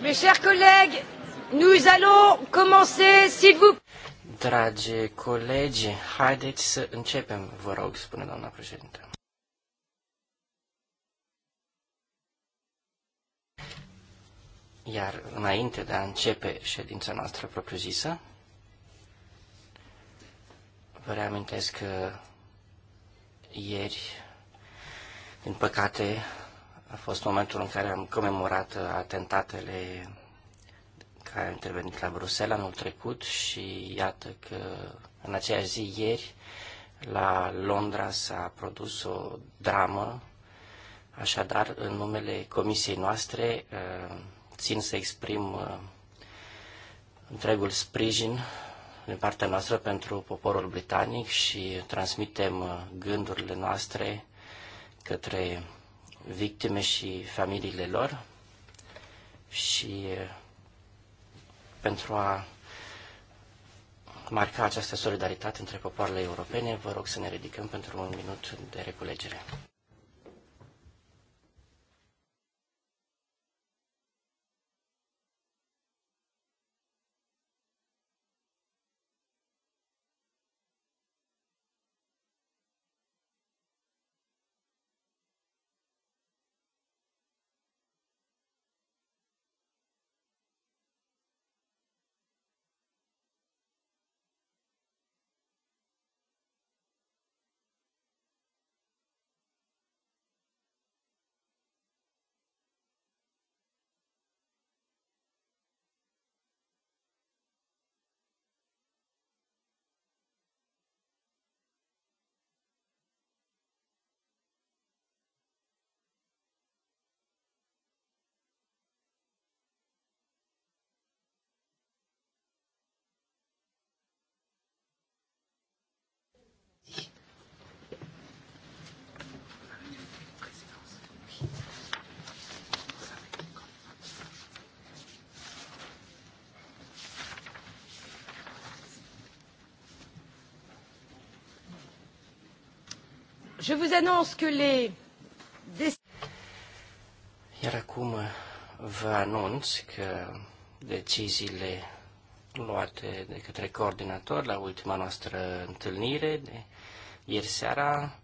Mes chers collègues, nous allons commencer, s'il vous Dragi colegi, haideți să începem, vă rog, spune doamna președintă. Iar înainte de a începe ședința noastră propriu-zisă, vă reamintesc că ieri, din păcate, a fost momentul în care am comemorat uh, atentatele care au intervenit la Bruxelles anul trecut și iată că în aceeași zi ieri la Londra s-a produs o dramă. Așadar, în numele comisiei noastre, uh, țin să exprim uh, întregul sprijin din partea noastră pentru poporul britanic și transmitem gândurile noastre către victime și familiile lor și pentru a marca această solidaritate între popoarele europene, vă rog să ne ridicăm pentru un minut de reculegere. Je vous annonce que les... Iar acum uh, vă anunț că deciziile luate de către coordinator la ultima noastră întâlnire de ieri seara,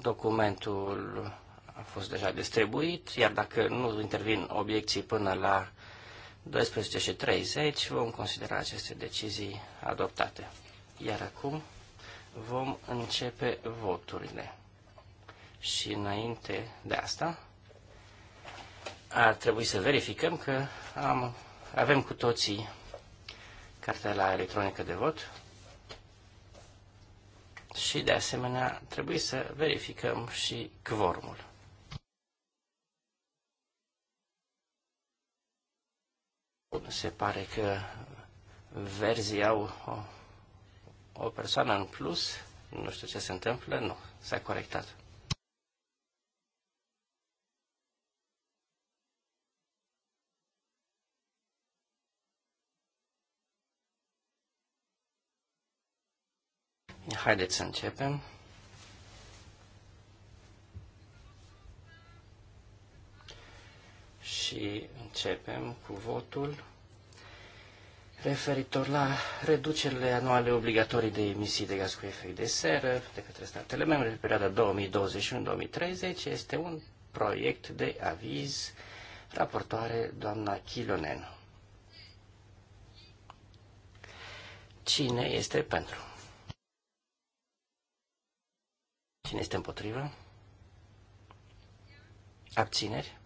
documentul a fost deja distribuit, iar dacă nu intervin obiecții până la 12.30, vom considera aceste decizii adoptate. Iar acum vom începe voturile. Și înainte de asta, ar trebui să verificăm că am, avem cu toții cartela electronică de vot și, de asemenea, trebuie să verificăm și quorumul. Se pare că verzii au o o persoană în plus, nu știu ce se întâmplă, nu, s-a corectat. Haideți să începem. Și începem cu votul referitor la reducerile anuale obligatorii de emisii de gaz cu efect de seră de către statele membre în perioada 2021-2030 este un proiect de aviz raportoare doamna Chilonen. Cine este pentru? Cine este împotrivă? Abțineri?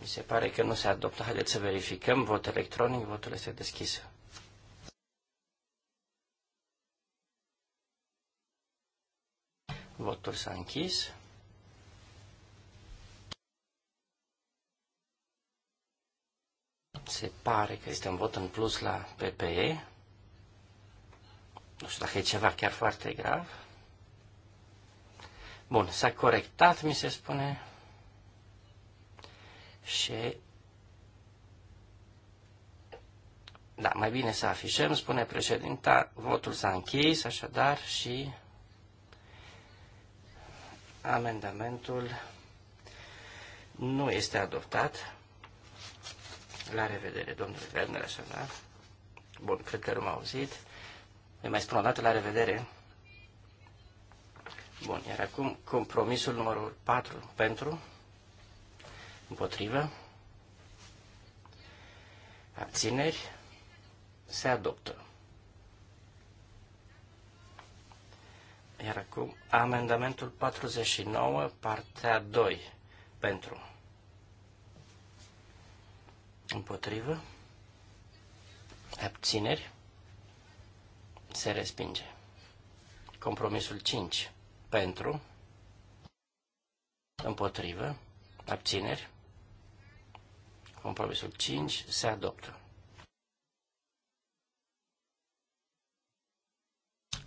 Mi se pare că nu se adoptă. Haideți să verificăm. Vot electronic. Votul este deschis. Votul s-a închis. Se pare că este un vot în plus la PPE. Nu știu dacă e ceva chiar foarte grav. Bun, s-a corectat, mi se spune și da, mai bine să afișăm, spune președinta, votul s-a închis, așadar, și amendamentul nu este adoptat. La revedere, domnule Werner, așadar. Bun, cred că nu m-a auzit. Îi mai spun o dată la revedere. Bun, iar acum compromisul numărul 4 pentru Împotrivă. Abțineri. Se adoptă. Iar acum amendamentul 49, partea 2. Pentru. Împotrivă. Abțineri. Se respinge. Compromisul 5. Pentru. Împotrivă. Abțineri. Compromisul 5 se adoptă.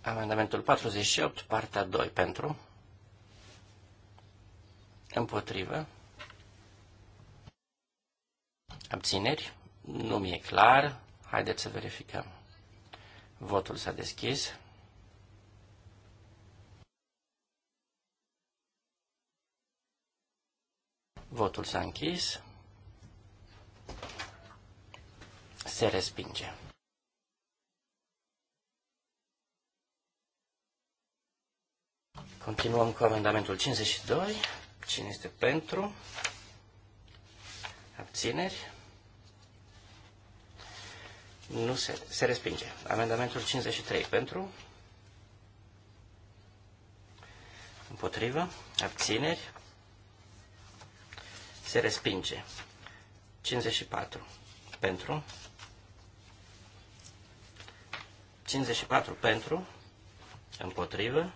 Amendamentul 48, partea 2 pentru, împotrivă, abțineri, nu mi-e clar, haideți să verificăm. Votul s-a deschis. Votul s-a închis. se respinge. Continuăm cu amendamentul 52. Cine este pentru? Abțineri? Nu se, se respinge. Amendamentul 53 pentru? Împotrivă? Abțineri? Se respinge. 54 pentru? 54 pentru, împotrivă,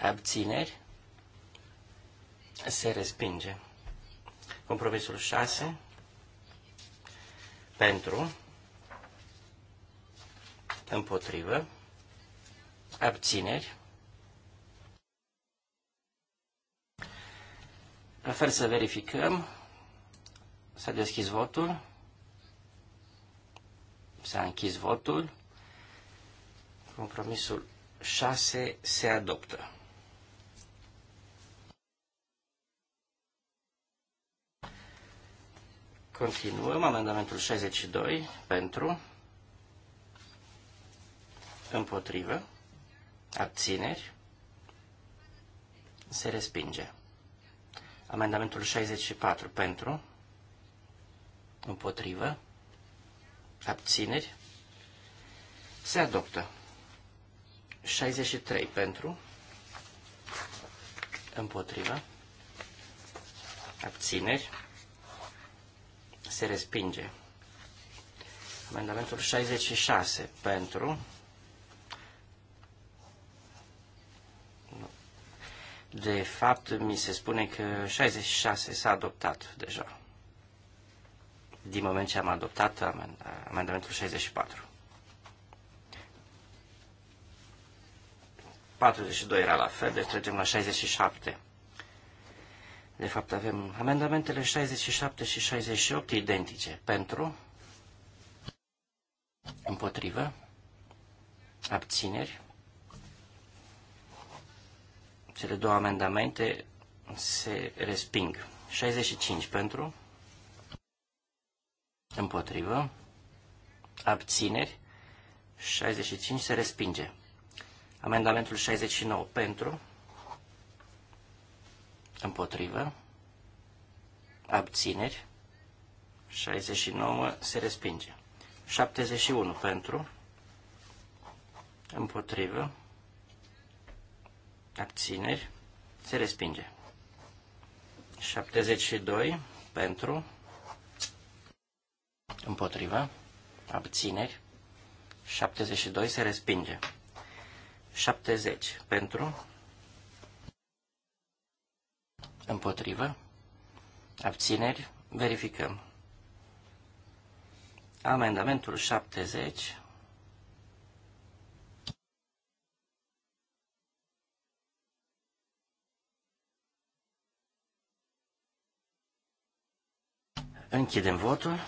abțineri, se respinge. Compromisul 6, pentru, împotrivă, abțineri. La fel să verificăm, s-a deschis votul. S-a închis votul. Compromisul 6 se adoptă. Continuăm amendamentul 62 pentru, împotrivă, abțineri, se respinge. Amendamentul 64 pentru, împotrivă, abțineri, se adoptă. 63 pentru, împotriva, abțineri, se respinge. Amendamentul 66 pentru, De fapt, mi se spune că 66 s-a adoptat deja din moment ce am adoptat amendamentul 64. 42 era la fel, deci trecem la 67. De fapt, avem amendamentele 67 și 68 identice. Pentru, împotrivă, abțineri. Cele două amendamente se resping. 65 pentru, Împotrivă. Abțineri. 65 se respinge. Amendamentul 69 pentru. Împotrivă. Abțineri. 69 se respinge. 71 pentru. Împotrivă. Abțineri. Se respinge. 72 pentru. Împotriva. Abțineri. 72 se respinge. 70 pentru. Împotrivă. Abțineri. Verificăm. Amendamentul 70. Închidem votul.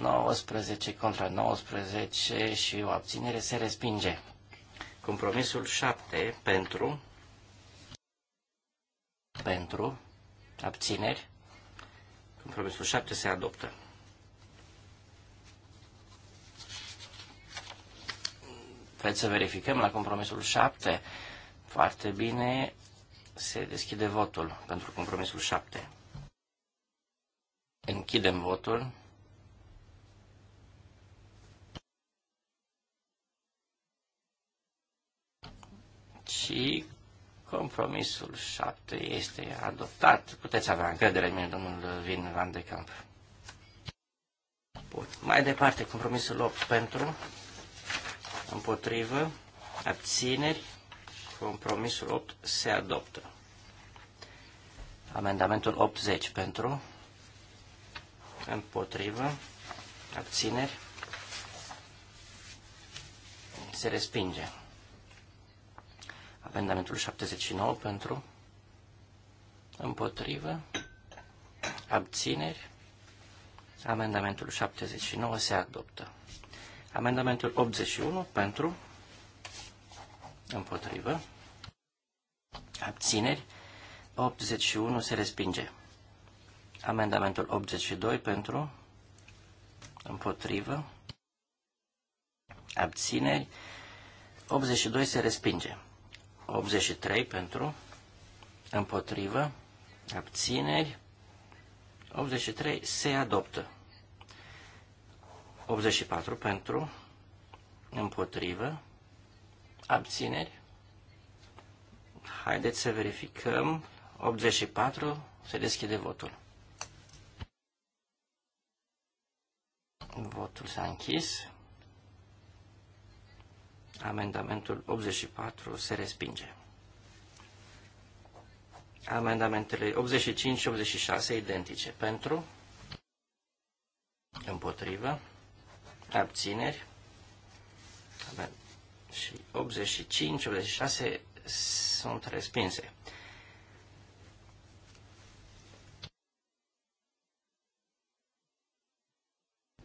19 contra 19 și o abținere se respinge. Compromisul 7 pentru, pentru, abțineri, compromisul 7 se adoptă. Vreți să verificăm la compromisul 7? Foarte bine, se deschide votul pentru compromisul 7. Închidem votul. și compromisul 7 este adoptat. Puteți avea încredere în mine, domnul Vin Van de Camp. Bun. Mai departe, compromisul 8 pentru, împotrivă, abțineri, compromisul 8 se adoptă. Amendamentul 80 pentru, împotrivă, abțineri, se respinge. Amendamentul 79 pentru, împotrivă, abțineri. Amendamentul 79 se adoptă. Amendamentul 81 pentru, împotrivă, abțineri. 81 se respinge. Amendamentul 82 pentru, împotrivă, abțineri. 82 se respinge. 83 pentru, împotrivă, abțineri, 83 se adoptă. 84 pentru, împotrivă, abțineri. Haideți să verificăm. 84 se deschide votul. Votul s-a închis. Amendamentul 84 se respinge. Amendamentele 85 și 86 identice. Pentru, împotrivă, abțineri și 85, 86 sunt respinse.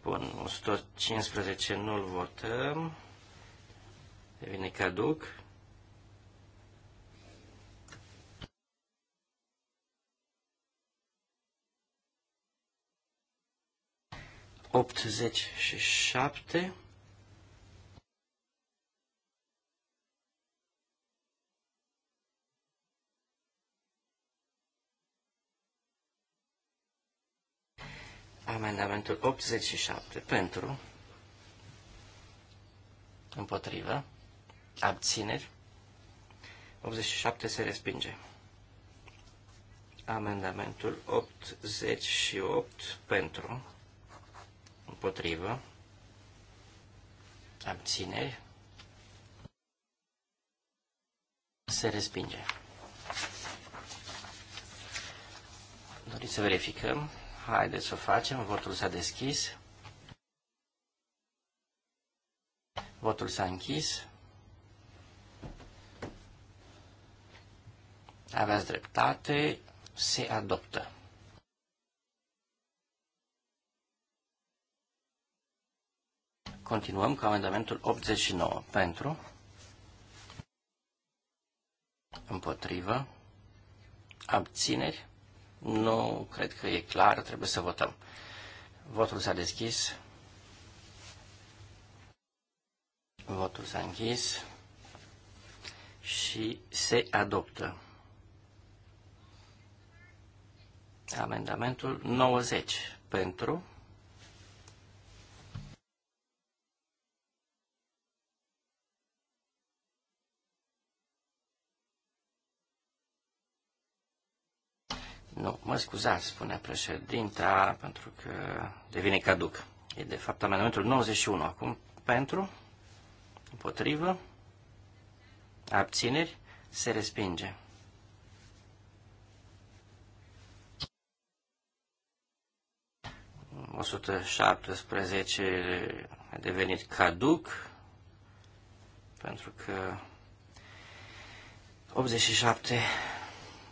Bun, 115 nu-l votăm devine caduc. Optzeci și șapte. Amendamentul 87 pentru, împotrivă, Abțineri. 87 se respinge. Amendamentul 88 pentru. Împotrivă. Abțineri. Se respinge. Doriți să verificăm? Haideți să o facem. Votul s-a deschis. Votul s-a închis. Aveți dreptate, se adoptă. Continuăm cu amendamentul 89. Pentru. Împotrivă. Abțineri. Nu cred că e clar, trebuie să votăm. Votul s-a deschis. Votul s-a închis. Și se adoptă. Amendamentul 90 pentru. Nu, mă scuzați, spune președinta, pentru că devine caduc. E de fapt amendamentul 91 acum. Pentru, împotrivă, abțineri, se respinge. 117 a devenit caduc pentru că 87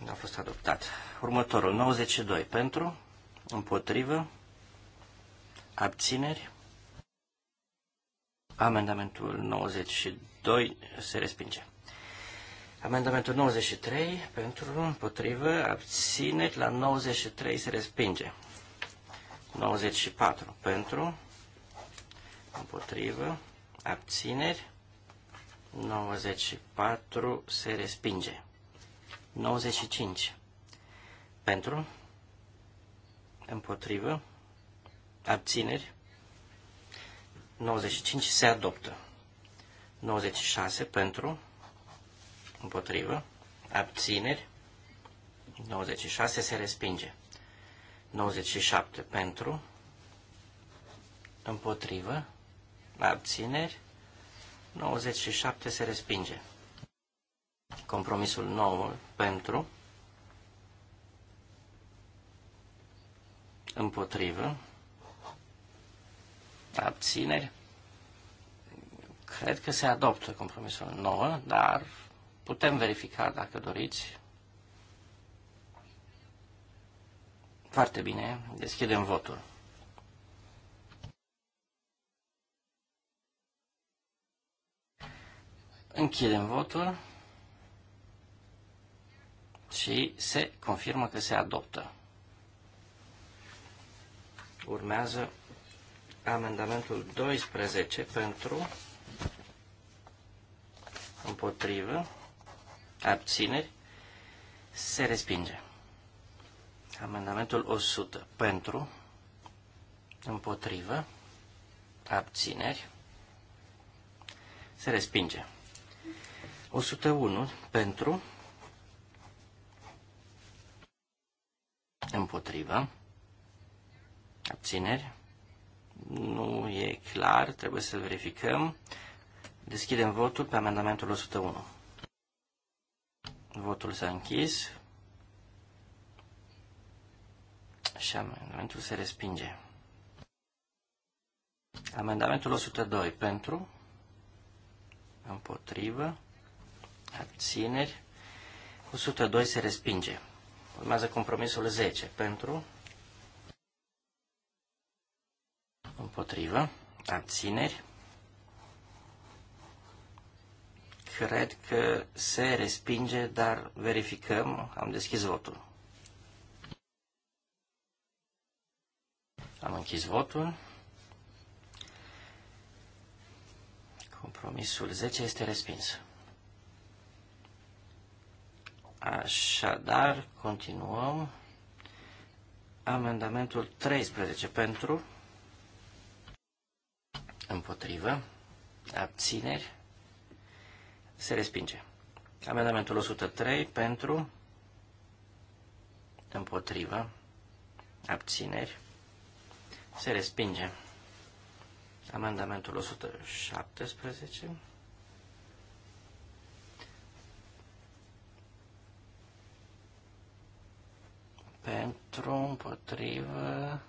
a fost adoptat. Următorul, 92 pentru, împotrivă, abțineri. Amendamentul 92 se respinge. Amendamentul 93 pentru, împotrivă, abțineri la 93 se respinge. 94 pentru, împotrivă, abțineri, 94 se respinge. 95 pentru, împotrivă, abțineri, 95 se adoptă. 96 pentru, împotrivă, abțineri, 96 se respinge. 97 pentru, împotrivă, abțineri, 97 se respinge. Compromisul 9 pentru, împotrivă, abțineri, cred că se adoptă compromisul 9, dar putem verifica dacă doriți. Foarte bine, deschidem votul. Închidem votul și se confirmă că se adoptă. Urmează amendamentul 12 pentru împotrivă abțineri se respinge. Amendamentul 100 pentru, împotrivă, abțineri, se respinge. 101 pentru, împotrivă, abțineri, nu e clar, trebuie să verificăm. Deschidem votul pe amendamentul 101. Votul s-a închis. și amendamentul se respinge. Amendamentul 102 pentru, împotrivă, abțineri, 102 se respinge. Urmează compromisul 10 pentru, împotrivă, abțineri. Cred că se respinge, dar verificăm, am deschis votul. Am închis votul. Compromisul 10 este respins. Așadar, continuăm. Amendamentul 13 pentru, împotrivă, abțineri, se respinge. Amendamentul 103 pentru, împotrivă, abțineri, se respinge. Amendamentul 117. Pentru, împotrivă,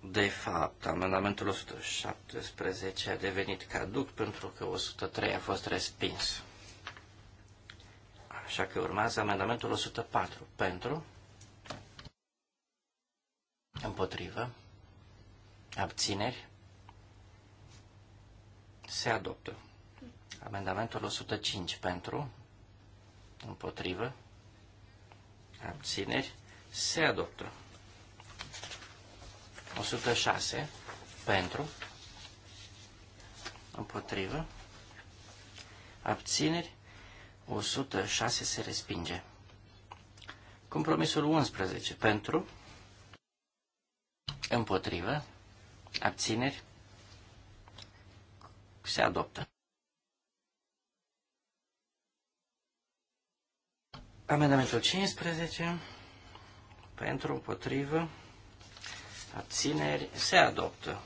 De fapt, amendamentul 117 a devenit caduc pentru că 103 a fost respins. Așa că urmează amendamentul 104. Pentru? Împotrivă? Abțineri? Se adoptă. Amendamentul 105 pentru? Împotrivă? Abțineri? Se adoptă. 106 pentru, împotrivă, abțineri, 106 se respinge. Compromisul 11 pentru, împotrivă, abțineri, se adoptă. Amendamentul 15 pentru, împotrivă, abțineri, se adoptă.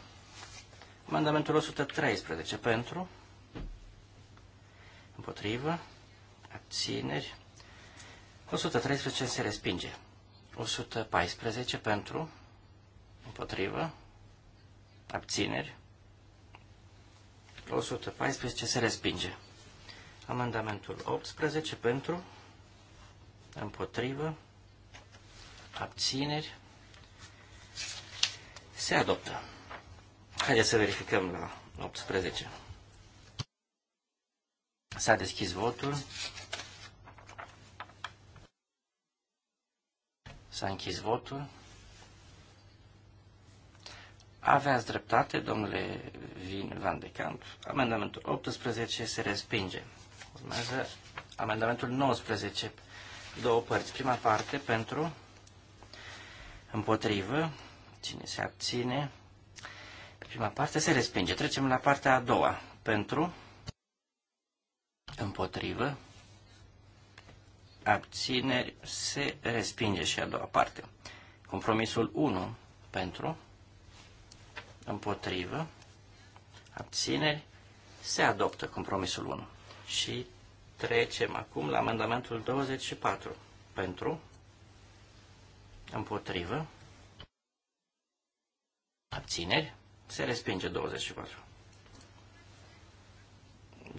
Amendamentul 113 pentru, împotrivă, abțineri, 113 se respinge. 114 pentru, împotrivă, abțineri, 114 se respinge. Amendamentul 18 pentru, împotrivă, abțineri, se adoptă. Haideți să verificăm la 18. S-a deschis votul. S-a închis votul. Aveați dreptate, domnule Vin Van de Camp. Amendamentul 18 se respinge. Urmează amendamentul 19. Două părți. Prima parte pentru, împotrivă, Cine se abține? Pe prima parte se respinge. Trecem la partea a doua. Pentru, împotrivă, abțineri, se respinge și a doua parte. Compromisul 1 pentru, împotrivă, abțineri, se adoptă compromisul 1. Și trecem acum la amendamentul 24. Pentru, împotrivă, Abțineri. Se respinge 24.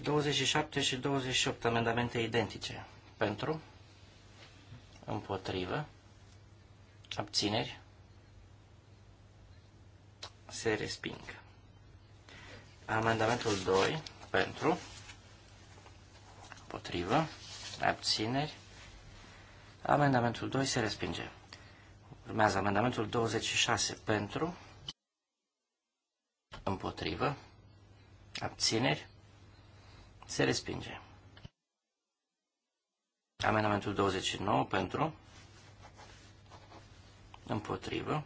27 și 28 amendamente identice. Pentru, împotrivă, abțineri, se resping. Amendamentul 2, pentru, împotrivă, abțineri, amendamentul 2 se respinge. Urmează amendamentul 26, pentru, împotrivă, abțineri, se respinge. Amendamentul 29 pentru, împotrivă,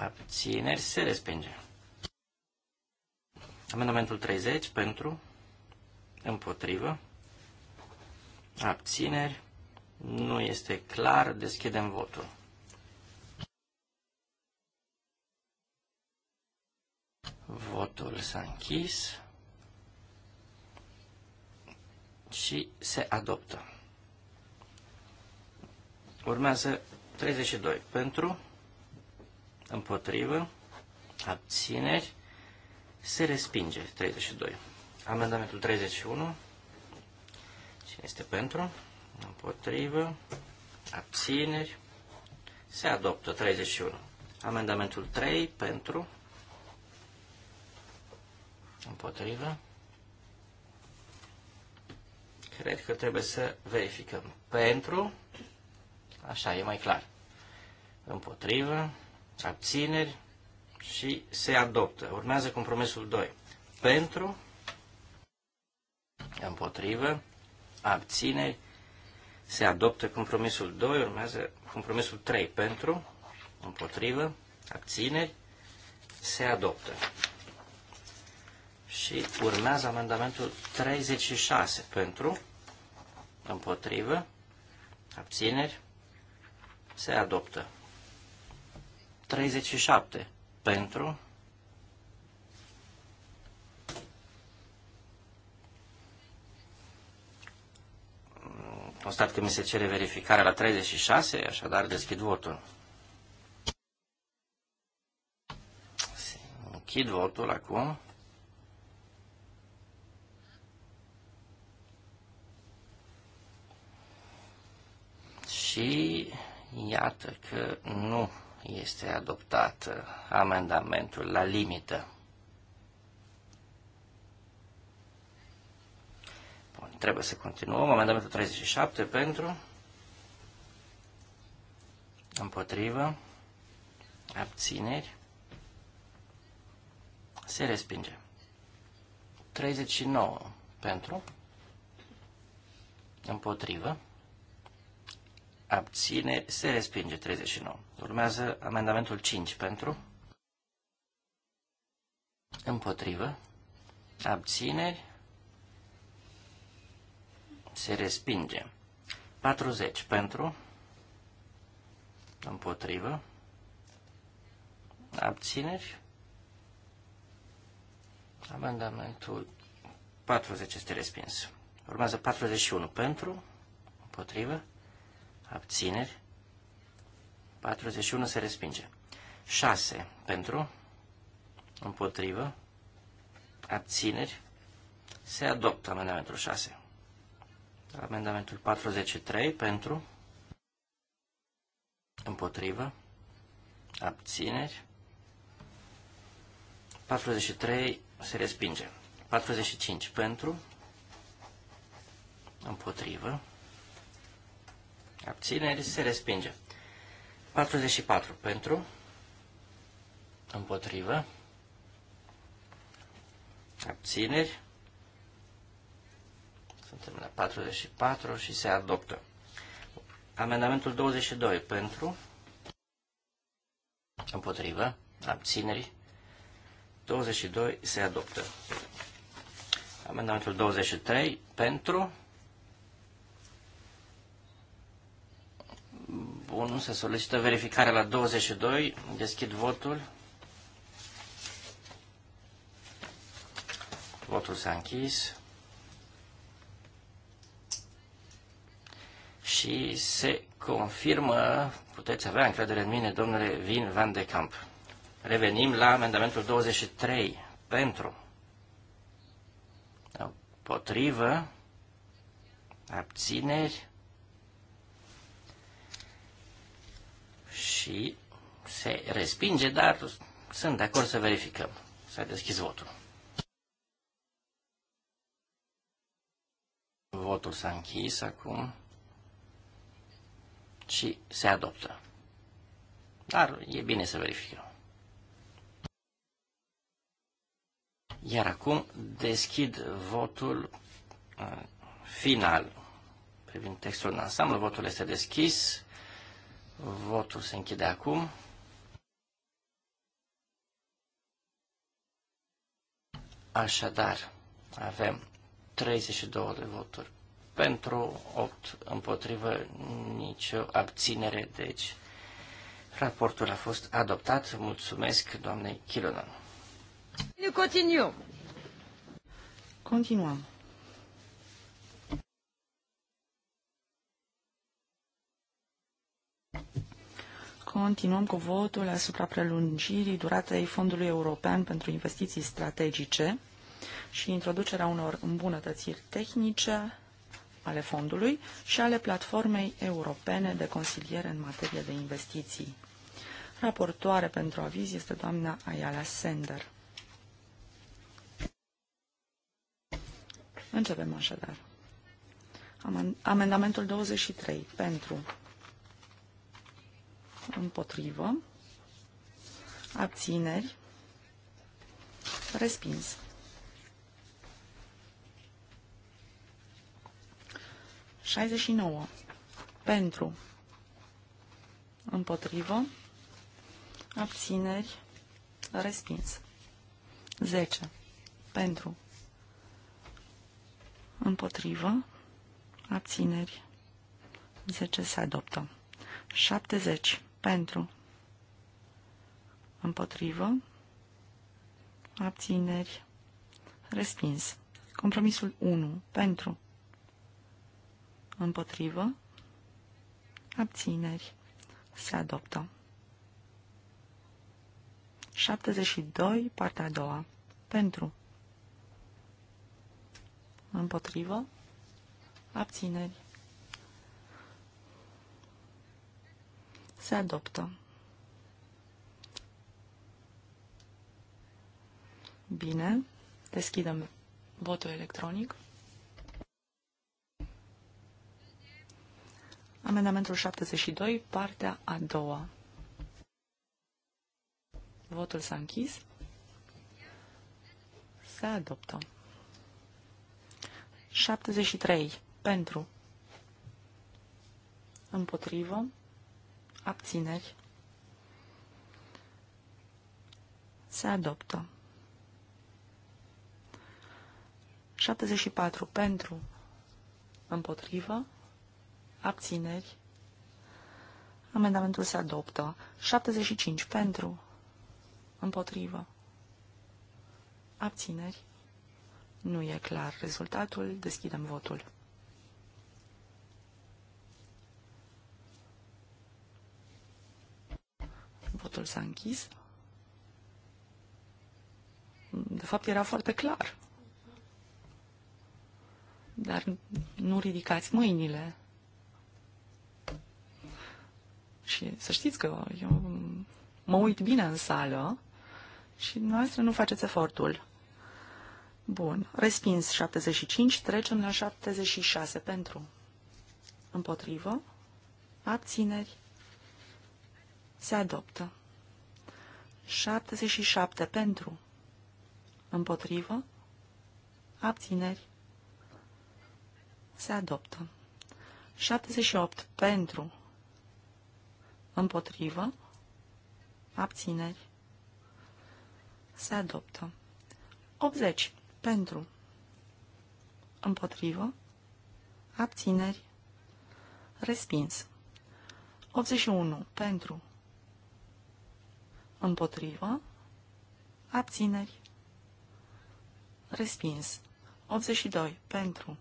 abțineri, se respinge. Amendamentul 30 pentru, împotrivă, abțineri, nu este clar, deschidem votul. Votul s-a închis și se adoptă. Urmează 32 pentru, împotrivă, abțineri, se respinge 32. Amendamentul 31, cine este pentru, împotrivă, abțineri, se adoptă 31. Amendamentul 3 pentru, Împotrivă. Cred că trebuie să verificăm. Pentru. Așa, e mai clar. Împotrivă. Abțineri. Și se adoptă. Urmează compromisul 2. Pentru. Împotrivă. Abțineri. Se adoptă compromisul 2. Urmează compromisul 3. Pentru. Împotrivă. Abțineri. Se adoptă. Și urmează amendamentul 36 pentru, împotrivă, abțineri, se adoptă. 37 pentru, constat că mi se cere verificarea la 36, așadar deschid votul. Închid votul acum. și iată că nu este adoptat uh, amendamentul la limită. Bun, trebuie să continuăm. Amendamentul 37 pentru, împotrivă, abțineri, se respinge. 39 pentru, împotrivă, abține, se respinge 39. Urmează amendamentul 5 pentru, împotrivă, abțineri, se respinge. 40 pentru, împotrivă, abțineri, amendamentul 40 este respins. Urmează 41 pentru, împotrivă, abțineri, 41 se respinge. 6 pentru, împotrivă, abțineri, se adoptă amendamentul 6. Amendamentul 43 pentru, împotrivă, abțineri, 43 se respinge. 45 pentru, împotrivă, Abțineri se respinge. 44 pentru. Împotrivă. Abțineri. Suntem la 44 și se adoptă. Amendamentul 22 pentru. Împotrivă. Abțineri. 22 se adoptă. Amendamentul 23 pentru. 1 se solicită verificarea la 22. Deschid votul. Votul s-a închis. Și se confirmă, puteți avea încredere în mine, domnule Vin Van de Camp. Revenim la amendamentul 23. Pentru. Potrivă. Abțineri. și se respinge, dar sunt de acord să verificăm. S-a deschis votul. Votul s-a închis acum și se adoptă. Dar e bine să verificăm. Iar acum deschid votul uh, final privind textul în ansamblu. Votul este deschis. Votul se închide acum. Așadar, avem 32 de voturi pentru, 8 împotrivă, nicio abținere, deci raportul a fost adoptat. Mulțumesc, doamnei Chilonan. Continuăm. Continuăm. Continuăm cu votul asupra prelungirii duratei Fondului European pentru Investiții Strategice și introducerea unor îmbunătățiri tehnice ale fondului și ale platformei europene de consiliere în materie de investiții. Raportoare pentru aviz este doamna Ayala Sender. Începem așadar. Amendamentul 23. Pentru împotrivă, abțineri, respins. Șaizeci și nouă. Pentru. Împotrivă. Abțineri. Respins. zece, Pentru. Împotrivă. Abțineri. zece se adoptă. 70 pentru, împotrivă, abțineri, respins. Compromisul 1, pentru, împotrivă, abțineri, se adoptă. 72, partea a doua, pentru, împotrivă, abțineri, Se adoptă. Bine. Deschidem votul electronic. Amendamentul 72, partea a doua. Votul s-a închis. Se adoptă. 73. Pentru. Împotrivă abțineri, se adoptă. 74 pentru, împotrivă, abțineri, amendamentul se adoptă. 75 pentru, împotrivă, abțineri, nu e clar rezultatul, deschidem votul. capătul s-a închis. De fapt, era foarte clar. Dar nu ridicați mâinile. Și să știți că eu mă uit bine în sală și noastră nu faceți efortul. Bun. Respins 75, trecem la 76 pentru. Împotrivă. Abțineri. Se adoptă. 77 pentru, împotrivă, abțineri, se adoptă. 78 pentru, împotrivă, abțineri, se adoptă. 80 pentru, împotrivă, abțineri, respins. 81 pentru, Împotrivă. Abțineri. Respins. 82. Pentru.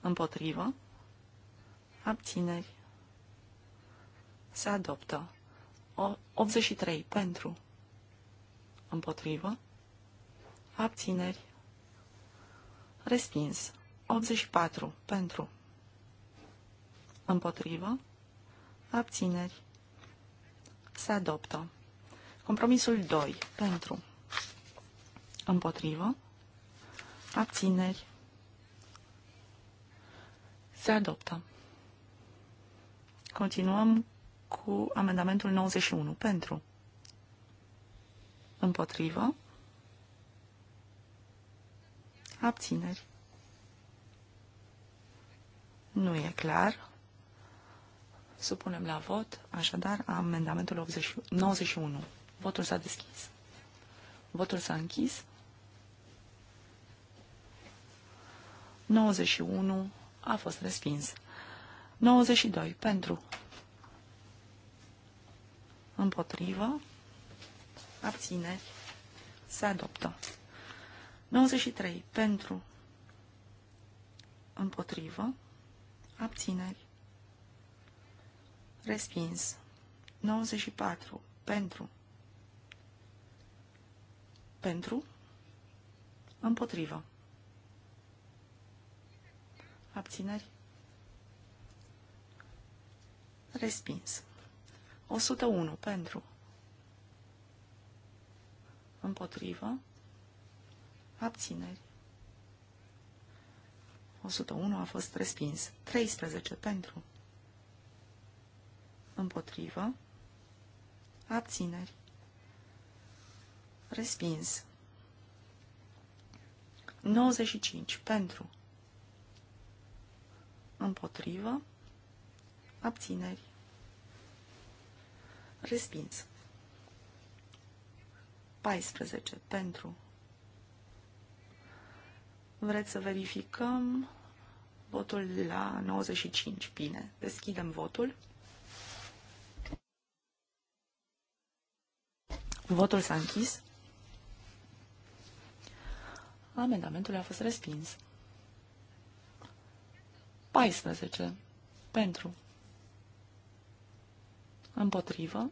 Împotrivă. Abțineri. Se adoptă. O, 83. Pentru. Împotrivă. Abțineri. Respins. 84. Pentru. Împotrivă. Abțineri se adoptă. Compromisul 2. Pentru. Împotrivă. Abțineri. Se adoptă. Continuăm cu amendamentul 91. Pentru. Împotrivă. Abțineri. Nu e clar. Supunem la vot, așadar, amendamentul 80, 91. Votul s-a deschis. Votul s-a închis. 91 a fost respins. 92 pentru. Împotrivă. Abțineri. Se adoptă. 93 pentru. Împotrivă. Abțineri Respins. 94. Pentru. Pentru. Împotrivă. Abțineri. Respins. 101. Pentru. Împotrivă. Abțineri. 101 a fost respins. 13 pentru împotrivă, abțineri, respins. 95 pentru, împotrivă, abțineri, respins. 14 pentru. Vreți să verificăm votul la 95? Bine, deschidem votul. Votul s-a închis. Amendamentul a fost respins. 14. Pentru. Împotrivă.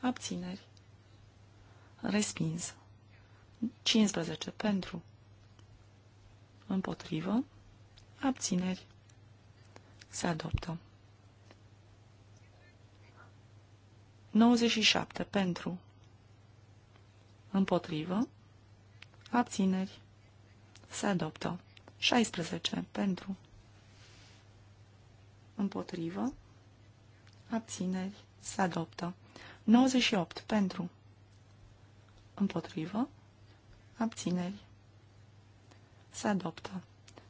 Abțineri. Respins. 15. Pentru. Împotrivă. Abțineri. Se adoptă. 97 pentru, împotrivă, abțineri, se adoptă. 16 pentru, împotrivă, abțineri, se adoptă. 98 pentru, împotrivă, abțineri, se adoptă.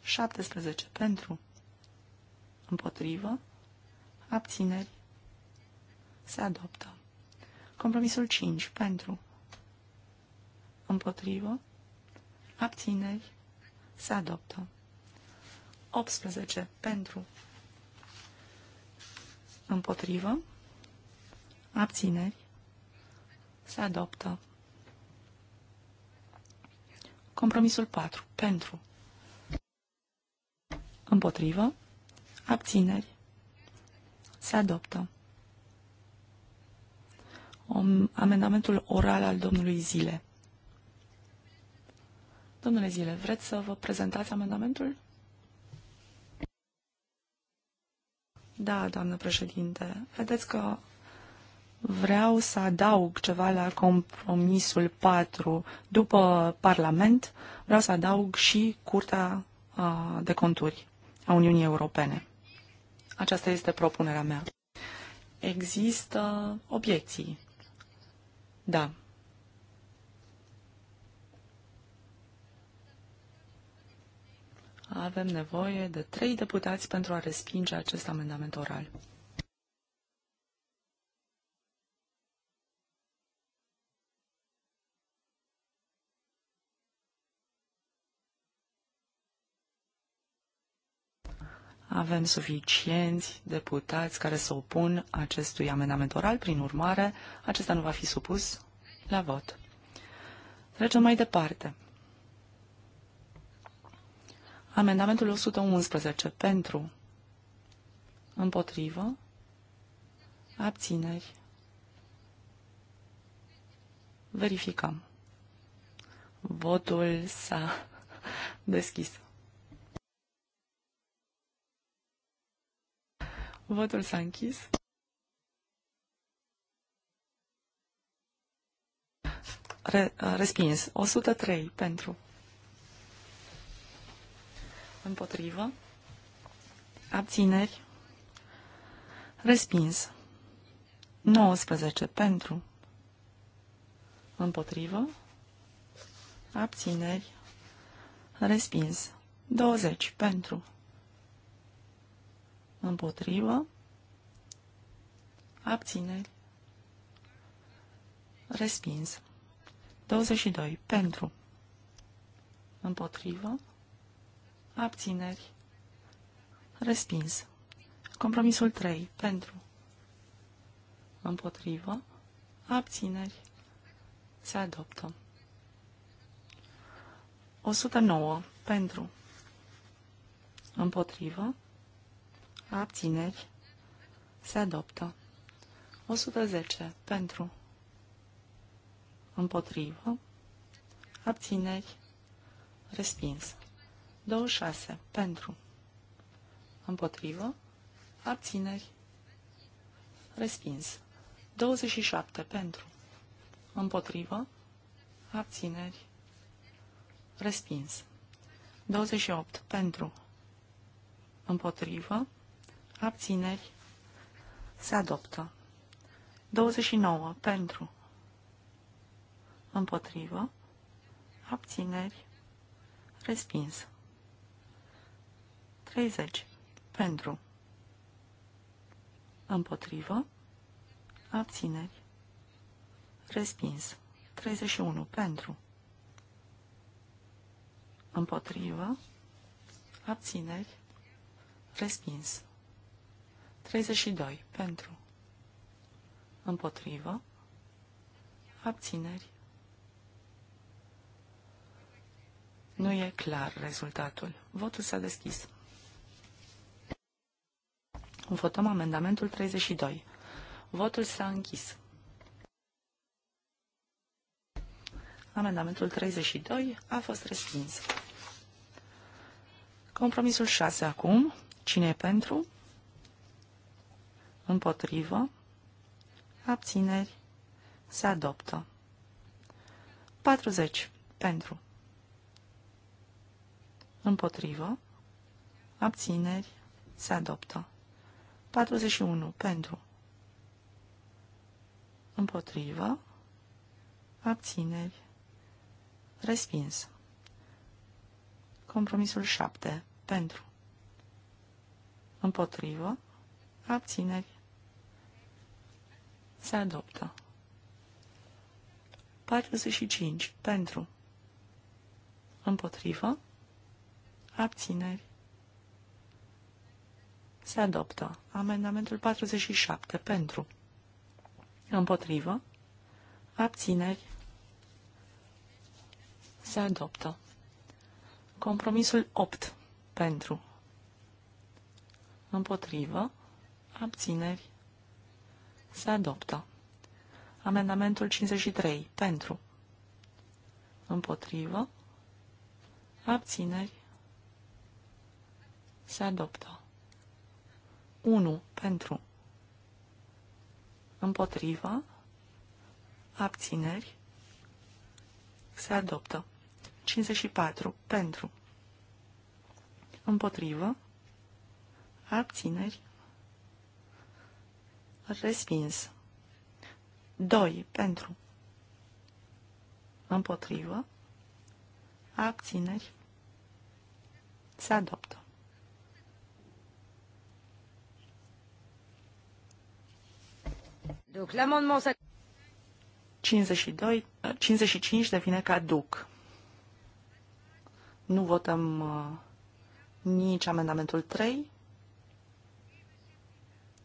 17 pentru, împotrivă, abțineri, se adoptă. Compromisul 5 pentru, împotrivă, abțineri, se adoptă. 18 pentru, împotrivă, abțineri, se adoptă. Compromisul 4. Pentru. Împotrivă. Abțineri. Se adoptă amendamentul oral al domnului Zile. Domnule Zile, vreți să vă prezentați amendamentul? Da, doamnă președinte. Vedeți că vreau să adaug ceva la compromisul 4. După Parlament, vreau să adaug și Curtea de Conturi a Uniunii Europene. Aceasta este propunerea mea. Există obiecții da. Avem nevoie de trei deputați pentru a respinge acest amendament oral. Avem suficienți deputați care se opun acestui amendament oral, prin urmare, acesta nu va fi supus la vot. Trecem mai departe. Amendamentul 111 pentru, împotrivă, abțineri. Verificăm. Votul s-a deschis. Votul s-a închis. Re, respins. 103 pentru. Împotrivă. Abțineri. Respins. 19 pentru. Împotrivă. Abțineri. Respins. 20 pentru împotrivă, abțineri, respins. 22. Pentru, împotrivă, abțineri, respins. Compromisul 3. Pentru, împotrivă, abțineri, se adoptă. 109. Pentru, împotrivă, abțineri, se adoptă. 110 pentru, împotrivă, abțineri, respins. 26 pentru, împotrivă, abțineri, respins. 27 pentru, împotrivă, abțineri, respins. 28 pentru, împotrivă, abțineri, se adoptă. 29 pentru, împotrivă, abțineri, respins. 30 pentru, împotrivă, abțineri, respins. 31 pentru, împotrivă, abțineri, respins. 32. Pentru. Împotrivă. Abțineri. Nu e clar rezultatul. Votul s-a deschis. Votăm amendamentul 32. Votul s-a închis. Amendamentul 32 a fost respins. Compromisul 6 acum. Cine e pentru? Împotrivă. Abțineri. Se adoptă. 40. Pentru. Împotrivă. Abțineri. Se adoptă. 41. Pentru. Împotrivă. Abțineri. Respins. Compromisul 7. Pentru. Împotrivă. Abțineri. Se adoptă. 45. Pentru. Împotrivă. Abțineri. Se adoptă. Amendamentul 47. Pentru. Împotrivă. Abțineri. Se adoptă. Compromisul 8. Pentru. Împotrivă. Abțineri. Se adoptă. Amendamentul 53. Pentru. Împotrivă. Abțineri. Se adoptă. 1. Pentru. Împotrivă. Abțineri. Se adoptă. 54. Pentru. Împotrivă. Abțineri. Respins. 2. Pentru. Împotrivă. Abțineri. Se adoptă. Donc l'amendement 52, 55 eh, devine caduc. Nu votăm uh, nici amendamentul 3.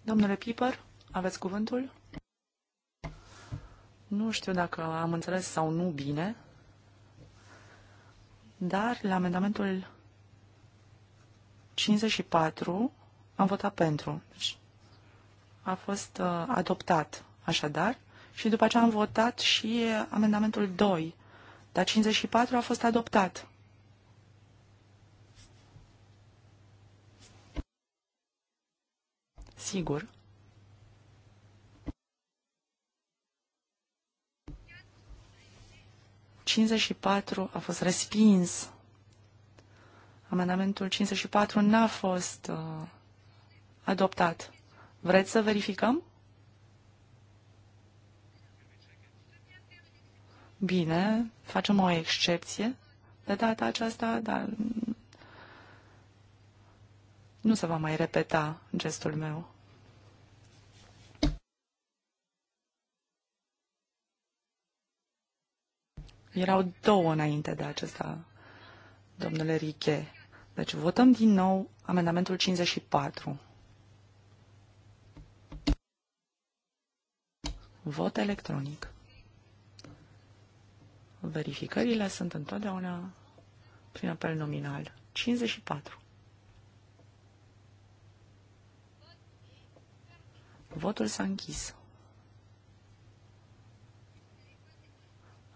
Domnule Piper? Aveți cuvântul? Nu știu dacă am înțeles sau nu bine, dar la amendamentul 54 am votat pentru. Deci a fost uh, adoptat așadar și după aceea am votat și amendamentul 2, dar 54 a fost adoptat. Sigur. 54 a fost respins. Amendamentul 54 n-a fost uh, adoptat. Vreți să verificăm? Bine, facem o excepție de data aceasta, dar nu se va mai repeta gestul meu. Erau două înainte de acesta, domnule Riche. Deci votăm din nou amendamentul 54. Vot electronic. Verificările sunt întotdeauna prin apel nominal. 54. Votul s-a închis.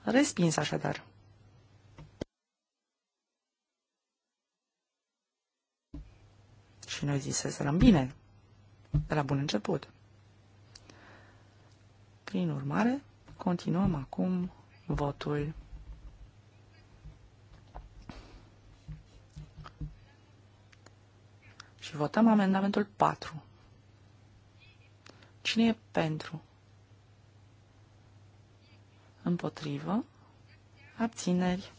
Respins așadar. Și noi ziseserăm bine, de la bun început. Prin urmare, continuăm acum votul. Și votăm amendamentul 4. Cine e pentru? împotrivă, abțineri,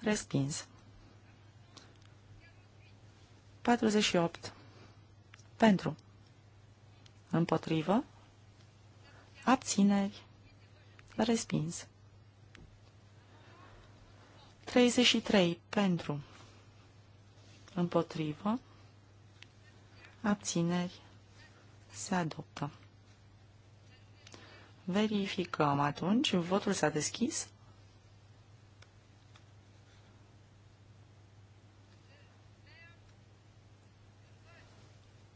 respins. 48. Pentru. Împotrivă. Abțineri. Respins. 33. Pentru. Împotrivă. Abțineri. Se adoptă. Verificăm atunci. Votul s-a deschis.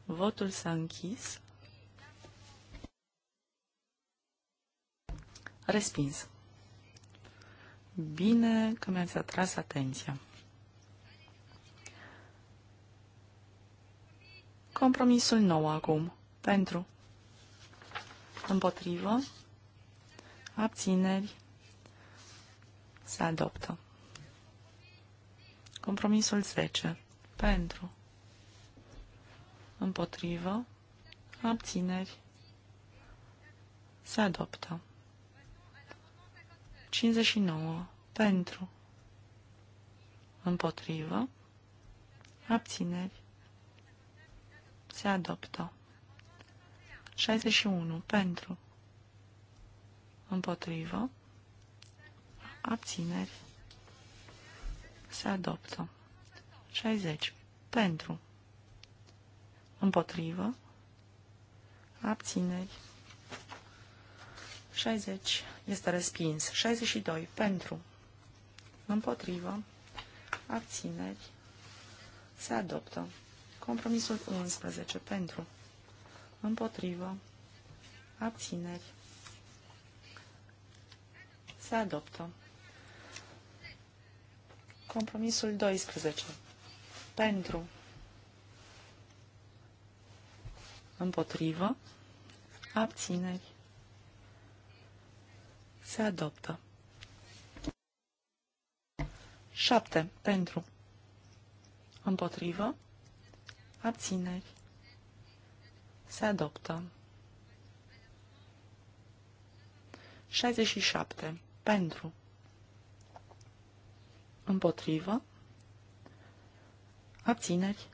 Votul s-a închis. Respins. Bine că mi-ați atras atenția. Compromisul nou acum. Pentru. Împotrivă abțineri, se adoptă. Compromisul 10. Pentru. Împotrivă. Abțineri. Se adoptă. 59. Pentru. Împotrivă. Abțineri. Se adoptă. 61. Pentru împotrivă, abțineri, se adoptă. 60. Pentru, împotrivă, abțineri, 60 este respins. 62 pentru, împotrivă, abțineri, se adoptă. Compromisul 11 pentru, împotrivă, abțineri, se adoptă. Compromisul 12. Pentru. Împotrivă. Abțineri. Se adoptă. 7. Pentru. Împotrivă. Abțineri. Se adoptă. 67 pentru, împotrivă, abțineri,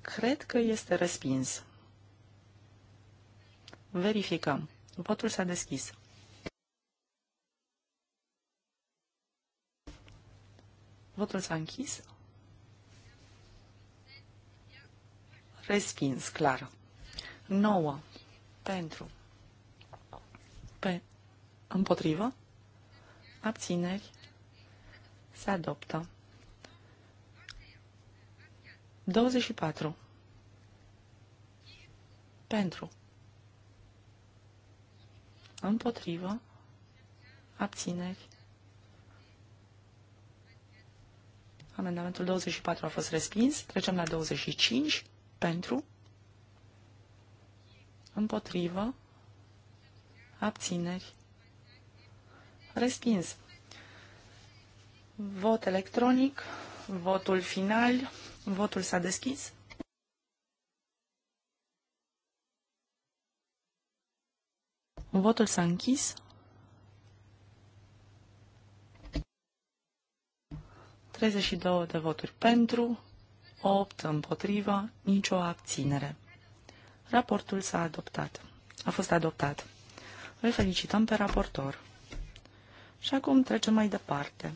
cred că este respins. Verificăm. Votul s-a deschis. Votul s-a închis. Respins, clar. 9. Pentru. Împotrivă. Abțineri. Se adoptă. 24. Pentru. Împotrivă. Abțineri. Amendamentul 24 a fost respins. Trecem la 25. Pentru. Împotrivă. Abțineri. Respins. Vot electronic, votul final, votul s-a deschis. Votul s-a închis. două de voturi pentru, 8 împotriva, nicio abținere. Raportul s-a adoptat. A fost adoptat. Îl felicităm pe raportor. Și acum trecem mai departe.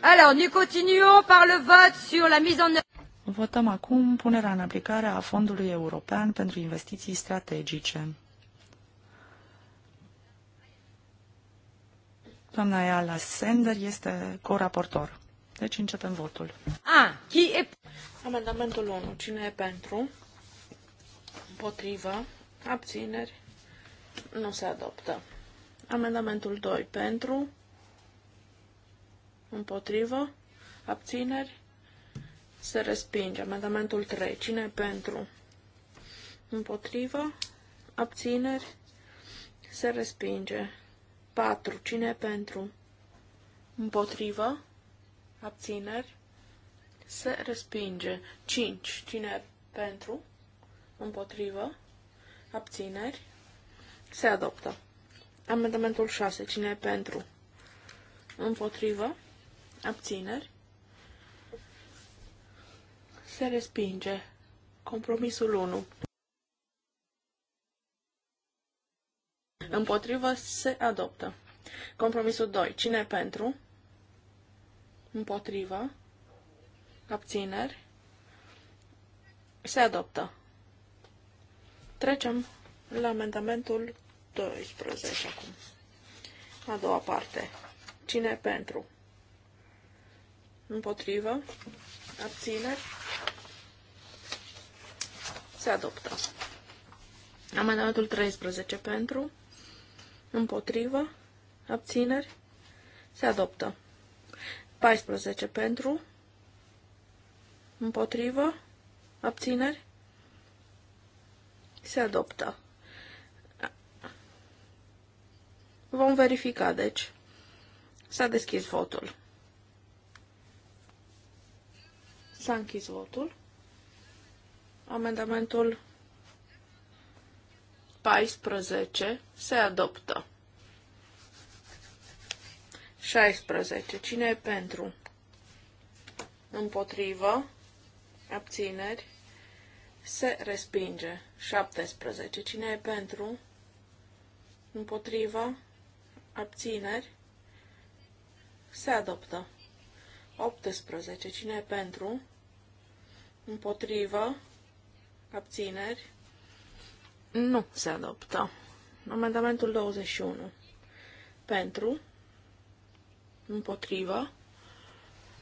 Alors, nous continuons par le vote sur la mise en Votăm acum punerea în aplicare a Fondului European pentru Investiții Strategice. Doamna Eala Sender este co-raportor. Deci începem votul. A, chi e... Amendamentul 1. Cine e pentru? împotrivă, abțineri, nu se adoptă. Amendamentul 2 pentru, împotrivă, abțineri, se respinge. Amendamentul 3, cine pentru, împotrivă, abțineri, se respinge. 4, cine pentru, împotrivă, abțineri, se respinge. 5, cine pentru, Împotrivă. Abțineri. Se adoptă. Amendamentul 6. Cine e pentru? Împotrivă. Abțineri. Se respinge. Compromisul 1. Împotrivă se adoptă. Compromisul 2. Cine e pentru? Împotrivă. Abțineri. Se adoptă. Trecem la amendamentul 12 acum. A doua parte. Cine pentru? Împotrivă? Abțineri? Se adoptă. Amendamentul 13 pentru? Împotrivă? Abțineri? Se adoptă. 14 pentru? Împotrivă? Abțineri? Se adoptă. Vom verifica, deci. S-a deschis votul. S-a închis votul. Amendamentul 14 se adoptă. 16. Cine e pentru? Împotrivă. Abțineri se respinge. 17. Cine e pentru? Împotriva? Abțineri? Se adoptă. 18. Cine e pentru? Împotrivă? Abțineri? Nu se adoptă. Amendamentul 21. Pentru? Împotrivă?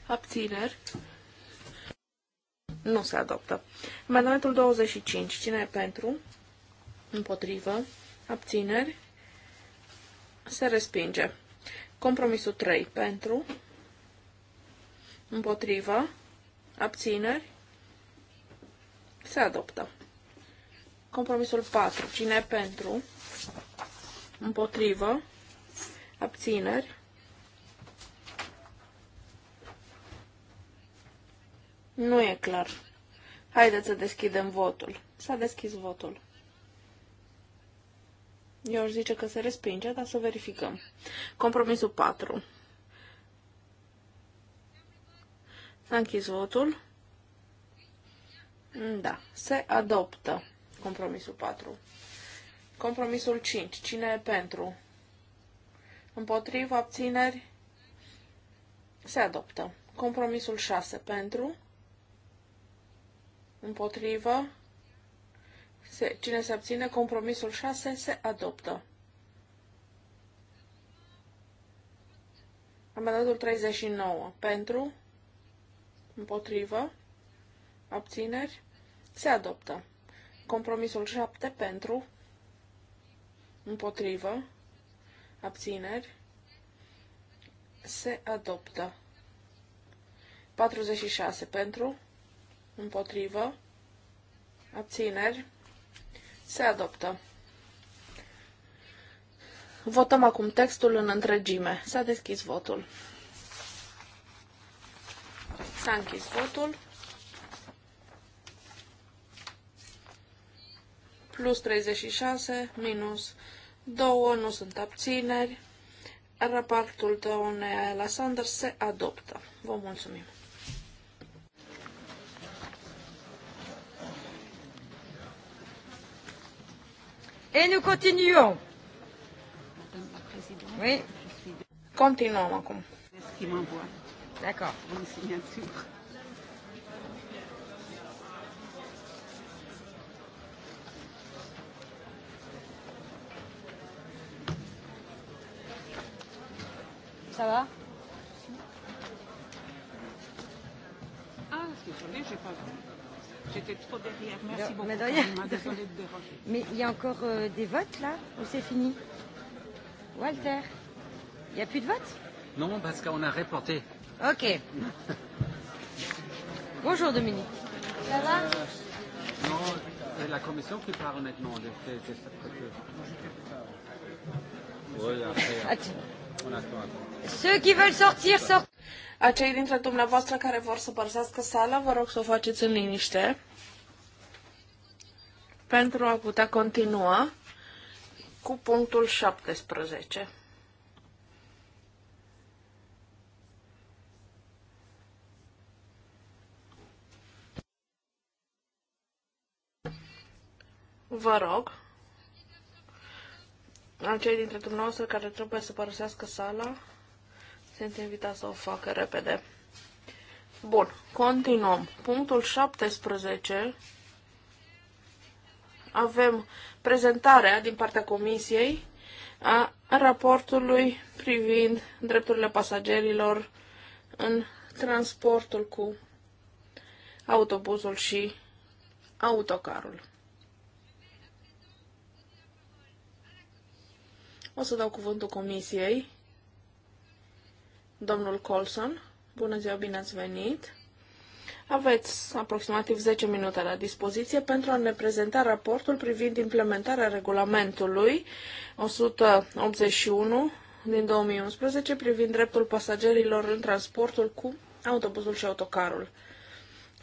Abțineri? Nu se adoptă. Amendamentul 25. Cine e pentru? Împotrivă. Abțineri. Se respinge. Compromisul 3. Pentru. Împotrivă. Abțineri. Se adoptă. Compromisul 4. Cine e pentru? Împotrivă. Abțineri. Nu e clar. Haideți să deschidem votul. S-a deschis votul. Eu aș zice că se respinge, dar să verificăm. Compromisul 4. S-a închis votul. Da, se adoptă compromisul 4. Compromisul 5. Cine e pentru? Împotriva abțineri? Se adoptă. Compromisul 6. Pentru? Împotrivă. Se, cine se abține? Compromisul 6 se adoptă. Amendatul 39. Pentru. Împotrivă. Abțineri. Se adoptă. Compromisul 7 pentru. Împotrivă. Abțineri. Se adoptă. 46 pentru împotrivă, abțineri, se adoptă. Votăm acum textul în întregime. S-a deschis votul. S-a închis votul. Plus 36, minus 2, nu sunt abțineri. Raportul tău, Nea Sanders, se adoptă. Vă mulțumim! Et nous continuons. Oui. Continuăm acum. D'accord. Ça va Ah, c'est joli, j'ai pas vu. J'étais trop derrière. Merci beaucoup. Désolée de déranger. Mais il y a encore euh, des votes là ou c'est fini Walter, il n'y a plus de vote Non, parce qu'on a reporté. Ok. Bonjour Dominique. Ça va euh, Non. C'est la Commission qui de Ceux qui veulent sortir, Acei dintre dumneavoastră care vor să părăsească sala, vă rog să o faceți în liniște pentru a putea continua cu punctul 17. vă rog, acei dintre dumneavoastră care trebuie să părăsească sala, sunt invitați să o facă repede. Bun, continuăm. Punctul 17. Avem prezentarea din partea Comisiei a raportului privind drepturile pasagerilor în transportul cu autobuzul și autocarul. O să dau cuvântul comisiei. Domnul Colson, bună ziua, bine ați venit. Aveți aproximativ 10 minute la dispoziție pentru a ne prezenta raportul privind implementarea regulamentului 181 din 2011 privind dreptul pasagerilor în transportul cu autobuzul și autocarul.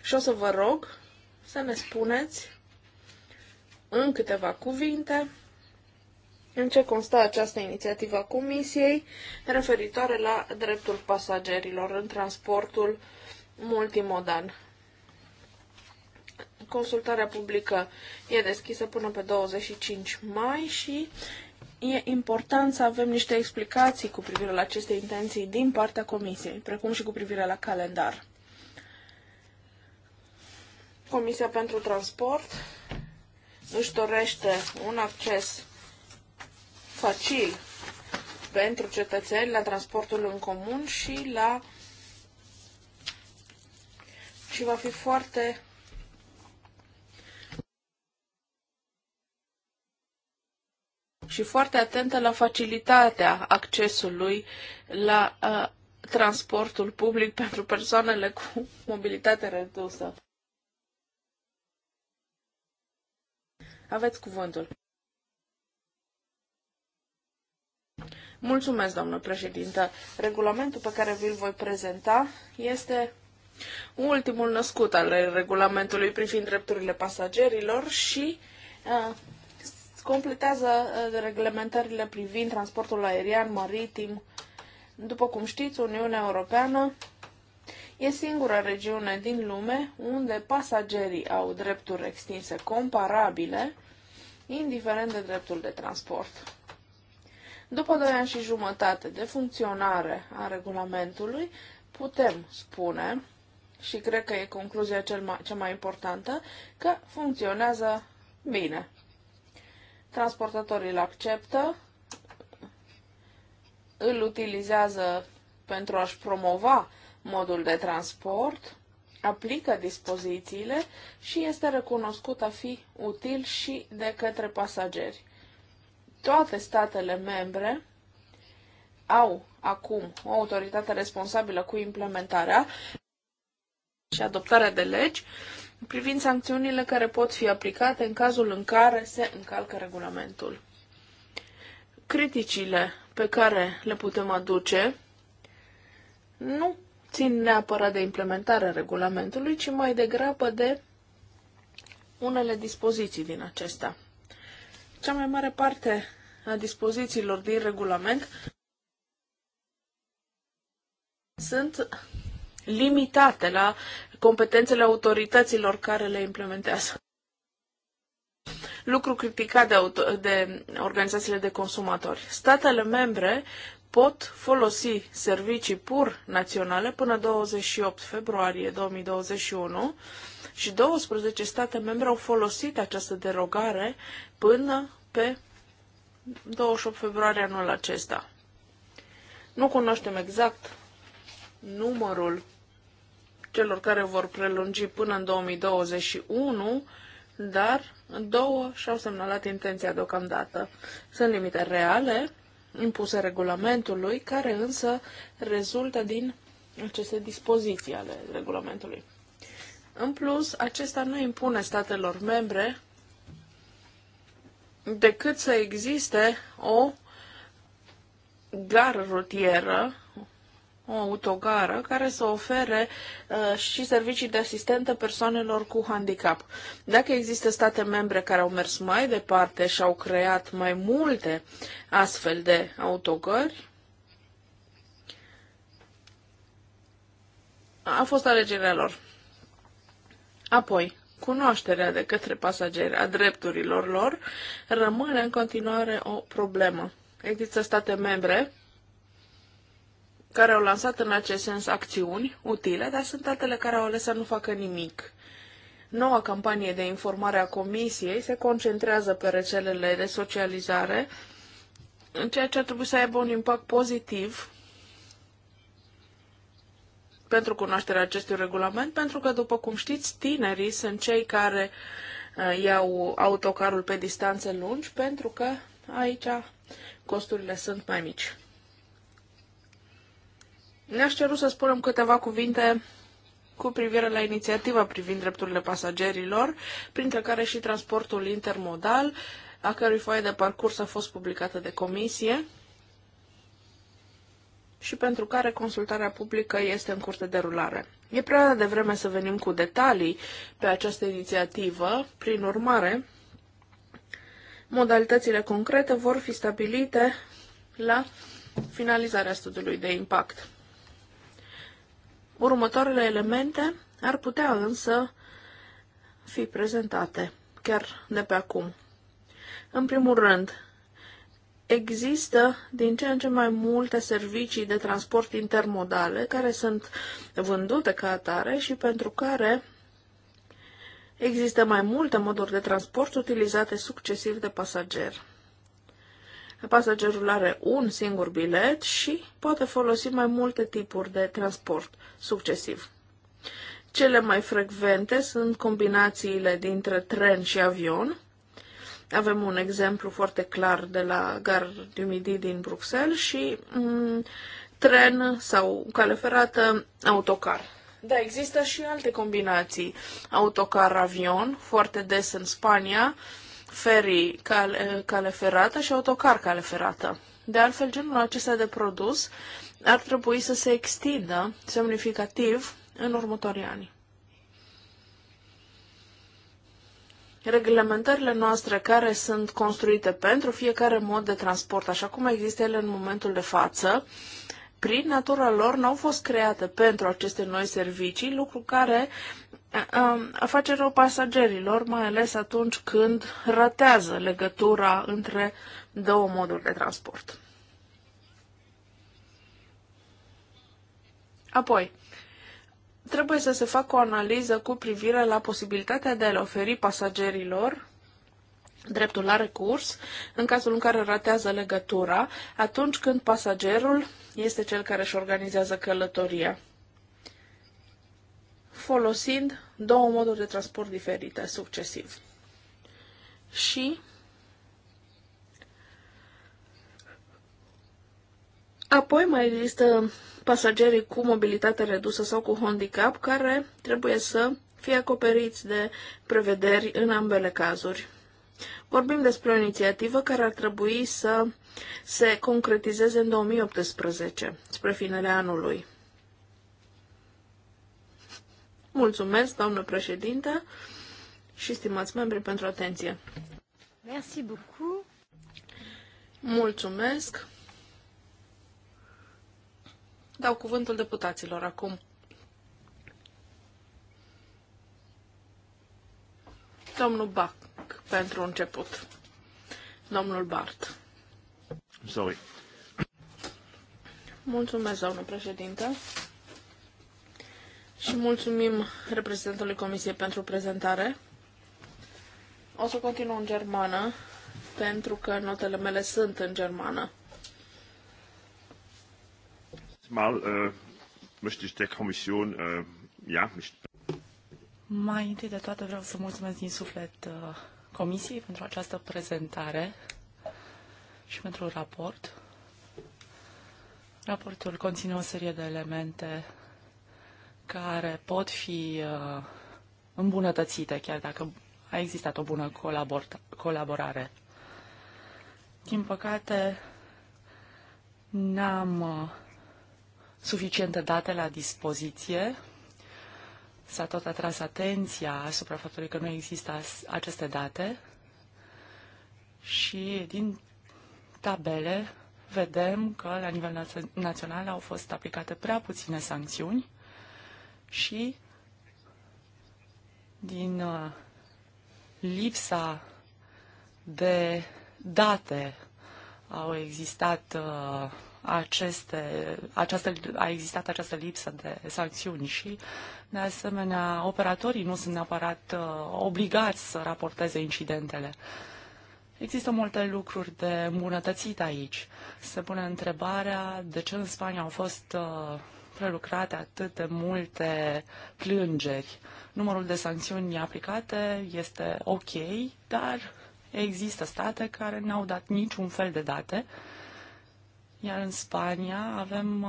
Și o să vă rog să ne spuneți în câteva cuvinte în ce consta această inițiativă a Comisiei referitoare la dreptul pasagerilor în transportul multimodal? Consultarea publică e deschisă până pe 25 mai și e important să avem niște explicații cu privire la aceste intenții din partea Comisiei, precum și cu privire la calendar. Comisia pentru Transport își dorește un acces facil pentru cetățeni la transportul în comun și la și va fi foarte și foarte atentă la facilitatea accesului la uh, transportul public pentru persoanele cu mobilitate redusă. Aveți cuvântul. Mulțumesc, doamnă președintă. Regulamentul pe care vi-l voi prezenta este ultimul născut al regulamentului privind drepturile pasagerilor și uh, completează uh, reglementările privind transportul aerian, maritim. După cum știți, Uniunea Europeană e singura regiune din lume unde pasagerii au drepturi extinse comparabile, indiferent de dreptul de transport. După doi ani și jumătate de funcționare a regulamentului, putem spune, și cred că e concluzia cel mai, cea mai importantă, că funcționează bine. Transportatorii îl acceptă, îl utilizează pentru a-și promova modul de transport, aplică dispozițiile și este recunoscut a fi util și de către pasageri toate statele membre au acum o autoritate responsabilă cu implementarea și adoptarea de legi privind sancțiunile care pot fi aplicate în cazul în care se încalcă regulamentul. Criticile pe care le putem aduce nu țin neapărat de implementarea regulamentului, ci mai degrabă de unele dispoziții din acesta. Cea mai mare parte a dispozițiilor din regulament sunt limitate la competențele autorităților care le implementează. Lucru criticat de, auto- de organizațiile de consumatori. Statele membre pot folosi servicii pur naționale până 28 februarie 2021 și 12 state membre au folosit această derogare până pe 28 februarie anul acesta. Nu cunoaștem exact numărul celor care vor prelungi până în 2021, dar două și-au semnalat intenția deocamdată. Sunt limite reale impuse regulamentului, care însă rezultă din aceste dispoziții ale regulamentului. În plus, acesta nu impune statelor membre decât să existe o gară rutieră, o autogară, care să ofere uh, și servicii de asistentă persoanelor cu handicap. Dacă există state membre care au mers mai departe și au creat mai multe astfel de autogări, a fost alegerea lor. Apoi, cunoașterea de către pasageri a drepturilor lor rămâne în continuare o problemă. Există state membre care au lansat în acest sens acțiuni utile, dar sunt altele care au ales să nu facă nimic. Noua campanie de informare a Comisiei se concentrează pe rețelele de socializare, în ceea ce ar trebui să aibă un impact pozitiv pentru cunoașterea acestui regulament, pentru că, după cum știți, tinerii sunt cei care uh, iau autocarul pe distanțe lungi, pentru că aici costurile sunt mai mici. Ne-aș cerut să spunem câteva cuvinte cu privire la inițiativa privind drepturile pasagerilor, printre care și transportul intermodal, a cărui foaie de parcurs a fost publicată de comisie și pentru care consultarea publică este în curte de rulare. E prea de vreme să venim cu detalii pe această inițiativă, prin urmare, modalitățile concrete vor fi stabilite la finalizarea studiului de impact. Următoarele elemente ar putea însă fi prezentate chiar de pe acum. În primul rând, există din ce în ce mai multe servicii de transport intermodale care sunt vândute ca atare și pentru care există mai multe moduri de transport utilizate succesiv de pasager. Pasagerul are un singur bilet și poate folosi mai multe tipuri de transport succesiv. Cele mai frecvente sunt combinațiile dintre tren și avion, avem un exemplu foarte clar de la Gar du Midi din Bruxelles și mm, tren sau cale ferată, autocar. Da, există și alte combinații. Autocar-avion, foarte des în Spania, feri cale, eh, cale ferată și autocar cale ferată. De altfel, genul acesta de produs ar trebui să se extindă semnificativ în următorii ani. reglementările noastre care sunt construite pentru fiecare mod de transport, așa cum există ele în momentul de față, prin natura lor nu au fost create pentru aceste noi servicii, lucru care a face rău pasagerilor, mai ales atunci când ratează legătura între două moduri de transport. Apoi, trebuie să se facă o analiză cu privire la posibilitatea de a le oferi pasagerilor dreptul la recurs în cazul în care ratează legătura atunci când pasagerul este cel care își organizează călătoria folosind două moduri de transport diferite succesiv. Și Apoi mai există pasagerii cu mobilitate redusă sau cu handicap care trebuie să fie acoperiți de prevederi în ambele cazuri. Vorbim despre o inițiativă care ar trebui să se concretizeze în 2018, spre finele anului. Mulțumesc, doamnă președinte și stimați membri, pentru atenție. Merci beaucoup. Mulțumesc. Dau cuvântul deputaților acum. Domnul Bach, pentru început. Domnul Bart. Sorry. Mulțumesc, domnul președinte. Și mulțumim reprezentantului Comisiei pentru prezentare. O să continu în germană, pentru că notele mele sunt în germană. Mal äh, möchte ich der Kommission, äh, ja, mich... Mai întâi de toate vreau să mulțumesc din suflet uh, Comisiei pentru această prezentare și pentru raport. Raportul conține o serie de elemente care pot fi uh, îmbunătățite, chiar dacă a existat o bună colaborare. Din păcate, n-am uh, suficiente date la dispoziție. S-a tot atras atenția asupra faptului că nu există aceste date și din tabele vedem că la nivel național au fost aplicate prea puține sancțiuni și din uh, lipsa de date au existat uh, aceste, această, a existat această lipsă de sancțiuni și, de asemenea, operatorii nu sunt neapărat uh, obligați să raporteze incidentele. Există multe lucruri de îmbunătățit aici. Se pune întrebarea de ce în Spania au fost uh, prelucrate atât de multe plângeri. Numărul de sancțiuni aplicate este ok, dar există state care n-au dat niciun fel de date uh, iar în Spania avem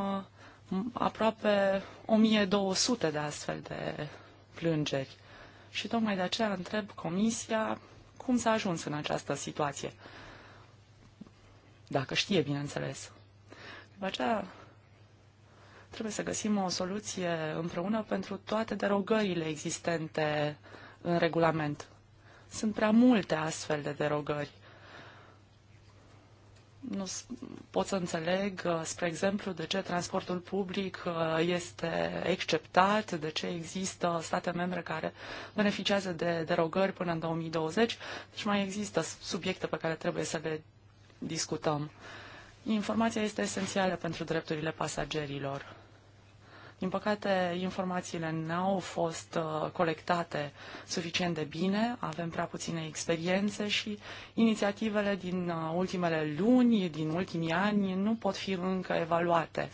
uh, aproape 1200 de astfel de plângeri. Și tocmai de aceea întreb Comisia cum s-a ajuns în această situație. Dacă știe, bineînțeles. După aceea trebuie să găsim o soluție împreună pentru toate derogările existente în regulament. Sunt prea multe astfel de derogări nu pot să înțeleg, uh, spre exemplu, de ce transportul public uh, este exceptat, de ce există state membre care beneficiază de derogări până în 2020. Deci mai există subiecte pe care trebuie să le discutăm. Informația este esențială pentru drepturile pasagerilor. Din păcate, informațiile n-au fost uh, colectate suficient de bine, avem prea puține experiențe și inițiativele din uh, ultimele luni, din ultimii ani, nu pot fi încă evaluate.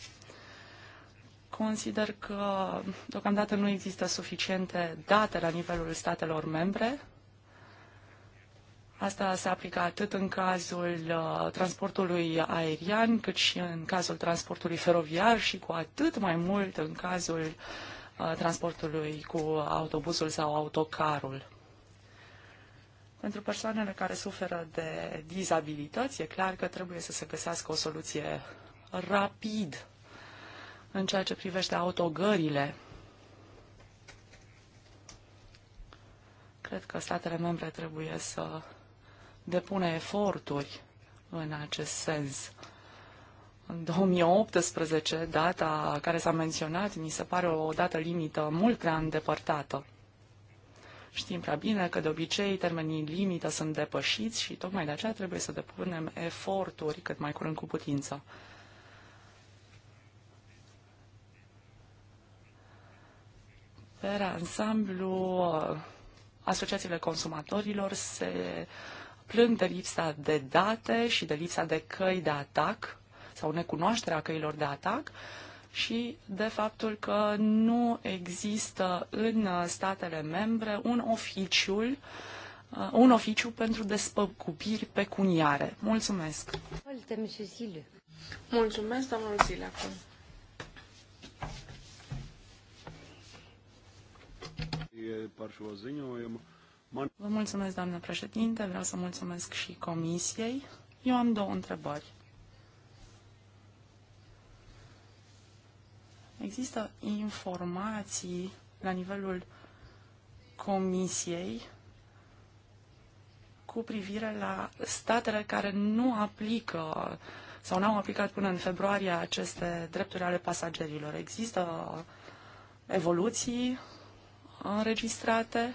Consider că deocamdată nu există suficiente date la nivelul statelor membre Asta se aplică atât în cazul uh, transportului aerian, cât și în cazul transportului feroviar și cu atât mai mult în cazul uh, transportului cu autobuzul sau autocarul. Pentru persoanele care suferă de dizabilități, e clar că trebuie să se găsească o soluție rapid în ceea ce privește autogările. Cred că statele membre trebuie să depune eforturi în acest sens. În 2018, data care s-a menționat, mi se pare o dată limită mult prea îndepărtată. Știm prea bine că de obicei termenii limită sunt depășiți și tocmai de aceea trebuie să depunem eforturi cât mai curând cu putință. Per ansamblu, asociațiile consumatorilor se plâng de lipsa de date și de lipsa de căi de atac sau necunoașterea căilor de atac și de faptul că nu există în statele membre un oficiul uh, un oficiu pentru despăgubiri pecuniare. Mulțumesc! Mulțumesc, domnul Zile, acum. Vă mulțumesc, doamnă președinte. Vreau să mulțumesc și comisiei. Eu am două întrebări. Există informații la nivelul comisiei cu privire la statele care nu aplică sau n-au aplicat până în februarie aceste drepturi ale pasagerilor. Există evoluții înregistrate?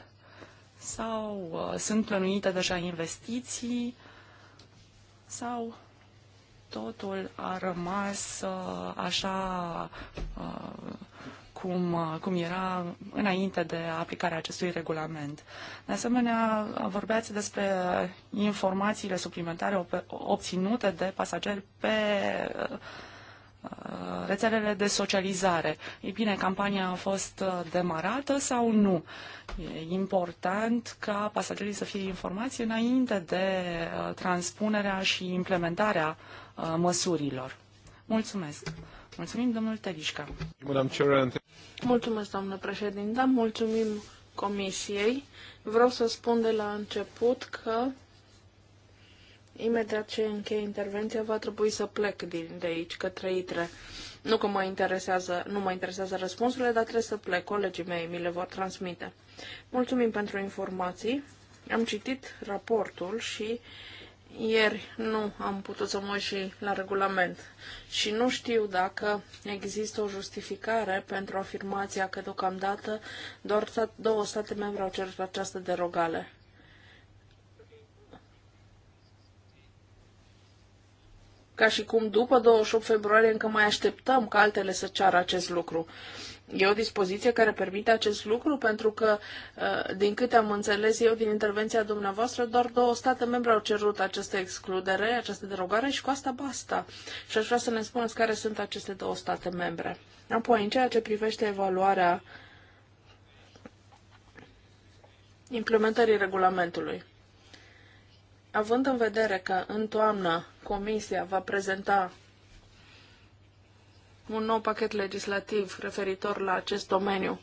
sau uh, sunt plănuite deja investiții sau totul a rămas uh, așa uh, cum, uh, cum era înainte de aplicarea acestui regulament. De asemenea, vorbeați despre informațiile suplimentare obținute de pasageri pe uh, Uh, rețelele de socializare. Ei bine, campania a fost uh, demarată sau nu? E important ca pasagerii să fie informați înainte de uh, transpunerea și implementarea măsurilor. Mulțumesc! Mulțumim, domnul Telișca! Mulțumesc, doamnă președintă! Mulțumim Comisiei! Vreau să spun de la început că Imediat ce încheie intervenția, va trebui să plec din, de aici, către ITRE. Nu că mă interesează, nu mă interesează răspunsurile, dar trebuie să plec. Colegii mei mi le vor transmite. Mulțumim pentru informații. Am citit raportul și ieri nu am putut să mă și la regulament și nu știu dacă există o justificare pentru afirmația că deocamdată doar două state membre au cerut această derogare. ca și cum după 28 februarie încă mai așteptăm ca altele să ceară acest lucru. E o dispoziție care permite acest lucru pentru că, uh, din câte am înțeles eu din intervenția dumneavoastră, doar două state membre au cerut această excludere, această derogare și cu asta basta. Și aș vrea să ne spuneți care sunt aceste două state membre. Apoi, în ceea ce privește evaluarea implementării regulamentului având în vedere că în toamnă Comisia va prezenta un nou pachet legislativ referitor la acest domeniu,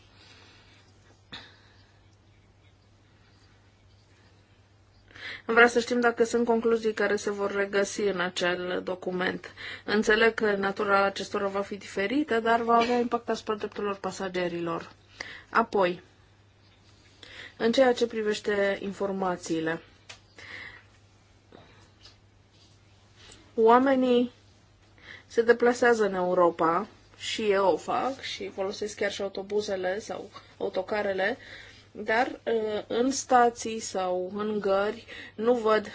Vreau să știm dacă sunt concluzii care se vor regăsi în acel document. Înțeleg că natura acestora va fi diferită, dar va avea impact asupra drepturilor pasagerilor. Apoi, în ceea ce privește informațiile, Oamenii se deplasează în Europa și eu o fac și folosesc chiar și autobuzele sau autocarele, dar ă, în stații sau în gări nu văd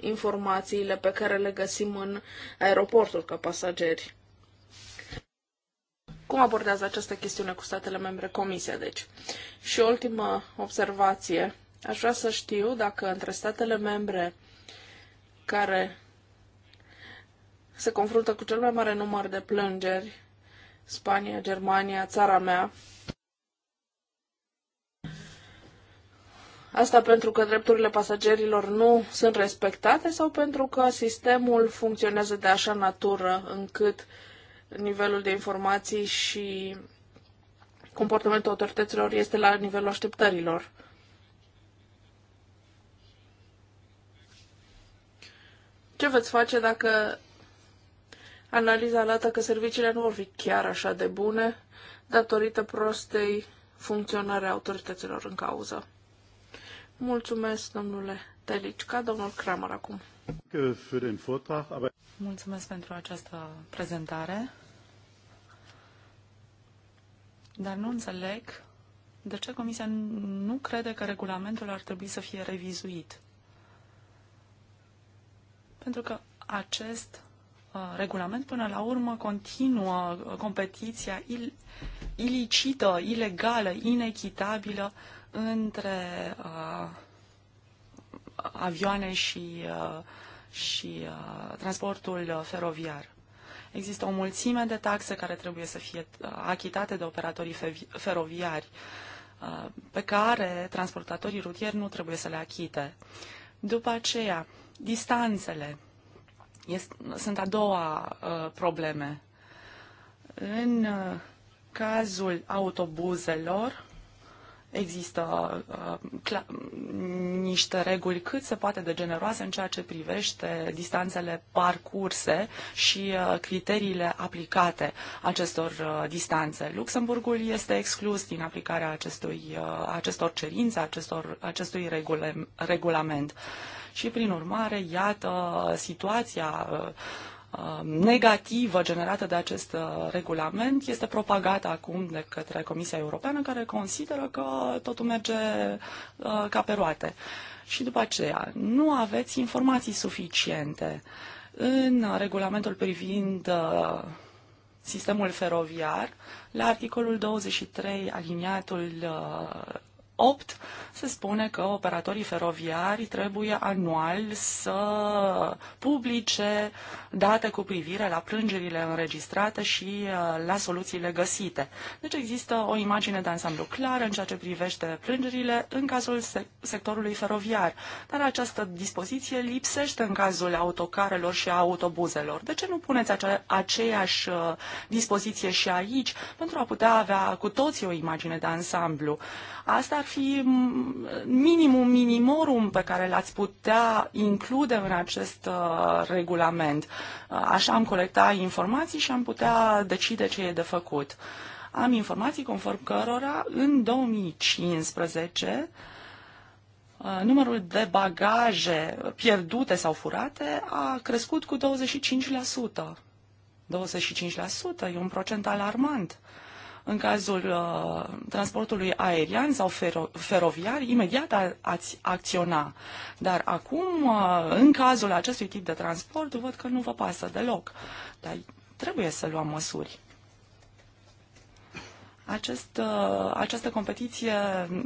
informațiile pe care le găsim în aeroportul ca pasageri. Cum abordează această chestiune cu statele membre Comisia, deci? Și ultimă observație. Aș vrea să știu dacă între statele membre care se confruntă cu cel mai mare număr de plângeri. Spania, Germania, țara mea. Asta pentru că drepturile pasagerilor nu sunt respectate sau pentru că sistemul funcționează de așa natură încât nivelul de informații și comportamentul autorităților este la nivelul așteptărilor. Ce veți face dacă Analiza arată că serviciile nu vor fi chiar așa de bune datorită prostei funcționare a autorităților în cauză. Mulțumesc, domnule Telicca, domnul Kramer acum. Mulțumesc pentru această prezentare, dar nu înțeleg de ce Comisia nu crede că regulamentul ar trebui să fie revizuit. Pentru că acest Uh, regulament, până la urmă continuă uh, competiția il- ilicită, ilegală, inechitabilă între uh, avioane și, uh, și uh, transportul feroviar. Există o mulțime de taxe care trebuie să fie uh, achitate de operatorii feroviari, pe care transportatorii rutieri nu trebuie să le achite. După aceea, distanțele este, sunt a doua uh, probleme. În uh, cazul autobuzelor există uh, niște reguli cât se poate de generoase în ceea ce privește distanțele parcurse și uh, criteriile aplicate acestor uh, distanțe. Luxemburgul este exclus din aplicarea acestui, uh, acestor cerințe, acestor, acestui regulament. Uh, și, prin urmare, iată situația uh, uh, negativă generată de acest uh, regulament este propagată acum de către Comisia Europeană, care consideră că totul merge ca pe roate. Și după aceea, nu aveți informații suficiente în regulamentul privind sistemul feroviar, la articolul 23, aliniatul 2008, se spune că operatorii feroviari trebuie anual să publice date cu privire la plângerile înregistrate și uh, la soluțiile găsite. Deci există o imagine de ansamblu clară în ceea ce privește plângerile în cazul sectorului feroviar, dar această dispoziție lipsește în cazul autocarelor și autobuzelor. De ce nu puneți ace- aceeași uh, dispoziție și aici pentru a putea avea cu toții o imagine de ansamblu? Asta ar fi mm, minimum minimorum pe care l-ați putea include în acest uh, regulament. Uh, așa am colectat informații și am putea decide ce e de făcut. Am informații conform cărora în 2015 uh, numărul de bagaje pierdute sau furate a crescut cu 25%. 25% e un procent alarmant. Uh, în cazul uh, transportului aerian sau feroviar, imediat ați acționa. Dar acum, uh, în cazul acestui tip de transport, văd că nu vă pasă deloc. Dar trebuie să luăm măsuri. Acest, uh, această competiție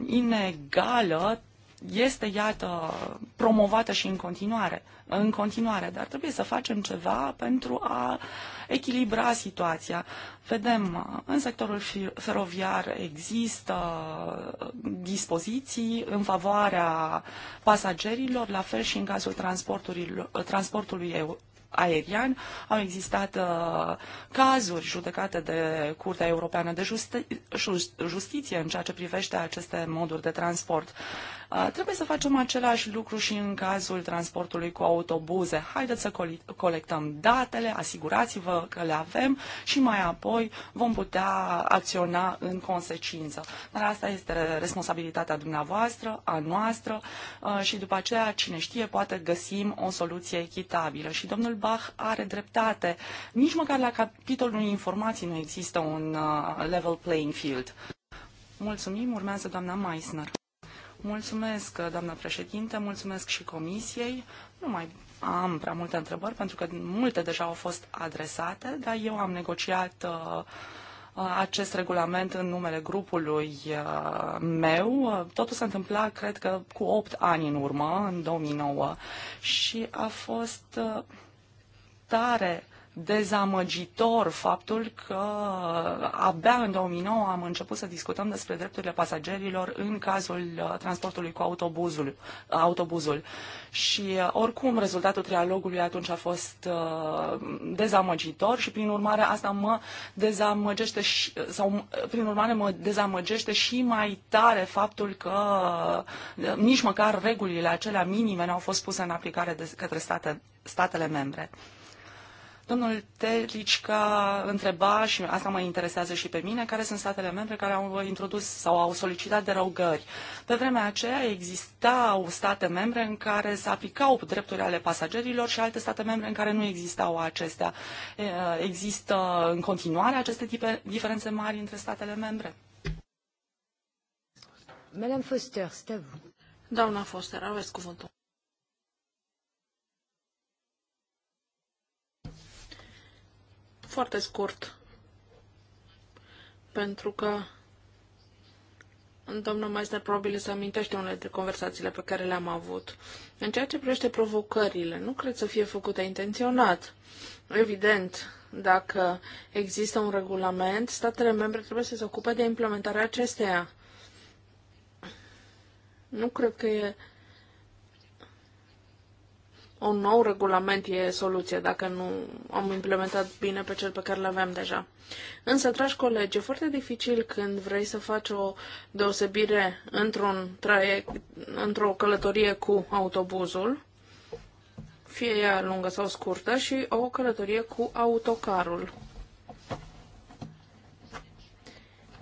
inegală este, iată, promovată și în continuare, în continuare, dar trebuie să facem ceva pentru a uh, echilibra situația. Vedem, în sectorul feroviar există uh, dispoziții în favoarea pasagerilor, la fel și în cazul transportului aerian. Au existat uh, cazuri judecate de Curtea Europeană de Justi- Justiție în ceea ce privește aceste moduri de transport. Uh, Trebuie să facem același lucru și în cazul transportului cu autobuze. Haideți să colectăm datele, asigurați-vă că le avem și mai apoi vom putea acționa în consecință. Dar asta este responsabilitatea dumneavoastră, a noastră și după aceea, cine știe, poate găsim o soluție echitabilă. Și domnul Bach are dreptate. Nici măcar la capitolul informații nu există un level playing field. Mulțumim, urmează doamna Meissner. Mulțumesc, doamnă președinte, mulțumesc și comisiei. Nu mai am prea multe întrebări, pentru că multe deja au fost adresate, dar eu am negociat uh, acest regulament în numele grupului uh, meu. Totul a întâmplat, cred că, cu 8 ani în urmă, în 2009, și a fost uh, tare dezamăgitor faptul că abia în 2009 am început să discutăm despre drepturile pasagerilor în cazul uh, transportului cu autobuzul. autobuzul. Și uh, oricum rezultatul trialogului atunci a fost uh, dezamăgitor și prin urmare asta mă dezamăgește și, sau prin urmare mă dezamăgește și mai tare faptul că nici măcar regulile acelea minime nu au fost puse în aplicare de către state, statele membre. Domnul Telicca întreba, și asta mă interesează și pe mine, care sunt statele membre care au introdus sau au solicitat derogări. Pe vremea aceea existau state membre în care se aplicau drepturi ale pasagerilor și alte state membre în care nu existau acestea. Există în continuare aceste diferențe mari între statele membre? Madame Foster, c'est à vous. Doamna Foster, aveți cuvântul. foarte scurt, pentru că domnul Meisner probabil să amintește unele dintre conversațiile pe care le-am avut. În ceea ce privește provocările, nu cred să fie făcute intenționat. Evident, dacă există un regulament, statele membre trebuie să se ocupe de implementarea acesteia. Nu cred că e un nou regulament e soluție dacă nu am implementat bine pe cel pe care l aveam deja. Însă, dragi colegi, e foarte dificil când vrei să faci o deosebire într-un traiect, într-o călătorie cu autobuzul, fie ea lungă sau scurtă, și o călătorie cu autocarul.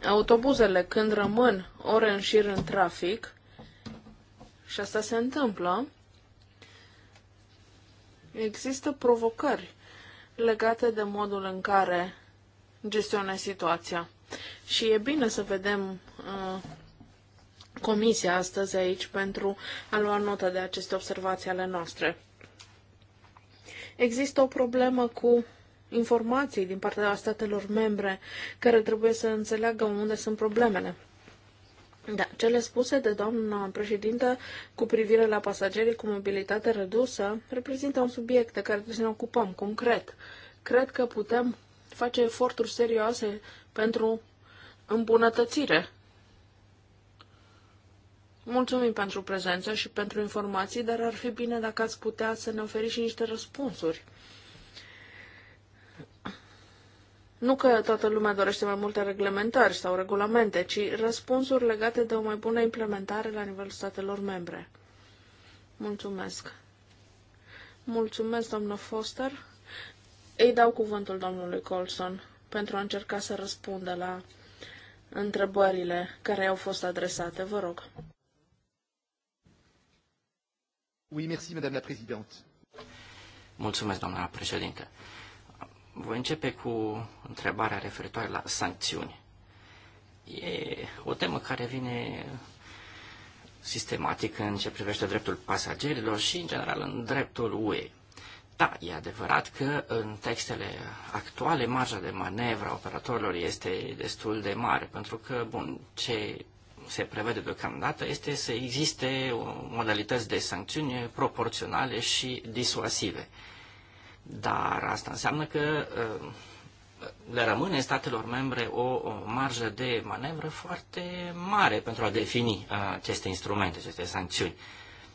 Autobuzele, când rămân ore în șir în trafic, și asta se întâmplă, Există provocări legate de modul în care gestionezi situația. Și e bine să vedem uh, comisia astăzi aici pentru a lua notă de aceste observații ale noastre. Există o problemă cu informații din partea statelor membre care trebuie să înțeleagă unde sunt problemele. Da, cele spuse de doamna președintă cu privire la pasagerii cu mobilitate redusă reprezintă un subiect de care trebuie să ne ocupăm concret. Cred că putem face eforturi serioase pentru îmbunătățire. Mulțumim pentru prezență și pentru informații, dar ar fi bine dacă ați putea să ne oferiți și niște răspunsuri nu că toată lumea dorește mai multe reglementări sau regulamente, ci răspunsuri legate de o mai bună implementare la nivelul statelor membre. Mulțumesc. Mulțumesc, doamnă Foster. Îi dau cuvântul domnului Colson pentru a încerca să răspundă la întrebările care au fost adresate. Vă rog. Oui, merci, madame la Mulțumesc, doamna președinte. Voi începe cu întrebarea referitoare la sancțiuni. E o temă care vine sistematic în ce privește dreptul pasagerilor și, în general, în dreptul UE. Da, e adevărat că în textele actuale marja de manevră a operatorilor este destul de mare, pentru că, bun, ce se prevede deocamdată este să existe modalități de sancțiuni proporționale și disuasive. Dar asta înseamnă că uh, le rămâne statelor membre o, o marjă de manevră foarte mare pentru a defini uh, aceste instrumente, aceste sancțiuni.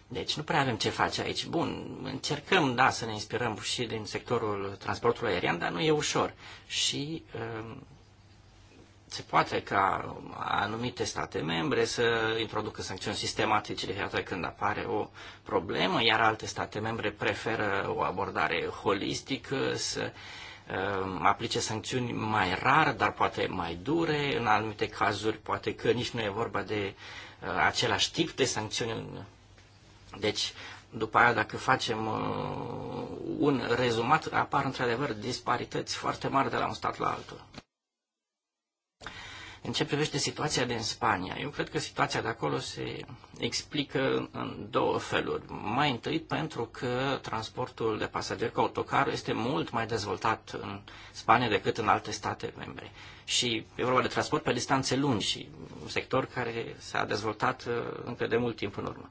Deci nu prea avem ce face aici. Bun, încercăm, da, să ne inspirăm și din sectorul transportului aerian, dar nu e ușor. Și uh, se poate ca anumite state membre să introducă sancțiuni sistematice de când apare o problemă, iar alte state membre preferă o abordare holistică, să um, aplice sancțiuni mai rar, dar poate mai dure. În anumite cazuri, poate că nici nu e vorba de uh, același tip de sancțiuni. Deci, după aia, dacă facem uh, un rezumat, apar într-adevăr disparități foarte mari de la un stat la altul. În ce privește situația din Spania, eu cred că situația de acolo se explică în două feluri. Mai întâi pentru că transportul de pasageri cu autocarul este mult mai dezvoltat în Spania decât în alte state membre. Și e vorba de transport pe distanțe lungi și un sector care s-a dezvoltat uh, încă de mult timp în urmă.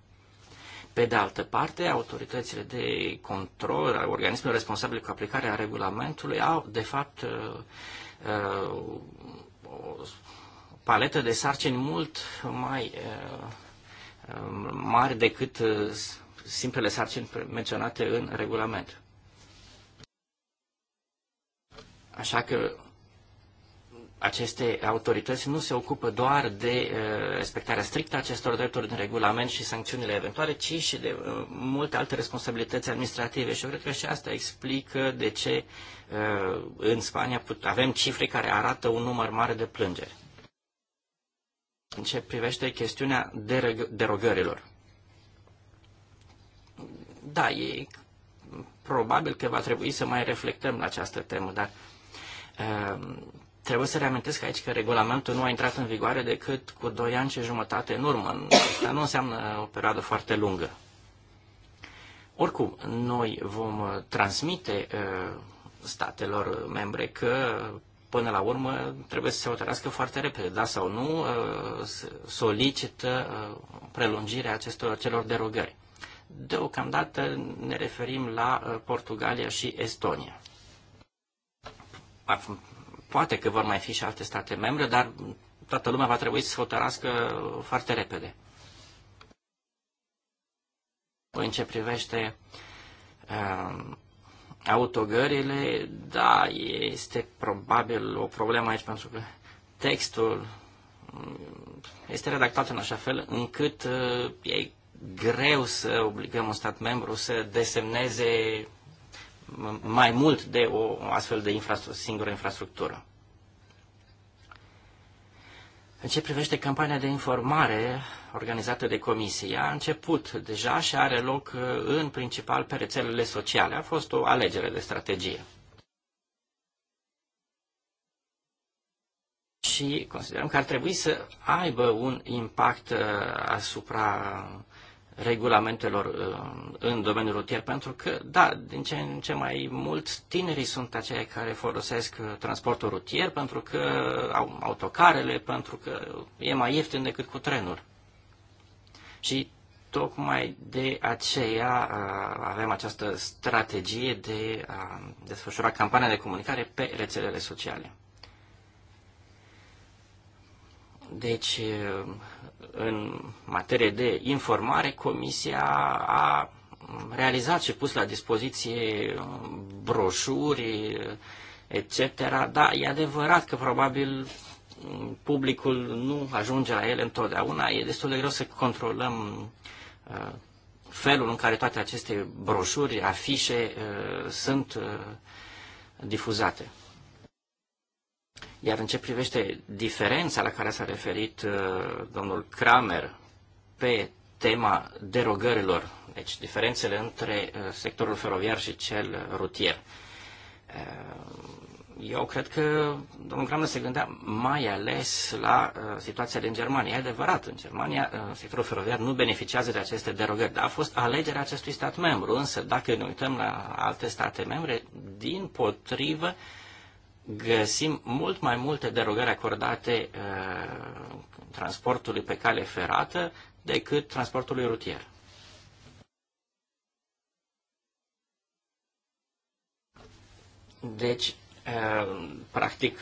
Pe de altă parte, autoritățile de control, organismele responsabile cu aplicarea regulamentului au, de fapt, uh, uh, paletă de sarcini mult mai eh, eh, mari decât eh, simplele sarcini menționate în regulament. Așa că aceste autorități nu se ocupă doar de uh, respectarea strictă a acestor drepturi din regulament și sancțiunile eventuale, ci și de uh, multe alte responsabilități administrative. Și eu cred că și asta explică de ce uh, în Spania avem cifre care arată un număr mare de plângeri. În ce privește chestiunea derogărilor. Da, e probabil că va trebui să mai reflectăm la această temă, dar Trebuie să reamintesc aici că regulamentul nu a intrat în vigoare decât cu 2 ani și jumătate în urmă. Asta nu înseamnă o perioadă foarte lungă. Oricum, noi vom uh, transmite uh, statelor membre că până la urmă trebuie să se hotărească foarte repede, da sau nu, uh, solicită prelungirea acestor celor derogări. Deocamdată ne referim la Portugalia și Estonia. Poate că vor mai fi și alte state membre, dar toată lumea va trebui să se hotărască foarte repede. În ce privește uh, autogările, da, este probabil o problemă aici, pentru că textul mm, este redactat în așa fel încât uh, e greu să obligăm un stat membru să desemneze mai mult de o astfel de infrastru- singură infrastructură. În ce privește campania de informare organizată de comisie, a început deja și are loc uh, în principal pe rețelele sociale. A fost o alegere de strategie. Și considerăm că ar trebui să aibă un impact uh, asupra regulamentelor uh, în domeniul rutier, pentru că, da, din ce în ce mai mult tinerii sunt aceia care folosesc uh, transportul rutier, pentru că au autocarele, pentru că e mai ieftin decât cu trenul. Și tocmai de aceea uh, avem această strategie de a desfășura campania de comunicare pe rețelele sociale. Deci, în materie de informare, Comisia a realizat și pus la dispoziție broșuri, etc. Da, e adevărat că probabil publicul nu ajunge la ele întotdeauna. E destul de greu să controlăm uh, felul în care toate aceste broșuri, afișe uh, sunt uh, difuzate. Iar în ce privește diferența la care s-a referit uh, domnul Kramer pe tema derogărilor, deci diferențele între uh, sectorul feroviar și cel rutier. Uh, eu cred că domnul Kramer se gândea mai ales la situația din Germania. E adevărat, în Germania sectorul feroviar nu beneficiază de aceste derogări, dar a fost alegerea acestui stat membru. Însă, dacă ne uităm la alte state membre, din potrivă, găsim mult mai multe derogări acordate uh, transportului pe cale ferată decât transportului rutier. Deci, uh, practic,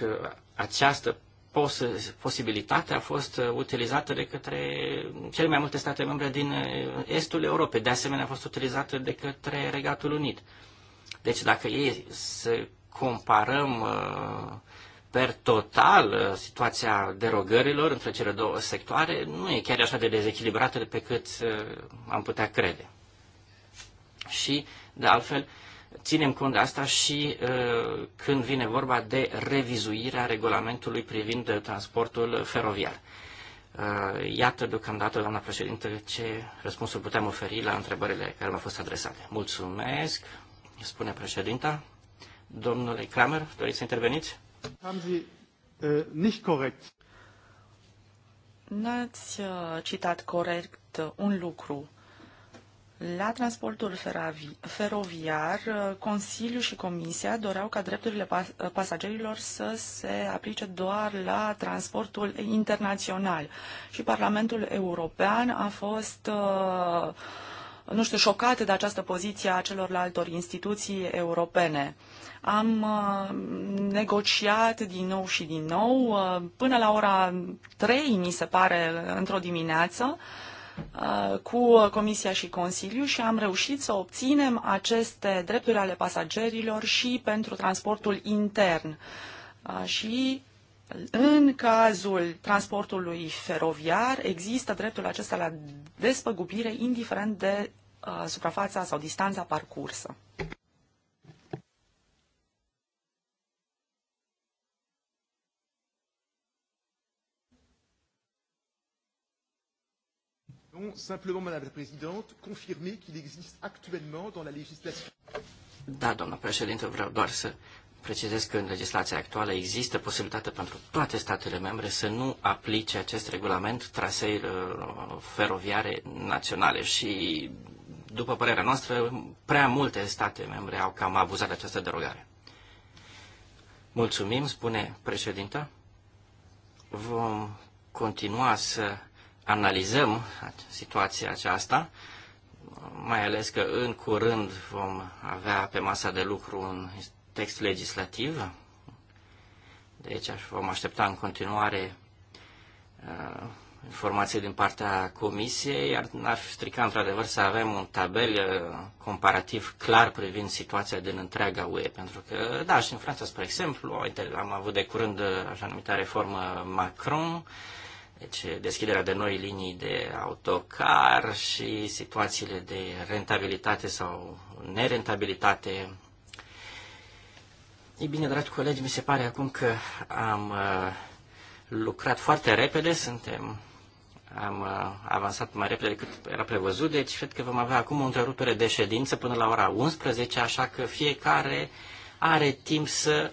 această pos posibilitate a fost uh, utilizată de către cele mai multe state membre din estul Europei. De asemenea, a fost utilizată de către Regatul Unit. Deci dacă ei se comparăm uh, per total uh, situația derogărilor între cele două sectoare, nu e chiar așa de dezechilibrată de pe cât uh, am putea crede. Și, de altfel, ținem cont de asta și când vine vorba de revizuirea regulamentului privind transportul feroviar. iată, deocamdată, doamna președintă, ce răspunsuri putem oferi la întrebările care m au fost adresate. Mulțumesc, spune președinta. Domnule Kramer, doriți să interveniți? Am uh, corect. N-ați uh, citat corect uh, un lucru. La transportul feroviar, Consiliul și Comisia doreau ca drepturile pasagerilor să se aplice doar la transportul internațional. Și Parlamentul European a fost, nu știu, șocat de această poziție a celorlalte instituții europene. Am uh, negociat din nou și din nou, uh, până la ora 3, mi se pare, într-o dimineață, uh, cu Comisia și Consiliu și am reușit să obținem aceste drepturi ale pasagerilor și pentru transportul intern. Și în cazul transportului feroviar există dreptul acesta la despăgubire indiferent de uh, suprafața sau distanța parcursă. Non, simplement, Madame la Présidente, confirmer qu'il existe actuellement dans la législation. Da, doamna președinte, vreau doar să precizez că în legislația actuală există posibilitatea pentru toate statele membre să nu aplice acest regulament traseilor uh, feroviare naționale și, după părerea noastră, prea multe state membre au cam abuzat de această derogare. Mulțumim, spune președinta. Vom continua să analizăm situația aceasta, mai ales că în curând vom avea pe masa de lucru un text legislativ, deci vom aștepta în continuare uh, informații din partea comisiei, iar n-ar strica într-adevăr să avem un tabel uh, comparativ clar privind situația din întreaga UE, pentru că, da, și în Franța, spre exemplu, am avut de curând uh, așa numită reformă Macron, uh, deci deschiderea de noi linii de autocar și situațiile de rentabilitate sau nerentabilitate. Ei bine, dragi colegi, mi se pare acum că am uh, lucrat foarte repede, suntem am uh, avansat mai repede decât era prevăzut, deci cred că vom avea acum o întrerupere de ședință până la ora 11, așa că fiecare are timp să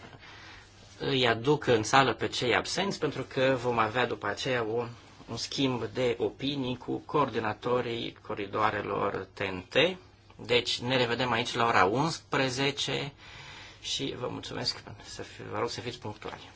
îi aduc în sală pe cei absenți, pentru că vom avea după aceea o, un schimb de opinii cu coordonatorii coridoarelor TNT. Deci ne revedem aici la ora 11 și vă mulțumesc, să fi, vă rog să fiți punctuali.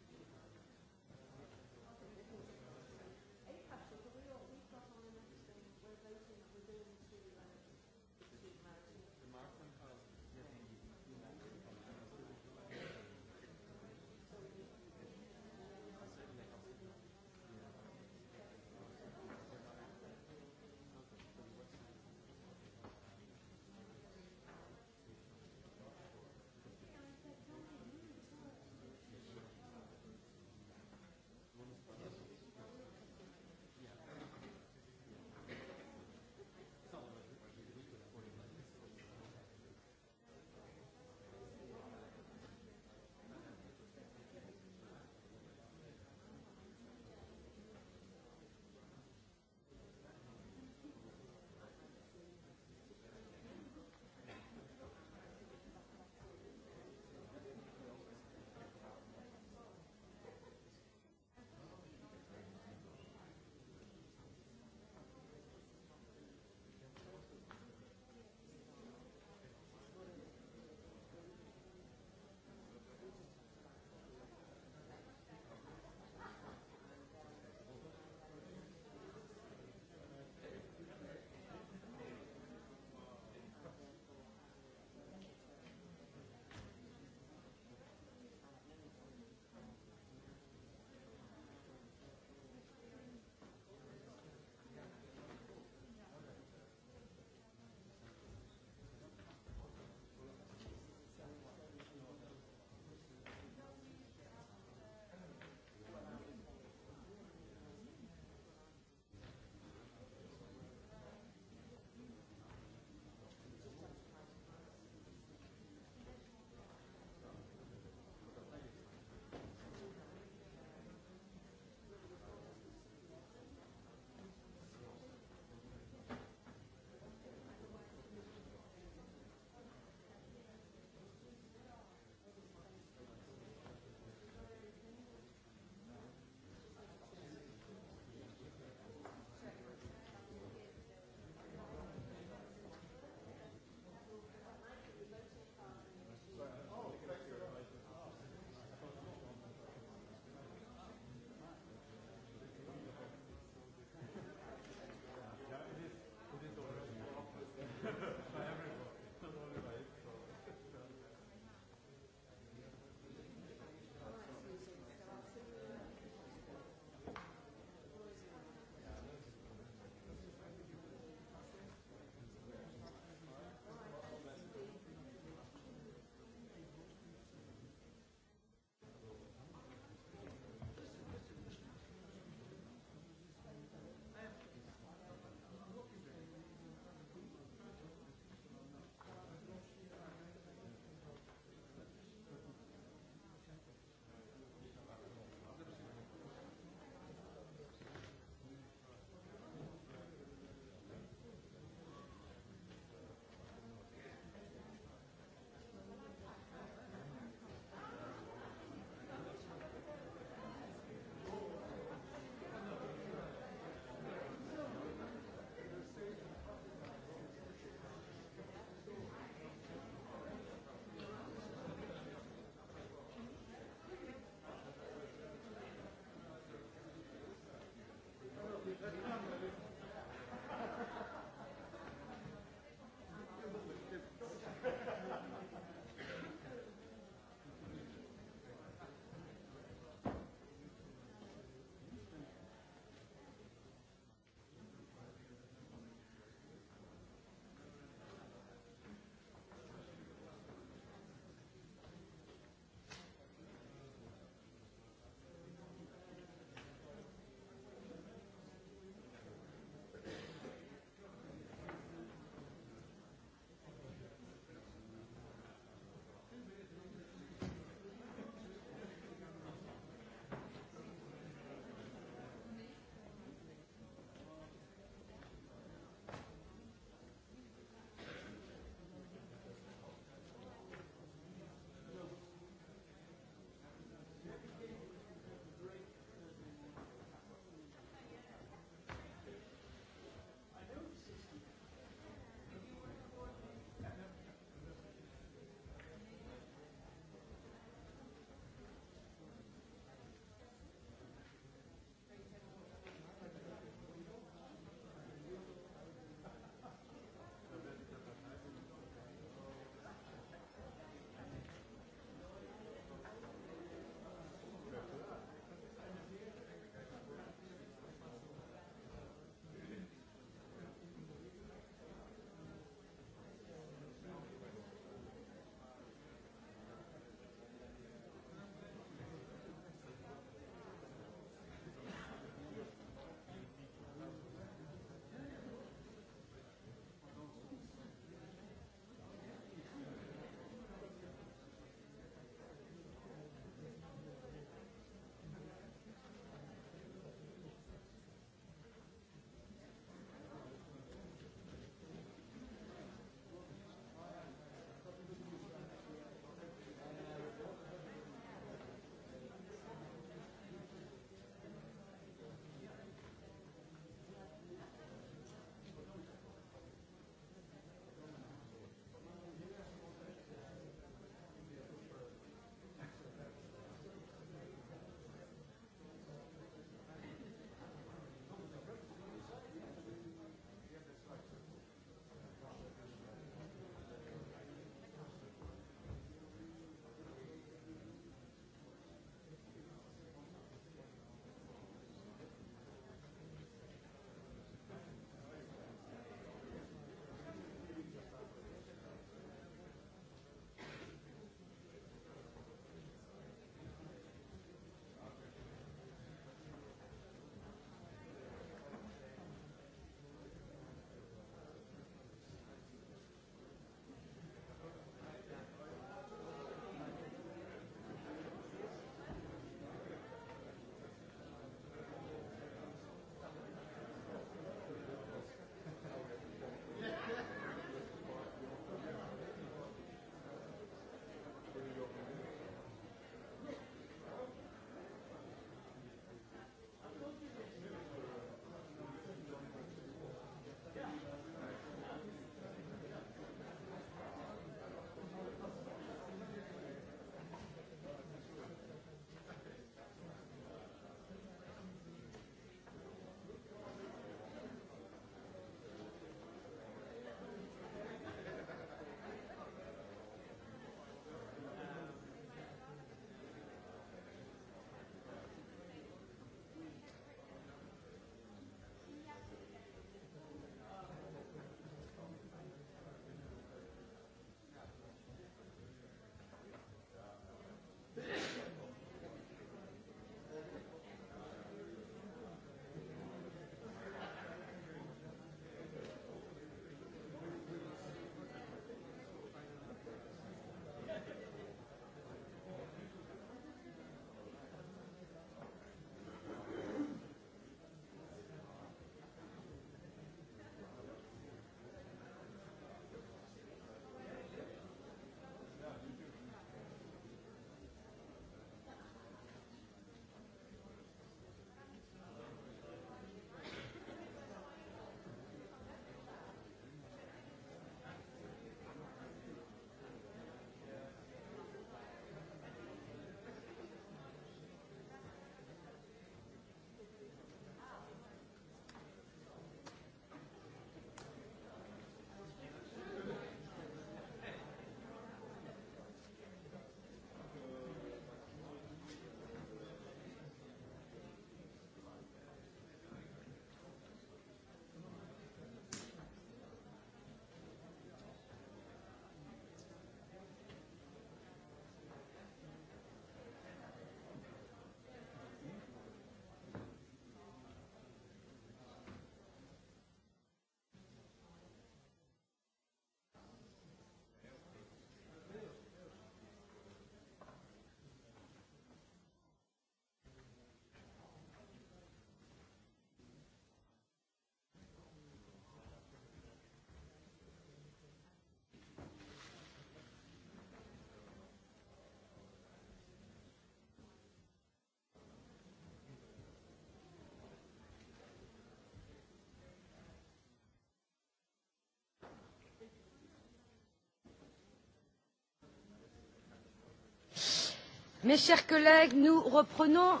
Mes chers collègues, nous reprenons.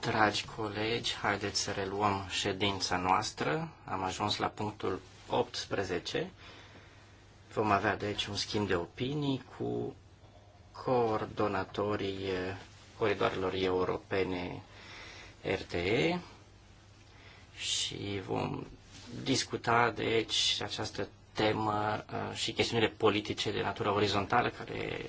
Dragi colegi, haideți să reluăm ședința noastră. Am ajuns la punctul 18. Vom avea deci un schimb de opinii cu coordonatorii coridoarelor europene RTE și vom discuta deci această temă uh, și chestiunile politice de natură orizontală care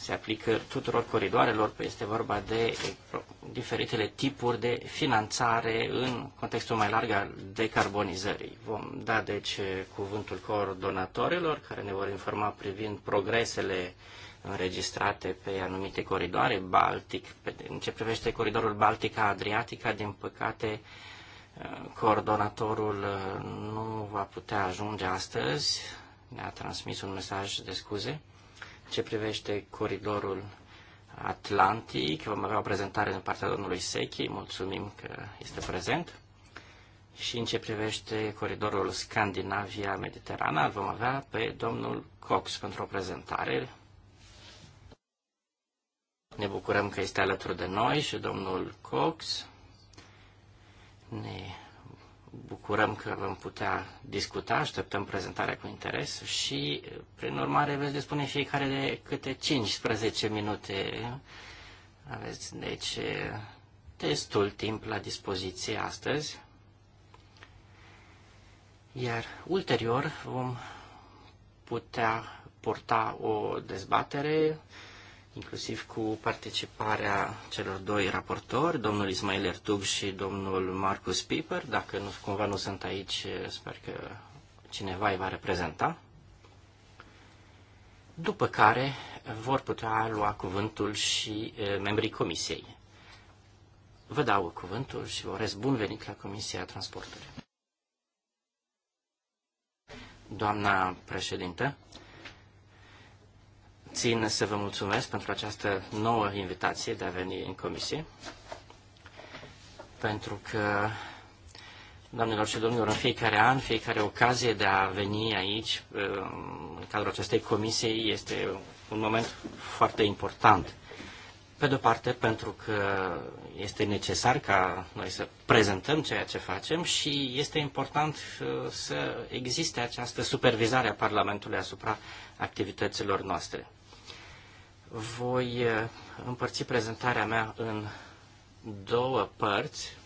se aplică tuturor coridoarelor, păi este vorba de eh, diferitele tipuri de finanțare în contextul mai larg al decarbonizării. Vom da, deci, eh, cuvântul coordonatorilor care ne vor informa privind progresele înregistrate pe anumite coridoare, Baltic, în ce privește coridorul Baltica-Adriatica, din păcate, eh, coordonatorul nu va putea ajunge astăzi, ne-a transmis un mesaj de scuze ce privește coridorul Atlantic, vom avea o prezentare din partea domnului Sechi, mulțumim că este prezent. Și în ce privește coridorul Scandinavia-Mediterana, vom avea pe domnul Cox pentru o prezentare. Ne bucurăm că este alături de noi și domnul Cox ne bucurăm că vom putea discuta, așteptăm prezentarea cu interes și, prin urmare, veți dispune fiecare de câte 15 minute. Aveți, deci, destul timp la dispoziție astăzi. Iar ulterior vom putea porta o dezbatere inclusiv cu participarea celor doi raportori, domnul Ismail Ertug și domnul Marcus Piper. Dacă nu, cumva nu sunt aici, sper că cineva îi va reprezenta. După care vor putea lua cuvântul și membrii comisiei. Vă dau cuvântul și vă urez bun venit la Comisia Transportului. Doamna președintă, Țin să vă mulțumesc pentru această nouă invitație de a veni în comisie, pentru că, doamnelor și domnilor, în fiecare an, fiecare ocazie de a veni aici, în cadrul acestei comisii, este un moment foarte important. Pe de-o parte, pentru că este necesar ca noi să prezentăm ceea ce facem și este important uh, să existe această supervizare a Parlamentului asupra activităților noastre. Voi eh, împărți prezentarea mea în două părți.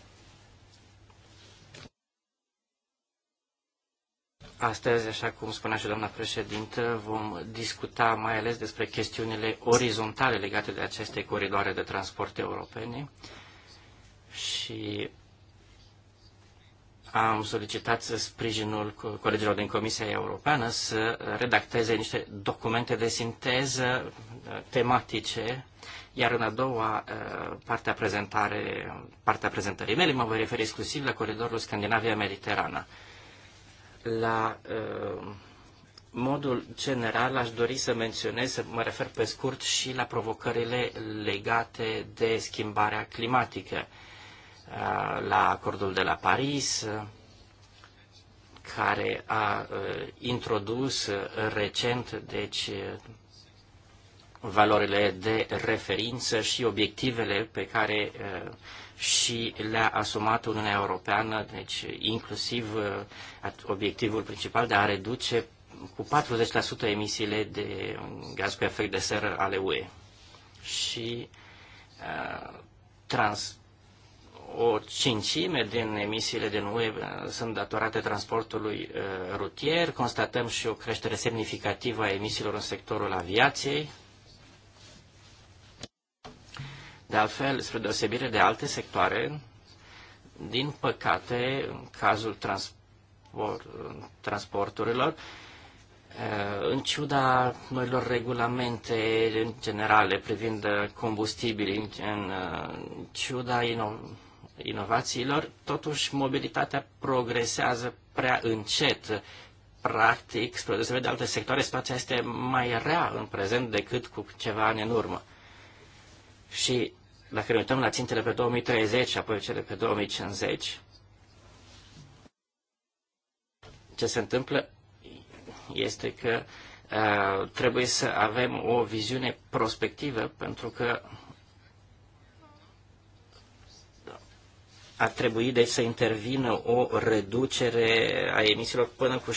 Astăzi, așa cum spunea și doamna președintă, vom discuta mai ales despre chestiunile orizontale legate de aceste coridoare de transport europene și am solicitat sprijinul colegilor din Comisia Europeană să redacteze niște documente de sinteză uh, tematice, iar în a doua uh, parte a, prezentare, partea prezentării mele mă voi referi exclusiv la coridorul Scandinavia-Mediterana. La uh, modul general aș dori să menționez, să mă refer pe scurt și la provocările legate de schimbarea climatică. Uh, la acordul de la Paris, uh, care a uh, introdus recent deci, valorile de referință și obiectivele pe care și le-a asumat Uniunea Europeană, deci inclusiv obiectivul principal de a reduce cu 40% emisiile de gaz cu efect de seră ale UE. Și uh, trans, o cincime din emisiile din UE uh, sunt datorate transportului uh, rutier. Constatăm și o creștere semnificativă a emisiilor în sectorul aviației. De altfel, spre deosebire de alte sectoare, din păcate, în cazul transport, transporturilor, uh, în ciuda noilor regulamente generale privind combustibili, în ciuda ino- inovațiilor, totuși mobilitatea progresează prea încet. Practic, spre deosebire de alte sectoare, situația este mai rea în prezent decât cu ceva ani în urmă. Și dacă ne uităm la țintele pe 2030 și apoi cele pe 2050, ce se întâmplă este că uh, trebuie să avem o viziune prospectivă, pentru că ar trebui deci să intervină o reducere a emisiilor până cu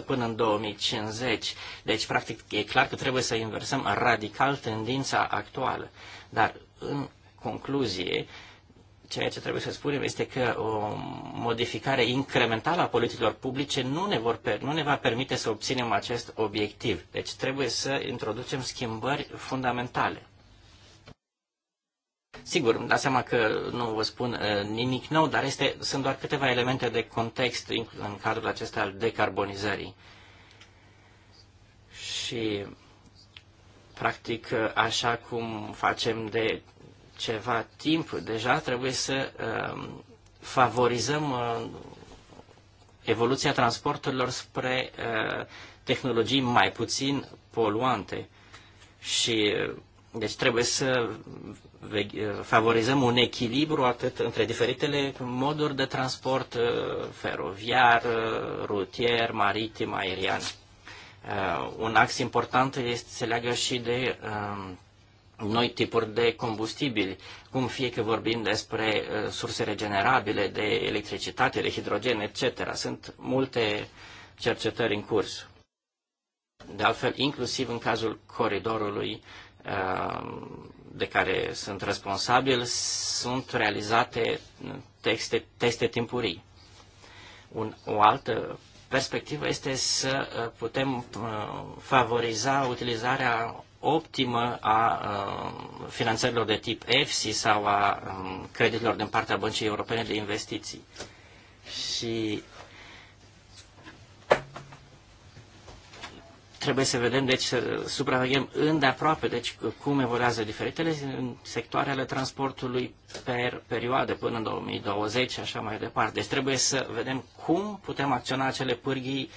67% până în 2050. Deci, practic, e clar că trebuie să inversăm radical tendința actuală. Dar, în concluzie, ceea ce trebuie să spunem este că o modificare incrementală a politicilor publice nu ne, vor, nu ne va permite să obținem acest obiectiv. Deci trebuie să introducem schimbări fundamentale. Sigur, îmi dați seama că nu vă spun uh, nimic nou, dar este, sunt doar câteva elemente de context în, în cadrul acesta al decarbonizării. Și, practic, uh, așa cum facem de ceva timp deja, trebuie să uh, favorizăm uh, evoluția transporturilor spre uh, tehnologii mai puțin poluante. Și uh, deci trebuie să favorizăm un echilibru atât între diferitele moduri de transport uh, feroviar, uh, rutier, maritim, aerian. Uh, un ax important este, se leagă și de um, noi tipuri de combustibili, cum fie că vorbim despre surse regenerabile, de electricitate, de hidrogen, etc. Sunt multe cercetări în curs. De altfel, inclusiv în cazul coridorului um, de care sunt responsabil sunt realizate texte, teste timpurii. Un, o altă perspectivă este să uh, putem uh, favoriza utilizarea optimă a uh, finanțărilor de tip EFSI sau a um, creditelor din partea Băncii Europene de Investiții. Și Trebuie să vedem, deci, să supraveghem îndeaproape, deci, cum evoluează diferitele sectoarele transportului per perioadă până în 2020 și așa mai departe. Deci trebuie să vedem cum putem acționa acele pârghii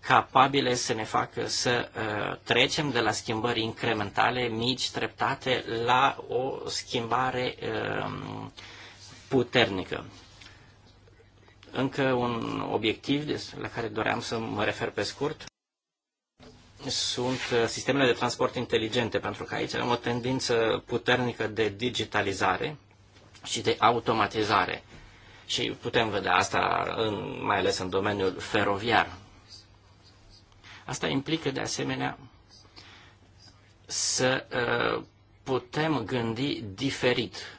capabile să ne facă să uh, trecem de la schimbări incrementale, mici, treptate, la o schimbare uh, puternică. Încă un obiectiv deci, la care doream să mă refer pe scurt sunt uh, sistemele de transport inteligente, pentru că aici avem o tendință puternică de digitalizare și de automatizare. Și putem vedea asta în, mai ales în domeniul feroviar. Asta implică de asemenea să uh, putem gândi diferit.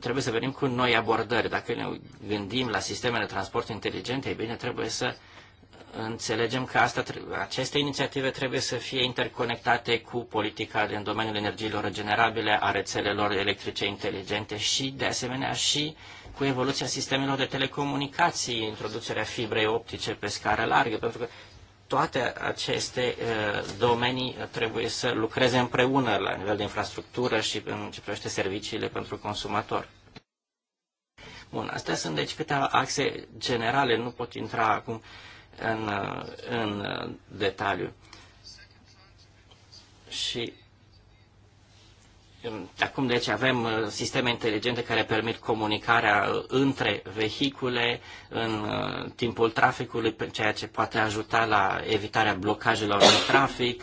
Trebuie să venim cu noi abordări. Dacă ne gândim la sistemele de transport inteligente, e bine, trebuie să înțelegem că asta, aceste inițiative trebuie să fie interconectate cu politica în domeniul energiilor regenerabile, a rețelelor electrice inteligente și, de asemenea, și cu evoluția sistemelor de telecomunicații, introducerea fibrei optice pe scară largă, pentru că toate aceste uh, domenii trebuie să lucreze împreună la nivel de infrastructură și în ce privește serviciile pentru consumator. Bun, astea sunt deci câteva axe generale, nu pot intra acum uh, în, în detaliu. Și acum deci avem sisteme inteligente care permit comunicarea între vehicule în uh, timpul traficului, ceea ce poate ajuta la evitarea blocajelor în trafic.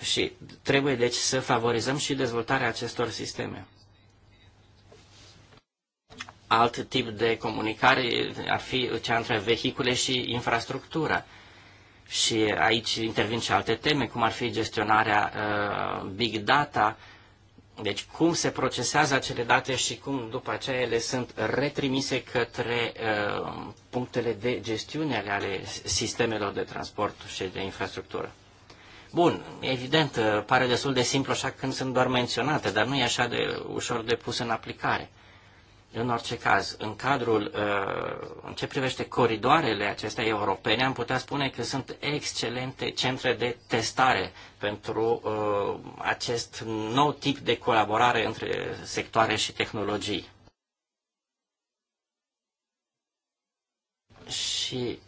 Și trebuie deci să favorizăm și dezvoltarea acestor sisteme alt tip de comunicare ar fi cea între vehicule și infrastructură. Și aici intervin și alte teme, cum ar fi gestionarea uh, big data, deci cum se procesează acele date și cum după aceea ele sunt retrimise către uh, punctele de gestiune ale, ale sistemelor de transport și de infrastructură. Bun, evident, uh, pare destul de simplu așa când sunt doar menționate, dar nu e așa de ușor de pus în aplicare. În orice caz, în cadrul, uh, în ce privește coridoarele acestea europene, am putea spune că sunt excelente centre de testare pentru uh, acest nou tip de colaborare între sectoare și tehnologii. Și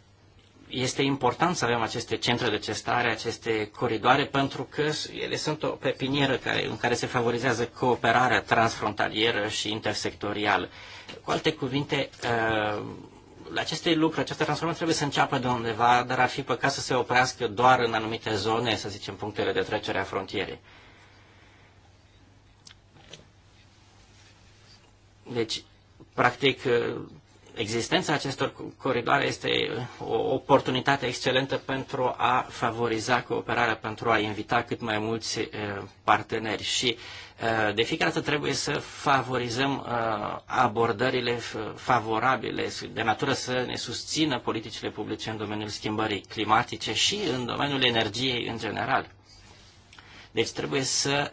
este important să avem aceste centre de cestare, aceste coridoare, pentru că ele sunt o pepinieră care, în care se favorizează cooperarea transfrontalieră și intersectorială. Cu alte cuvinte, uh, aceste lucruri, această transformare trebuie să înceapă de undeva, dar ar fi păcat să se oprească doar în anumite zone, să zicem, punctele de trecere a frontierei. Deci, practic, uh, Existența acestor coridoare este uh, o oportunitate excelentă pentru a favoriza cooperarea, pentru a invita cât mai mulți uh, parteneri și uh, de fiecare dată trebuie să favorizăm abordările favorabile, de natură să ne susțină politicile publice în domeniul schimbării climatice și în domeniul energiei în general. Deci trebuie să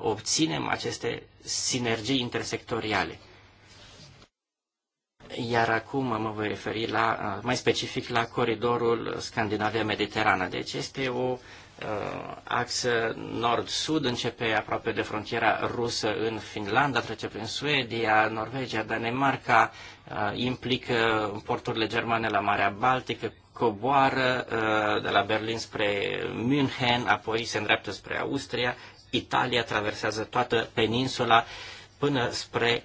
obținem aceste sinergii intersectoriale. Iar acum mă voi referi la, uh, mai specific la coridorul Scandinavia-Mediterană. Deci este o uh, axă nord-sud, începe aproape de frontiera rusă în Finlanda, trece prin Suedia, Norvegia, Danemarca, uh, implică porturile germane la Marea Baltică, coboară de la Berlin spre München, apoi se îndreaptă spre Austria, Italia traversează toată peninsula până spre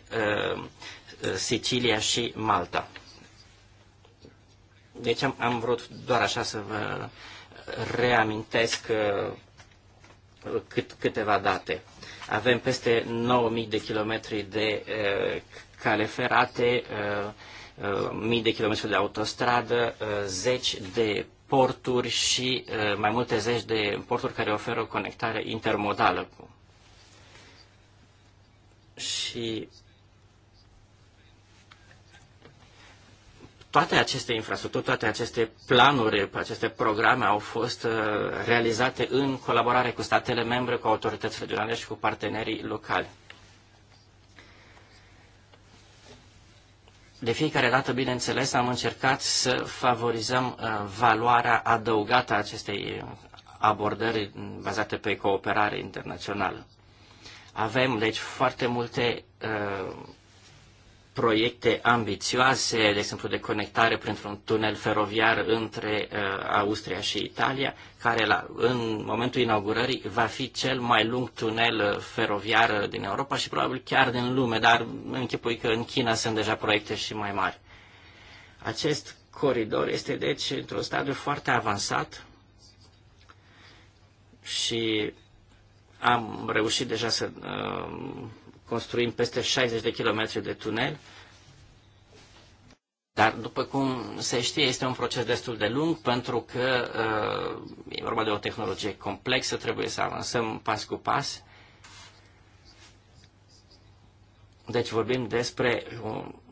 Sicilia și Malta. Deci am, am vrut doar așa să vă reamintesc uh, cât, câteva date. Avem peste 9000 de kilometri de uh, cale ferate, uh, mii de kilometri de autostradă, zeci de porturi și mai multe zeci de porturi care oferă o conectare intermodală. Și toate aceste infrastructuri, toate aceste planuri, aceste programe au fost uh, realizate în colaborare cu statele membre, cu autorități regionale și cu partenerii locali. De fiecare dată, bineînțeles, am încercat să favorizăm uh, valoarea adăugată a acestei abordări bazate pe cooperare internațională. Avem, deci, foarte multe uh, proiecte ambițioase, de exemplu de conectare printr-un tunel feroviar între uh, Austria și Italia, care la, în momentul inaugurării va fi cel mai lung tunel uh, feroviar uh, din Europa și probabil chiar din lume, dar închipui că în China sunt deja proiecte și mai mari. Acest coridor este deci într-un stadiu foarte avansat și am reușit deja să uh, construim peste 60 de kilometri de tunel, dar, după cum se știe, este un proces destul de lung pentru că uh, e vorba de o tehnologie complexă, trebuie să avansăm pas cu pas. Deci vorbim despre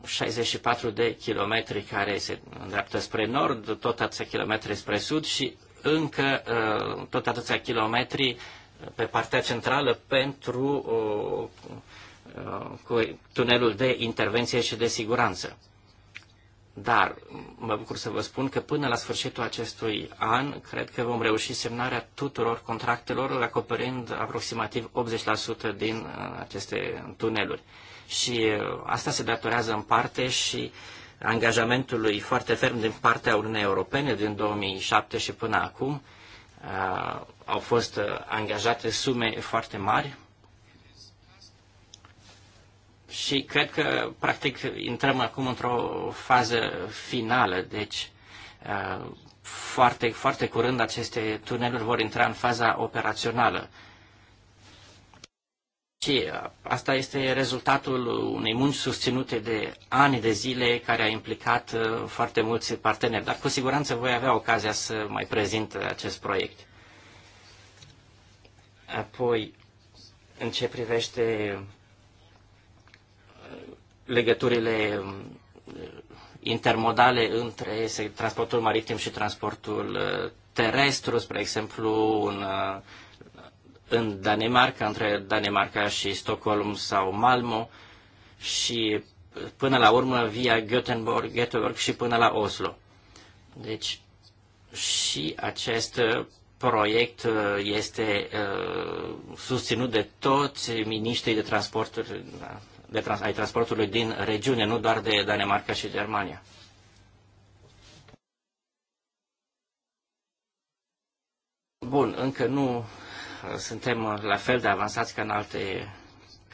64 de kilometri care se îndreaptă spre nord, tot atâția kilometri spre sud și încă uh, tot atâția kilometri pe partea centrală pentru uh, cu tunelul de intervenție și de siguranță. Dar mă bucur să vă spun că până la sfârșitul acestui an, cred că vom reuși semnarea tuturor contractelor, acoperind aproximativ 80% din uh, aceste tuneluri. Și uh, asta se datorează în parte și angajamentului foarte ferm din partea Uniunii Europene din 2007 și până acum. Uh, au fost angajate sume foarte mari și cred că, practic, intrăm acum într-o fază finală, deci uh, foarte, foarte curând aceste tuneluri vor intra în faza operațională. Și uh, asta este rezultatul unei munci susținute de ani de zile care a implicat uh, foarte mulți parteneri, dar cu siguranță voi avea ocazia să mai prezint acest proiect. Apoi, în ce privește legăturile um, intermodale între transportul maritim și transportul uh, terestru, spre exemplu, în, uh, în Danemarca, între Danemarca și Stockholm sau Malmo și până la urmă via Göteborg, Göteborg și până la Oslo. Deci și acest uh, proiect este uh, susținut de toți miniștrii de transporturi da de trans, ai transportului din regiune, nu doar de Danemarca și Germania. Bun, încă nu uh, suntem uh, la fel de avansați ca în alte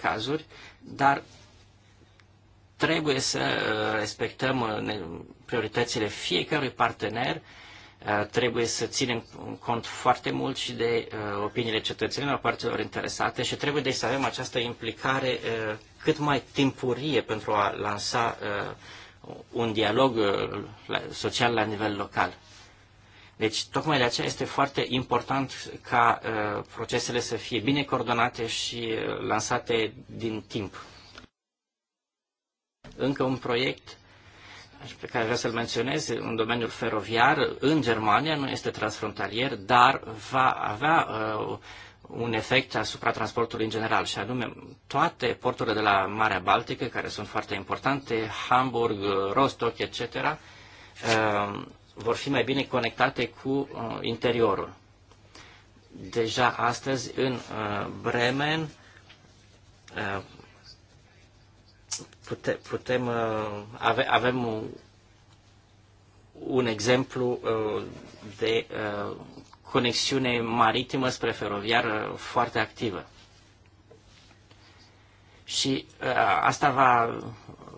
cazuri, dar trebuie să uh, respectăm prioritățile fiecărui partener, trebuie să ținem cont foarte mult și de opiniile cetățenilor, părților interesate și trebuie deci să avem această implicare cât mai timpurie pentru a lansa uh, un dialog uh, social la nivel local. Deci, tocmai de aceea este foarte important ca uh, procesele să fie bine coordonate și uh, lansate din timp. Încă un proiect pe care vreau să-l menționez în domeniul feroviar în Germania, nu este transfrontalier, dar va avea uh, un efect asupra transportului în general, și anume toate porturile de la Marea Baltică, care sunt foarte importante, Hamburg, Rostock, etc., uh, vor fi mai bine conectate cu uh, interiorul. Deja astăzi, în uh, Bremen, putem avem un exemplu de conexiune maritimă spre feroviară foarte activă. Și uh, asta va,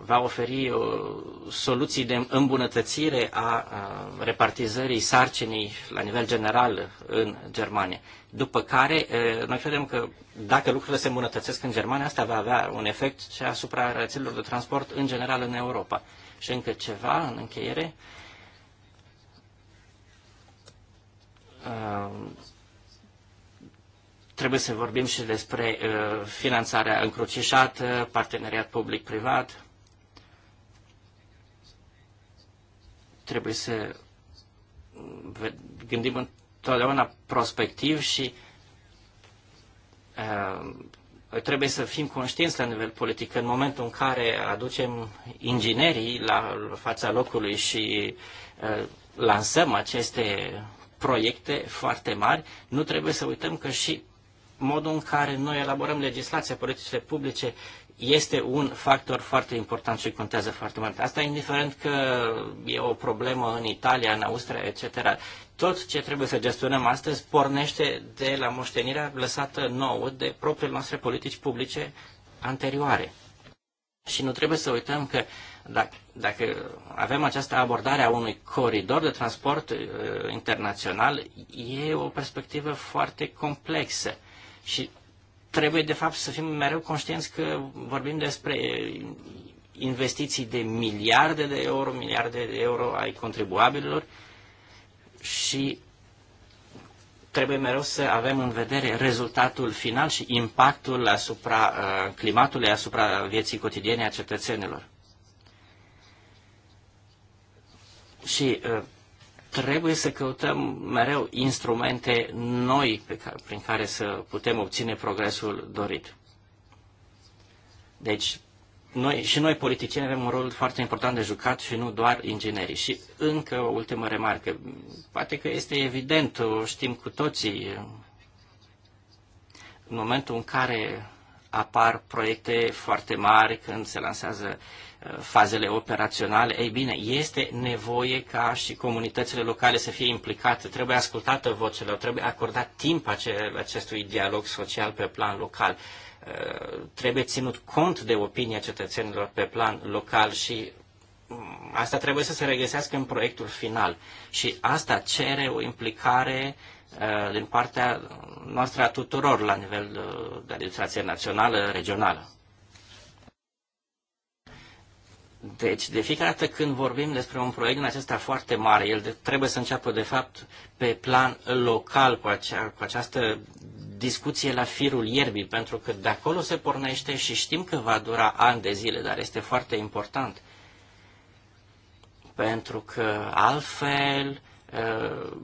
va oferi o, uh, soluții de îmbunătățire a, uh, repartizării sarcinii la nivel general în Germania. După care, noi credem că dacă lucrurile se îmbunătățesc în Germania, asta va avea un efect și asupra rețelelor de transport în general în Europa. Și încă ceva, în încheiere, Ehm, trebuie să vorbim și despre eh, finanțarea încrucișată, parteneriat public-privat. Trebuie să mm, gândim întotdeauna prospectiv și ehm, trebuie să fim conștienți la nivel politic în momentul în care aducem inginerii la fața locului și eh, lansăm aceste proiecte foarte mari, nu trebuie să uităm că și modul în care noi elaborăm legislația, politicile publice, este un factor foarte important și contează foarte mult. Asta indiferent că e o problemă în Italia, în Austria, etc. Tot ce trebuie să gestionăm astăzi pornește de la moștenirea lăsată nouă de propriile noastre politici publice anterioare. Și nu trebuie să uităm că uh, dacă, dacă avem această abordare a unui coridor de transport uh, internațional, e o perspectivă foarte complexă și trebuie, de fapt, să fim mereu conștienți că vorbim despre investiții de miliarde de euro, miliarde de euro ai contribuabililor și trebuie mereu să avem în vedere rezultatul final și impactul asupra uh, climatului, asupra vieții cotidiene a cetățenilor. Și uh, trebuie să căutăm mereu instrumente noi pe care, prin care să putem obține progresul dorit. Deci, noi, și noi politicieni avem un rol foarte important de jucat și nu doar inginerii. Și încă o ultimă remarcă. Poate că este evident, o știm cu toții, în momentul în care apar proiecte foarte mari, când se lansează uh, fazele operaționale, ei bine, este nevoie ca și comunitățile locale să fie implicate, trebuie ascultată vocele, trebuie acordat timp acestui dialog social pe plan local, uh, trebuie ținut cont de opinia cetățenilor pe plan local și mm, asta trebuie să se regăsească în proiectul final. Și asta cere o implicare uh, din partea noastră a tuturor la nivel uh, de administrație națională, regională. Deci, de fiecare dată când vorbim despre un proiect din acesta foarte mare, el de, trebuie să înceapă, de fapt, pe plan local cu, acea, cu această discuție la firul ierbii, pentru că de acolo se pornește și știm că va dura ani de zile, dar este foarte important. Pentru că altfel ă,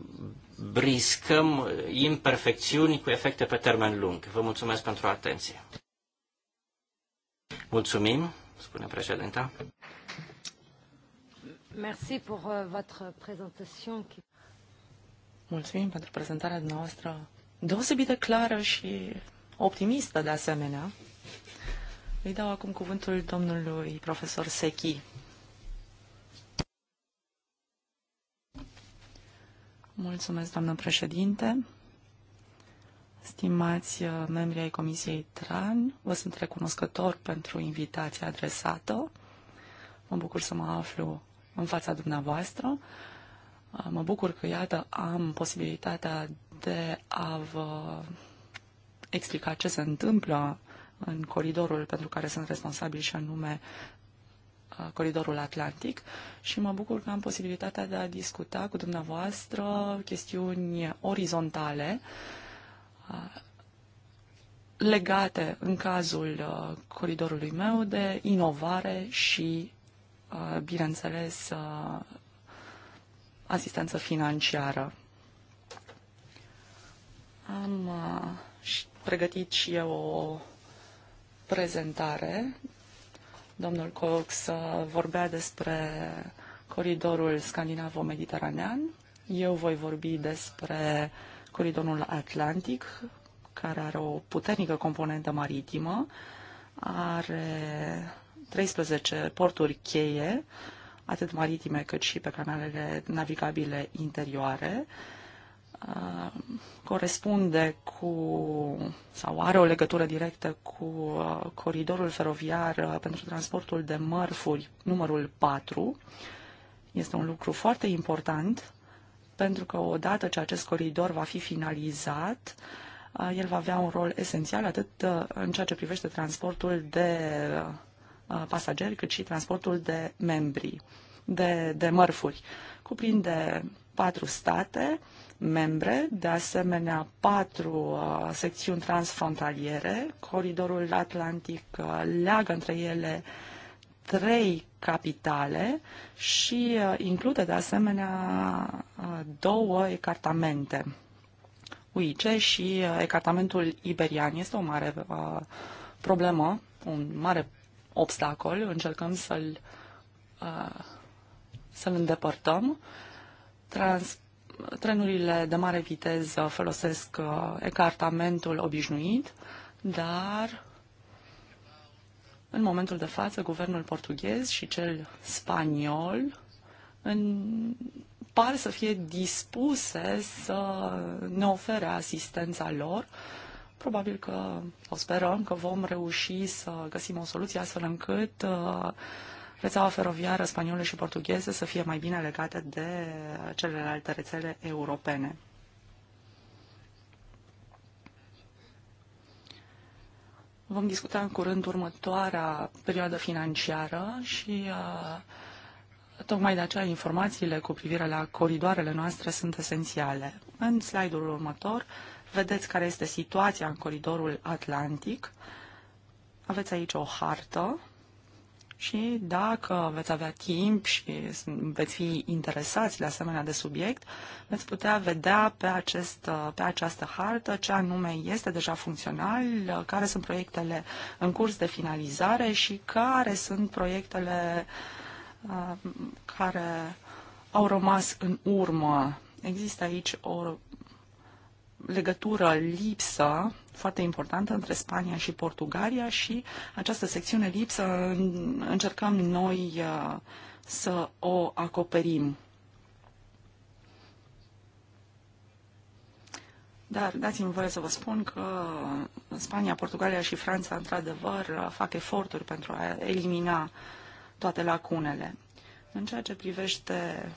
briscăm imperfecțiuni cu efecte pe termen lung. Vă mulțumesc pentru atenție. Mulțumim, spune președinta. Merci pour euh, votre présentation. Mulțumim pentru prezentarea noastră deosebit de clară și optimistă de asemenea. Îi dau acum cuvântul domnului profesor Sechi. Mulțumesc, doamnă președinte. Stimați uh, membri ai Comisiei TRAN, vă sunt recunoscător pentru invitația adresată. Mă bucur să mă aflu în fața dumneavoastră. Uh, mă bucur că, iată, am posibilitatea de a vă explica ce se întâmplă în coridorul pentru care sunt responsabil și anume uh, coridorul atlantic și mă bucur că am posibilitatea de a discuta cu dumneavoastră chestiuni orizontale uh, legate, în cazul coridorului meu, de inovare și Uh, bineînțeles, uh, asistență financiară. Am uh, pregătit și eu o prezentare. Domnul Cox vorbea despre coridorul scandinavo-mediteranean. Eu voi vorbi despre coridorul atlantic, care are o puternică componentă maritimă, are 13 porturi cheie, atât maritime cât și pe canalele navigabile interioare, uh, corespunde cu sau are o legătură directă cu uh, coridorul feroviar uh, pentru transportul de mărfuri numărul 4. Este un lucru foarte important pentru că odată ce acest coridor va fi finalizat, el va avea un rol esențial atât în ceea ce privește transportul de pasageri, cât și transportul de membri, de, de mărfuri. Cuprinde patru state membre, de asemenea patru uh, secțiuni transfrontaliere, coridorul atlantic uh, leagă între ele trei capitale și uh, include de asemenea uh, două ecartamente, UIC și uh, ecartamentul iberian. Este o mare uh, problemă, un mare obstacol, încercăm să-l uh, să-l îndepărtăm. Trans- trenurile de mare viteză folosesc uh, ecartamentul obișnuit, dar în momentul de față, guvernul portughez și cel spaniol în, par să fie dispuse să ne ofere asistența lor uh, Probabil că, o sperăm, că vom reuși să găsim o soluție astfel încât uh, rețeaua feroviară spaniolă și portugheză să fie mai bine legată de celelalte rețele europene. Vom discuta în curând următoarea perioadă financiară și uh, Tocmai de aceea informațiile cu privire la coridoarele noastre sunt esențiale. În slide-ul următor vedeți care este situația în coridorul atlantic. Aveți aici o hartă și dacă veți avea timp și veți fi interesați de asemenea de subiect, veți putea vedea pe, acest, pe această hartă ce anume este deja funcțional, care sunt proiectele în curs de finalizare și care sunt proiectele uh, care au rămas în urmă. Există aici o legătură, lipsă foarte importantă între Spania și Portugalia și această secțiune lipsă încercăm noi uh, să o acoperim. Dar dați-mi voie să vă spun că Spania, Portugalia și Franța, într-adevăr, fac eforturi pentru a elimina toate lacunele. În ceea ce privește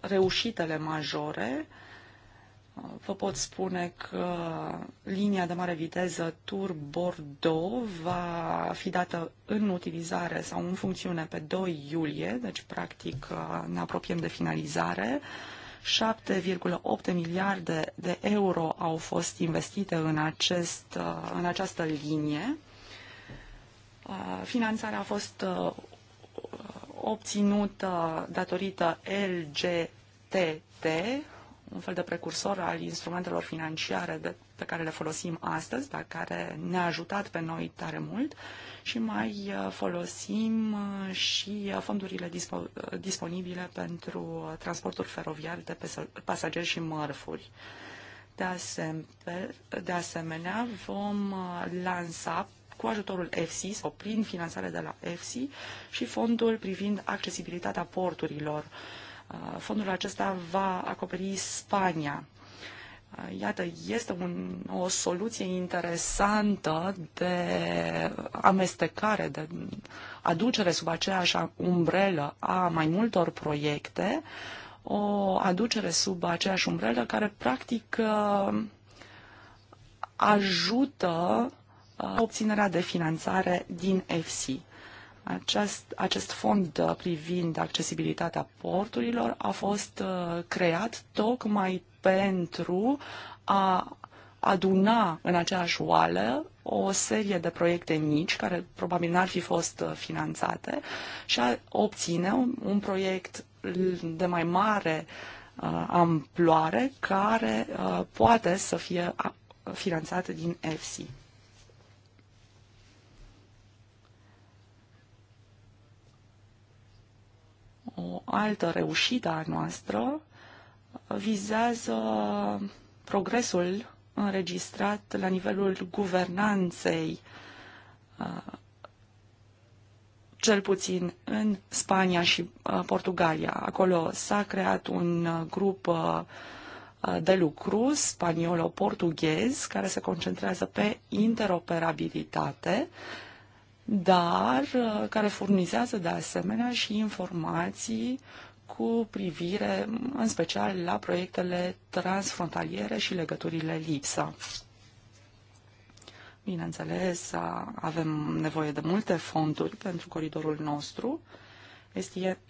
reușitele majore, uh, vă pot spune că linia de mare viteză Tur-Bordeaux va fi dată în utilizare sau în funcțiune pe 2 iulie, deci practic ne apropiem de finalizare. 7,8 miliarde de euro au fost investite în, acest, în această linie. Finanțarea a fost obținută datorită LGTT, un fel de precursor al instrumentelor financiare de, pe care le folosim astăzi, dar care ne-a ajutat pe noi tare mult și mai uh, folosim uh, și uh, fondurile dispo, disponibile pentru transportul feroviar de pasageri și mărfuri. De asemenea, de asemenea vom lansa cu ajutorul EFSI sau prin finanțare de la EFSI și fondul privind accesibilitatea porturilor. Uh, Uh, fondul acesta va acoperi Spania. Uh, iată, este un, o soluție interesantă de amestecare, de aducere sub aceeași umbrelă a mai multor proiecte, o aducere sub aceeași umbrelă care practic uh, ajută obținerea de finanțare din FC. Acest, acest fond uh, privind accesibilitatea porturilor a fost uh, creat tocmai pentru a aduna în aceeași oală o serie de proiecte mici, care probabil n-ar fi fost uh, finanțate, și a obține un, un proiect de mai mare uh, amploare care uh, poate să fie finanțat din EFSI. O altă reușită a noastră vizează progresul înregistrat la nivelul guvernanței, uh, cel puțin în Spania și uh, Portugalia. Acolo s-a creat un uh, grup de lucru spaniolo-portughez care se concentrează pe interoperabilitate, dar uh, care furnizează de asemenea și informații cu privire în special la proiectele transfrontaliere și legăturile lipsa. Bineînțeles, avem nevoie de multe fonduri pentru coridorul nostru,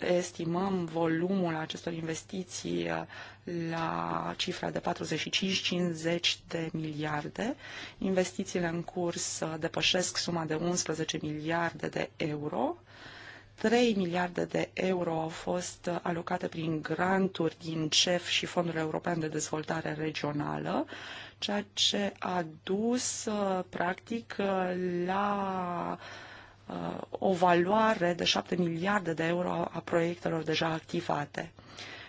estimăm volumul acestor investiții uh, la cifra de 45-50 de miliarde. Investițiile în curs uh, depășesc suma de 11 miliarde de euro. 3 miliarde de euro au fost uh, alocate prin granturi din CEF și Fondul European de Dezvoltare Regională, ceea ce a dus practic la uh, Uh, o valoare de 7 miliarde de euro a proiectelor deja activate.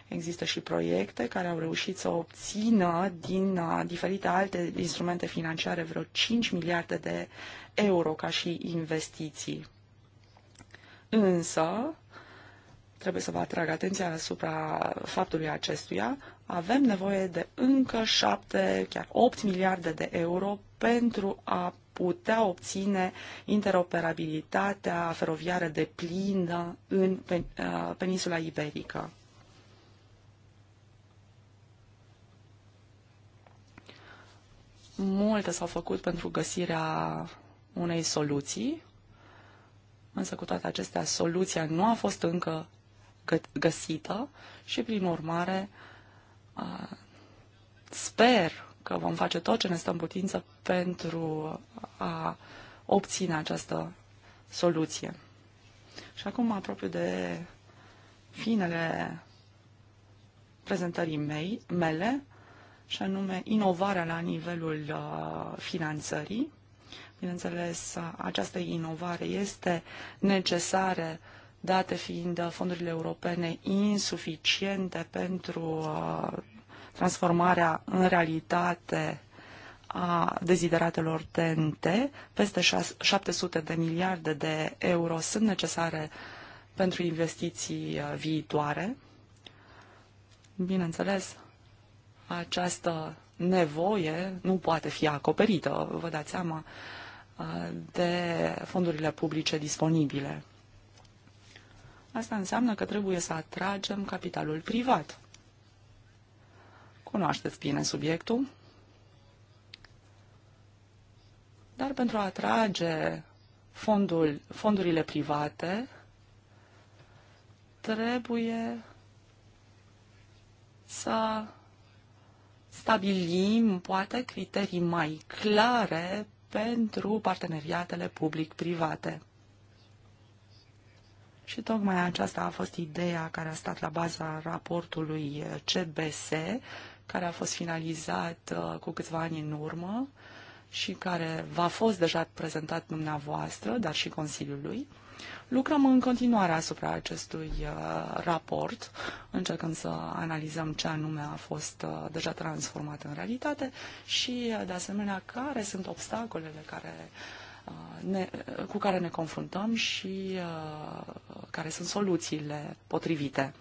Există și proiecte care au reușit să obțină din uh, diferite alte instrumente financiare vreo 5 miliarde de euro ca și investiții. Însă, trebuie să vă atrag atenția asupra faptului acestuia, avem nevoie de încă 7, chiar 8 miliarde de euro pentru a putea obține interoperabilitatea feroviară de plină în uh, peninsula iberică. Multe s-au făcut pentru găsirea unei soluții, însă cu toate acestea soluția nu a fost încă găsită și prin urmare uh, sper că vom face tot ce ne stă în putință pentru a obține această soluție. Și acum, apropiu de finele prezentării mei, mele, și anume inovarea la nivelul uh, finanțării. Bineînțeles, această inovare este necesară date fiind fondurile europene insuficiente pentru uh, transformarea în realitate a dezideratelor TNT. Peste 700 de miliarde de euro sunt necesare pentru investiții uh, viitoare. Bineînțeles, această nevoie nu poate fi acoperită, vă dați seama, uh, de fondurile publice disponibile. Asta înseamnă că trebuie să atragem capitalul privat. Cunoașteți bine subiectul. Dar pentru a atrage fondul, fondurile private, trebuie să stabilim, poate, criterii mai clare pentru parteneriatele public-private. Și tocmai aceasta a fost ideea care a stat la baza raportului CBS care a fost finalizat uh, cu câțiva ani în urmă și care v-a fost deja prezentat dumneavoastră, dar și Consiliului. Lucrăm în continuare asupra acestui uh, raport, încercăm să analizăm ce anume a fost uh, deja transformat în realitate și, de asemenea, care sunt obstacolele care ne, cu care ne confruntăm și care sunt soluțiile potrivite.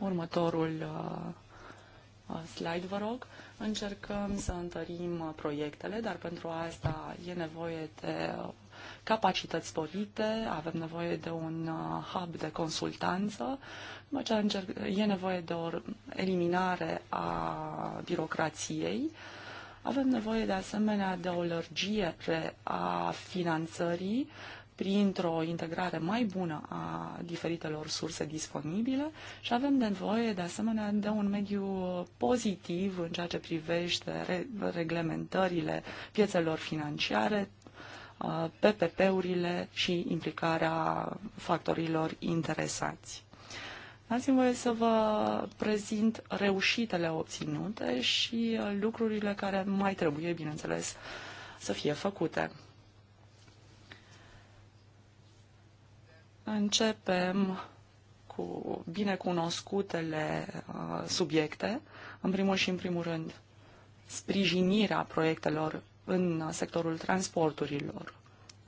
Următorul uh, uh, slide, vă rog. Încercăm să întărim uh, proiectele, dar pentru asta e nevoie de capacități sporite, avem nevoie de un hub de consultanță, e nevoie de o eliminare a birocrației, avem nevoie de asemenea de o lărgire a finanțării, printr-o integrare mai bună a diferitelor surse disponibile și avem de nevoie de asemenea de un mediu pozitiv în ceea ce privește reglementările piețelor financiare, PPP-urile și implicarea factorilor interesați. Dați-mi voie să vă prezint reușitele obținute și lucrurile care mai trebuie, bineînțeles, să fie făcute. Începem cu binecunoscutele uh, subiecte. În primul și în primul rând, sprijinirea proiectelor în sectorul transporturilor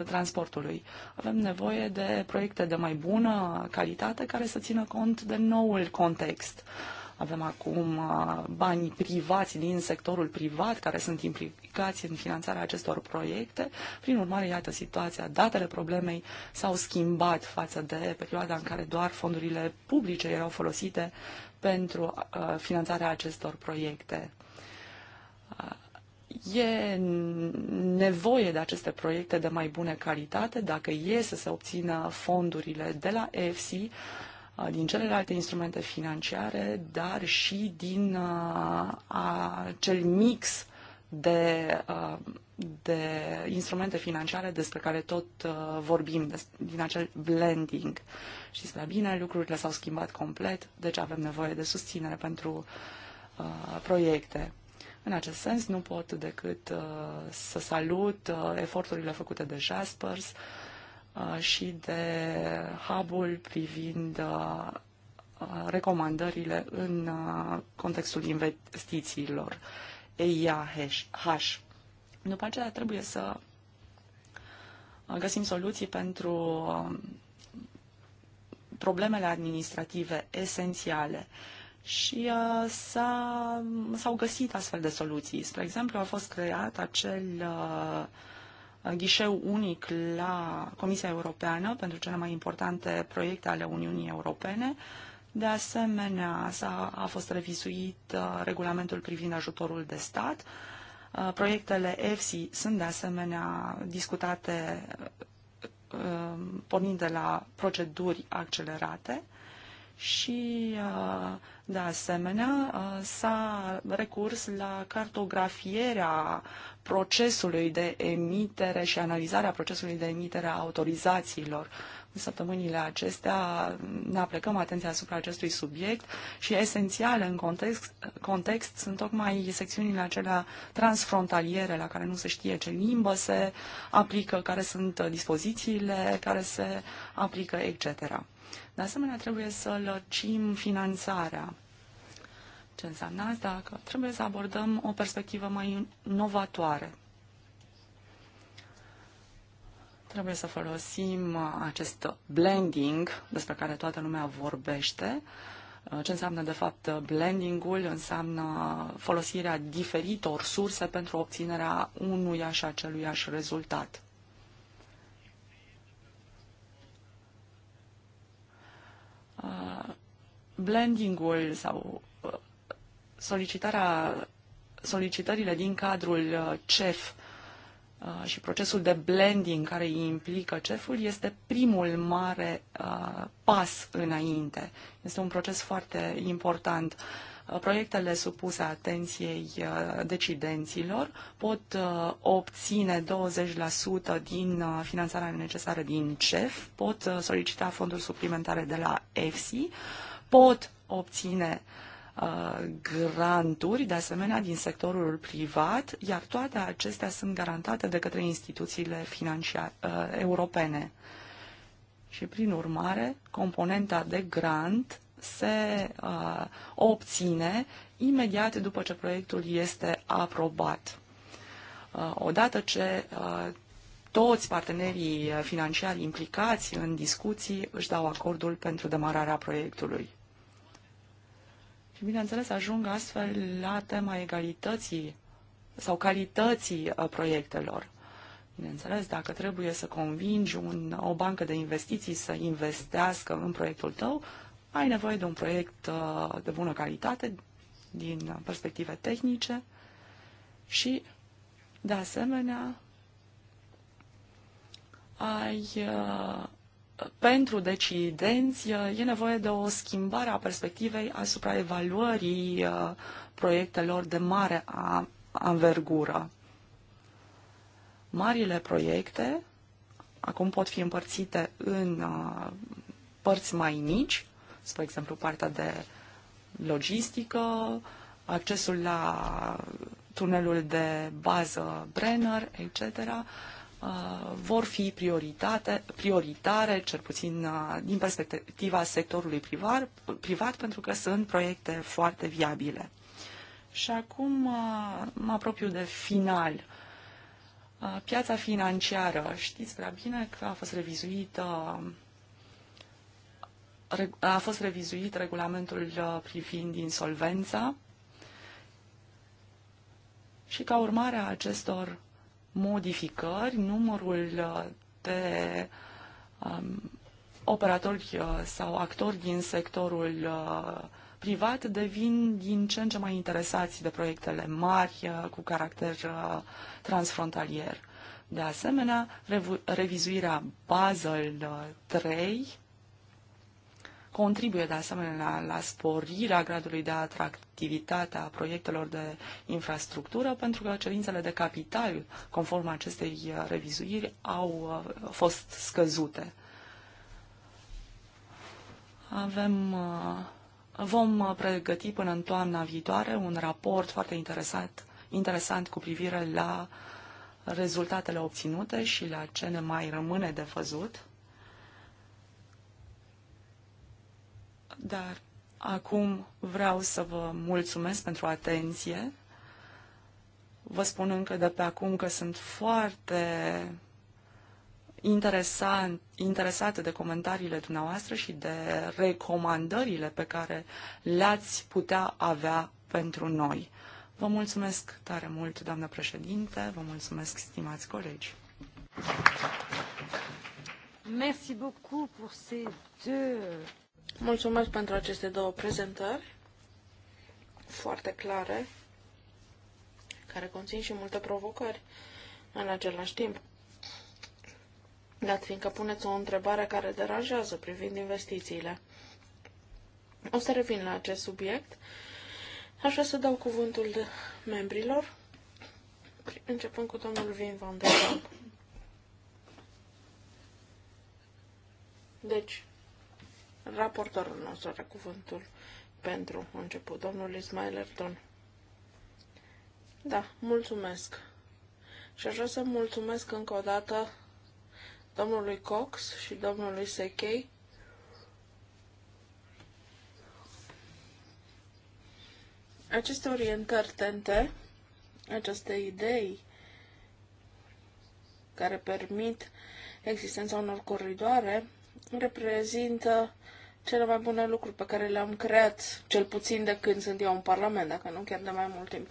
transportului. Avem nevoie de proiecte de mai bună calitate care să țină cont de noul context. Uh, avem acum uh, bani privați din sectorul privat care sunt implicați în finanțarea acestor proiecte. Prin urmare, iată situația, datele problemei s-au schimbat față de perioada în care doar fondurile publice erau folosite pentru uh, finanțarea acestor proiecte uh, e nevoie de aceste proiecte de mai bună calitate dacă e să se obțină fondurile de la EFSI Uh, din celelalte instrumente financiare, dar și din uh, acel mix de, uh, de instrumente financiare despre care tot vorbim, din acel blending. Și la bine, lucrurile s-au schimbat complet, deci avem nevoie de susținere pentru proiecte. În acest sens, nu pot decât să salut eforturile făcute de Jaspers, uh, Uh, și de hub-ul privind uh, uh, recomandările în contextul investițiilor, EIAH. După aceea trebuie să găsim soluții pentru um, problemele administrative esențiale și uh, s-au găsit astfel de soluții. Spre exemplu, a fost creat acel uh, ghișeu unic la Comisia Europeană pentru cele mai importante proiecte ale Uniunii Europene. De asemenea, s-a, a fost revizuit uh, regulamentul privind ajutorul de stat. Uh, proiectele EFSI sunt de asemenea discutate uh, pornind de la proceduri accelerate și, de asemenea, s-a recurs la cartografierea procesului de emitere și analizarea procesului de emitere a autorizațiilor. În săptămânile acestea ne aplecăm atenția asupra acestui subiect și esențiale în context, context sunt tocmai secțiunile acelea transfrontaliere la care nu se știe ce limbă se aplică, care sunt dispozițiile care se aplică, etc. De asemenea, trebuie să lăcim finanțarea ce înseamnă asta? Că trebuie să abordăm o perspectivă mai inovatoare. Trebuie să folosim uh, acest blending despre care toată lumea vorbește. Uh, ce înseamnă, de fapt, blending-ul? Înseamnă folosirea diferitor surse pentru obținerea unuia și aceluiași rezultat. Uh, blendingul sau solicitarea, solicitările din cadrul uh, CEF uh, și procesul de blending care îi implică CEF-ul este primul mare uh, pas înainte. Este un proces foarte important. Proiectele supuse atenției decidenților pot obține 20% din finanțarea necesară din CEF, pot solicita fonduri suplimentare de la EFSI, pot obține uh, Uh, granturi, de asemenea, din sectorul privat, iar toate acestea sunt garantate de către instituțiile financiare uh, europene. Și, prin urmare, componenta de grant se uh, obține imediat după ce proiectul este aprobat. Uh, odată ce uh, toți partenerii uh, financiari implicați în discuții își dau acordul pentru demararea proiectului. Și bineînțeles ajung astfel la tema egalității sau calității uh, proiectelor. Bineînțeles, dacă trebuie să convingi un, o bancă de investiții să investească în proiectul tău, ai nevoie de un proiect uh, de bună calitate din perspective tehnice și, de asemenea, ai uh, pentru decidenți e nevoie de o schimbare a perspectivei asupra evaluării uh, proiectelor de mare anvergură. Marile proiecte acum pot fi împărțite în uh, părți mai mici, spre exemplu partea de logistică, accesul la tunelul de bază Brenner, etc. Uh, vor fi prioritate, prioritare, cel puțin uh, din perspectiva sectorului privat, privat, pentru că sunt proiecte foarte viabile. Și acum uh, mă apropiu de final. Piața financiară, știți prea bine că a fost revizuită a fost revizuit regulamentul privind insolvența și ca urmare a acestor modificări, numărul uh, de um, operatori uh, sau actori din sectorul uh, privat devin din ce în ce mai interesați de proiectele mari uh, cu caracter transfrontalier. De asemenea, revizuirea Basel 3 contribuie de asemenea la, la sporirea gradului de atractivitate a proiectelor de infrastructură, pentru că cerințele de capital, conform acestei uh, revizuiri, au uh, fost scăzute. Avem, uh, vom pregăti până în toamna viitoare un raport foarte interesant, interesant cu privire la rezultatele obținute și la ce ne mai rămâne de văzut. Dar acum vreau să vă mulțumesc pentru atenție. Vă spun încă de pe acum că sunt foarte interesant, interesate de comentariile dumneavoastră și de recomandările pe care le-ați putea avea pentru noi. Vă mulțumesc tare mult, doamnă președinte, vă mulțumesc, stimați colegi. Merci beaucoup pour ces deux Mulțumesc pentru aceste două prezentări foarte clare, care conțin și multe provocări în același timp. Dat fiindcă puneți o întrebare care deranjează privind investițiile. O să revin la acest subiect. Aș vrea să dau cuvântul de membrilor, începând cu domnul Vin van der Deci, Raportorul nostru are cuvântul pentru început, domnul Ismail Erton. Da, mulțumesc. Și aș vrea să mulțumesc încă o dată domnului Cox și domnului Sechei aceste orientări tente, aceste idei care permit existența unor coridoare, reprezintă cele mai bune lucruri pe care le-am creat, cel puțin de când sunt eu în Parlament, dacă nu chiar de mai mult timp.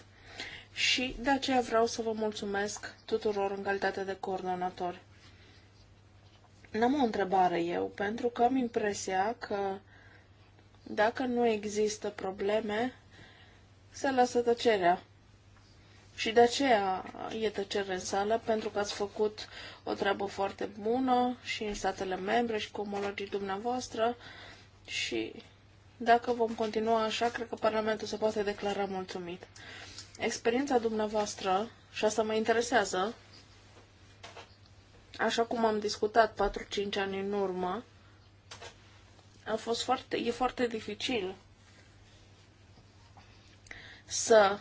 Și de aceea vreau să vă mulțumesc tuturor în calitate de coordonatori. N-am o întrebare eu, pentru că am impresia că dacă nu există probleme, se lasă tăcerea. Și de aceea e tăcere în sală, pentru că ați făcut o treabă foarte bună și în statele membre și cu omologii dumneavoastră și dacă vom continua așa, cred că Parlamentul se poate declara mulțumit. Experiența dumneavoastră, și asta mă interesează, așa cum am discutat 4-5 ani în urmă, a fost foarte, e foarte dificil să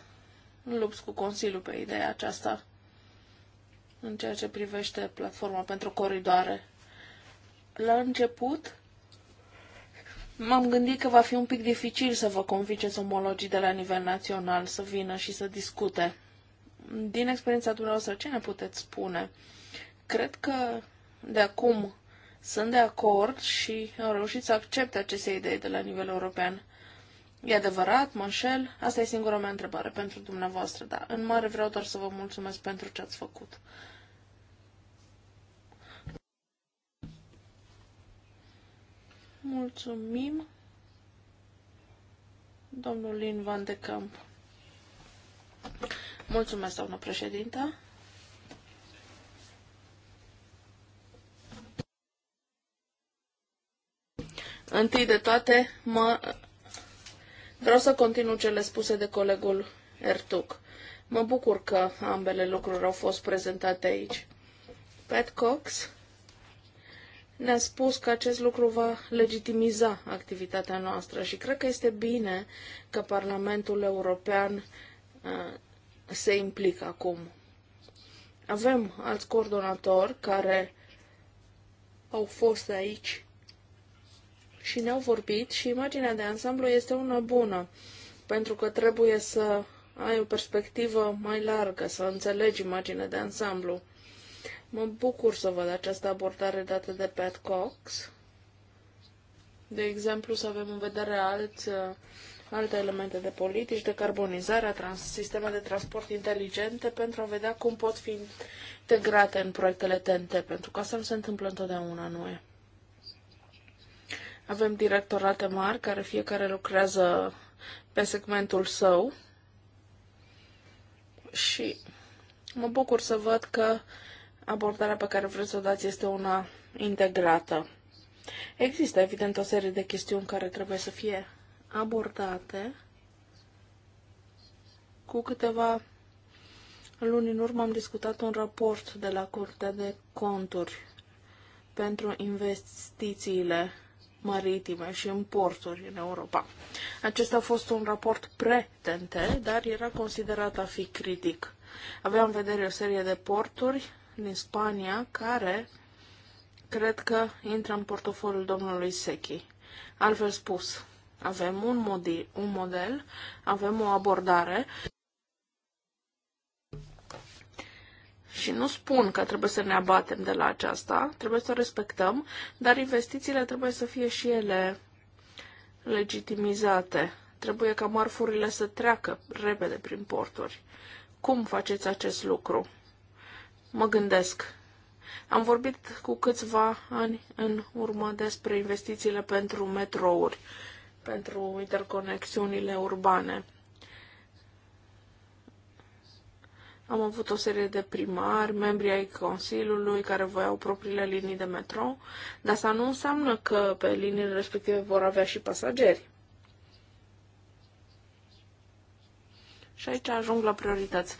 lupți cu Consiliul pe ideea aceasta în ceea ce privește platforma pentru coridoare. La început M-am gândit că va fi un pic dificil să vă conviceți omologii de la nivel național să vină și să discute. Din experiența dumneavoastră, ce ne puteți spune? Cred că de acum sunt de acord și au reușit să accepte aceste idei de la nivel european. E adevărat, mă înșel? Asta e singura mea întrebare pentru dumneavoastră, dar în mare vreau doar să vă mulțumesc pentru ce ați făcut. Mulțumim, domnul Lin Van de Camp. Mulțumesc, doamnă președintă. Întâi de toate, mă... vreau să continu cele spuse de colegul Ertuc. Mă bucur că ambele lucruri au fost prezentate aici. Pat Cox ne-a spus că acest lucru va legitimiza activitatea noastră și cred că este bine că Parlamentul European uh, se implică acum. Avem alți coordonatori care au fost aici și ne-au vorbit și imaginea de ansamblu este una bună, pentru că trebuie să ai o perspectivă mai largă, să înțelegi imaginea de ansamblu. Mă bucur să văd această abordare dată de Pat Cox. De exemplu, să avem în vedere alți, uh, alte elemente de politici, de carbonizare, trans, sisteme de transport inteligente, pentru a vedea cum pot fi integrate în proiectele TNT, pentru că asta nu se întâmplă întotdeauna, nu e? Avem directorate mari, care fiecare lucrează pe segmentul său și mă bucur să văd că uh, abordarea pe care vreți să o dați este una integrată. Există, evident, o serie de chestiuni care trebuie să fie abordate. Cu câteva luni în urmă am discutat un raport de la Curtea de Conturi pentru investițiile maritime și în porturi în Europa. Acesta a fost un raport pretente, dar era considerat a fi critic. Aveam în vedere o serie de porturi din Spania, care cred că intră în portofoliul domnului Sechi. Altfel spus, avem un, modi, un model, avem o abordare și nu spun că trebuie să ne abatem de la aceasta, trebuie să o respectăm, dar investițiile trebuie să fie și ele legitimizate. Trebuie ca marfurile să treacă repede prin porturi. Cum faceți acest lucru? Mă gândesc. Am vorbit cu câțiva ani în urmă despre investițiile pentru metrouri, pentru interconexiunile urbane. Am avut o serie de primari, membri ai Consiliului care voiau propriile linii de metrou, dar asta nu înseamnă că pe liniile respective vor avea și pasageri. Și aici ajung la priorități.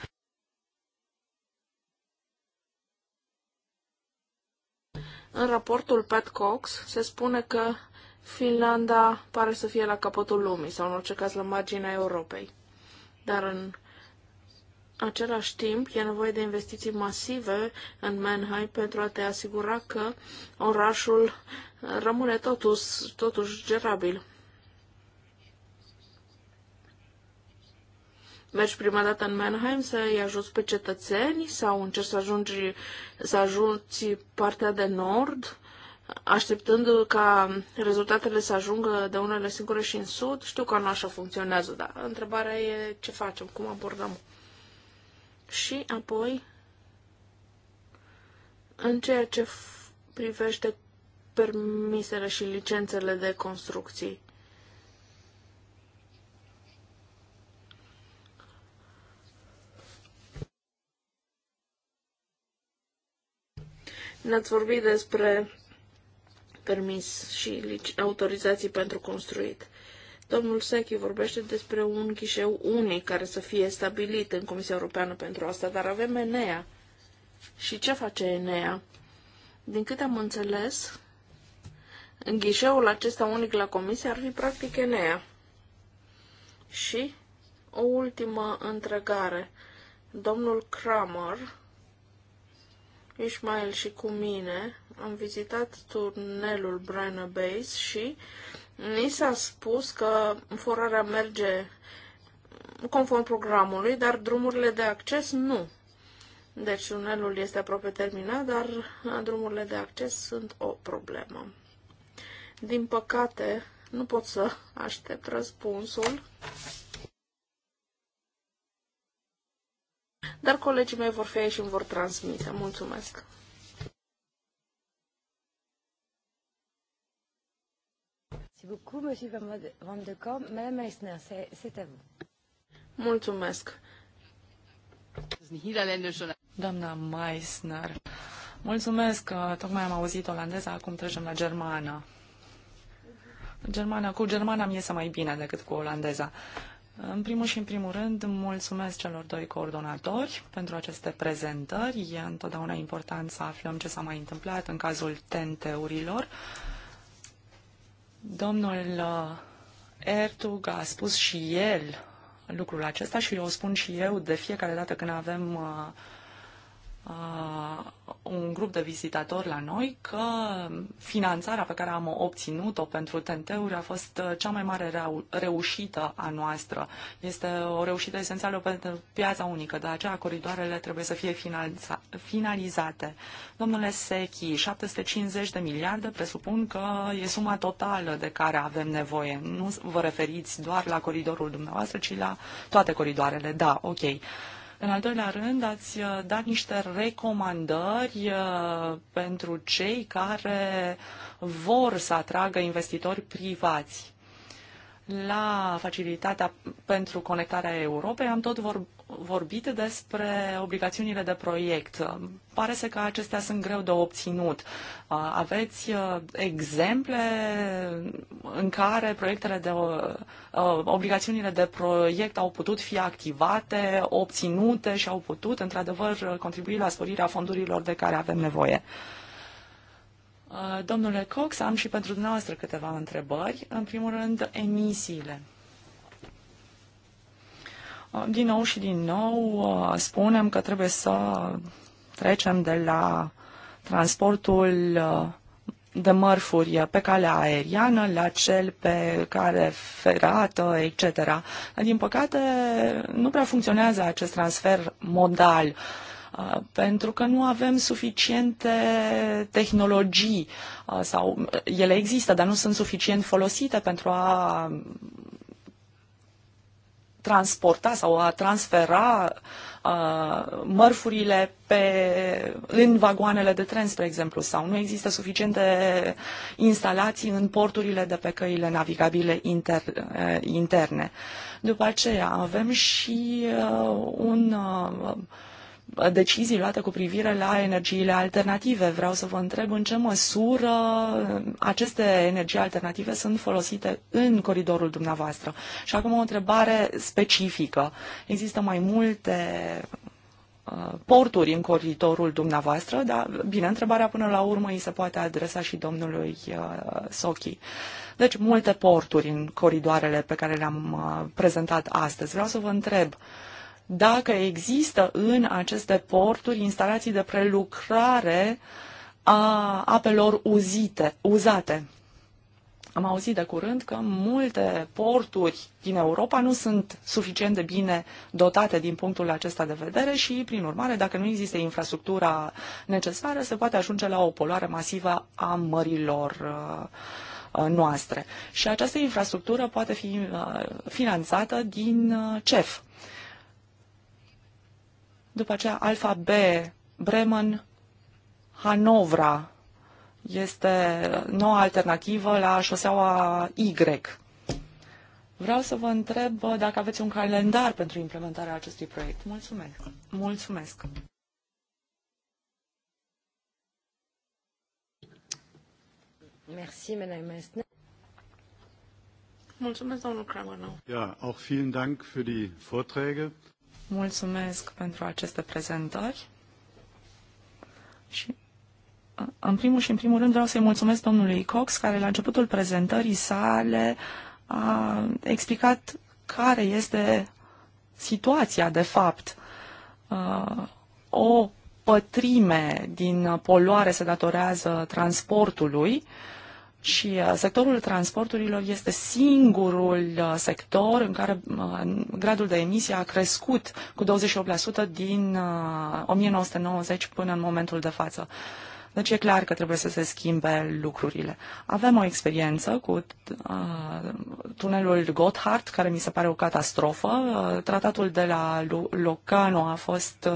În raportul Pat Cox se spune că Finlanda pare să fie la capătul lumii, sau în orice caz la marginea Europei. Dar în același timp e nevoie de investiții masive în Mannheim pentru a te asigura că orașul rămâne totuși, totuși gerabil. mergi prima dată în Mannheim să-i ajuți pe cetățeni sau încerci să ajungi să ajungi partea de nord, așteptând ca rezultatele să ajungă de unele singure și în sud. Știu că nu așa funcționează, dar întrebarea e ce facem, cum abordăm. Și apoi, în ceea ce privește permisele și licențele de construcții, Ne-ați vorbit despre permis și autorizații pentru construit. Domnul Sechi vorbește despre un ghișeu unic care să fie stabilit în Comisia Europeană pentru asta, dar avem Enea. Și ce face Enea? Din câte am înțeles, în ghișeul acesta unic la Comisie ar fi practic Enea. Și o ultimă întregare. Domnul Kramer Ishmael și cu mine am vizitat turnelul Brenner Base și ni s-a spus că forarea merge conform programului, dar drumurile de acces nu. Deci tunelul este aproape terminat, dar drumurile de acces sunt o problemă. Din păcate, nu pot să aștept răspunsul dar colegii mei vor fi aici și îmi vor transmite. Mulțumesc! Mulțumesc! Doamna Meissner, mulțumesc că tocmai am auzit olandeza, acum trecem la germană. Germana, cu germana mi iese mai bine decât cu olandeza. În primul și în primul rând, mulțumesc celor doi coordonatori pentru aceste prezentări. E întotdeauna important să aflăm ce s-a mai întâmplat în cazul tenteurilor. Domnul uh, Ertug a spus și el lucrul acesta și o spun și eu de fiecare dată când avem uh, Uh, un grup de vizitatori la noi că finanțarea pe care am obținut-o pentru tenteuri a fost uh, cea mai mare reu- reușită a noastră. Este o reușită esențială pentru piața unică, de aceea coridoarele trebuie să fie finanța- finalizate. Domnule Sechi, 750 de miliarde presupun că e suma totală de care avem nevoie. Nu vă referiți doar la coridorul dumneavoastră, ci la toate coridoarele. Da, ok. În al doilea rând, ați uh, dat niște recomandări uh, pentru cei care vor să atragă investitori privați la facilitatea pentru conectarea Europei am tot vor, vorbit despre obligațiunile de proiect. Pare să că acestea sunt greu de obținut. Aveți exemple în care proiectele de obligațiunile de proiect au putut fi activate, obținute și au putut într-adevăr contribui la sporirea fondurilor de care avem nevoie. Domnule Cox, am și pentru dumneavoastră câteva întrebări. În primul rând, emisiile. Din nou și din nou uh, spunem că trebuie să trecem de la transportul uh, de mărfuri pe calea aeriană, la cel pe care ferată, etc. Din păcate, nu prea funcționează acest transfer modal, uh, pentru că nu avem suficiente tehnologii sau ele există, dar nu sunt suficient folosite pentru a transporta sau a transfera uh, mărfurile pe, în vagoanele de tren, spre exemplu, sau nu există suficiente instalații în porturile de pe căile navigabile inter, uh, interne. După aceea avem și uh, un uh, decizii luate cu privire la energiile alternative. Vreau să vă întreb în ce măsură aceste energii alternative sunt folosite în coridorul dumneavoastră. Și acum o întrebare specifică. Există mai multe uh, porturi în coridorul dumneavoastră, dar bine, întrebarea până la urmă îi se poate adresa și domnului uh, Sochi. Deci multe porturi în coridoarele pe care le-am uh, prezentat astăzi. Vreau să vă întreb uh, dacă există în aceste porturi instalații de prelucrare a apelor uzite, uzate. Am auzit de curând că multe porturi din Europa nu sunt suficient de bine dotate din punctul acesta de vedere și, prin urmare, dacă nu există infrastructura necesară, se poate ajunge la o poluare masivă a mărilor uh, uh, noastre. Și această infrastructură poate fi uh, finanțată din CEF. După aceea Alfa B, Bremen, Hanovra este noua alternativă la șoseaua Y. Vreau să vă întreb dacă aveți un calendar pentru implementarea acestui proiect. Mulțumesc! Mulțumesc! Merci, Madame Meissner. Mulțumesc, domnul Kramer. Ja, auch vielen Dank für die Vorträge. Mulțumesc pentru aceste prezentări. Și în primul și în primul rând vreau să-i mulțumesc domnului Cox, care la începutul prezentării sale a explicat care este situația de fapt. O pătrime din poluare se datorează transportului, și uh, sectorul transporturilor este singurul uh, sector în care uh, gradul de emisie a crescut cu 28% din 1990 până în momentul de față. Deci e clar că trebuie să se schimbe lucrurile. Avem o experiență cu tunelul Gotthard, care mi se pare o catastrofă. tratatul de la Locano a fost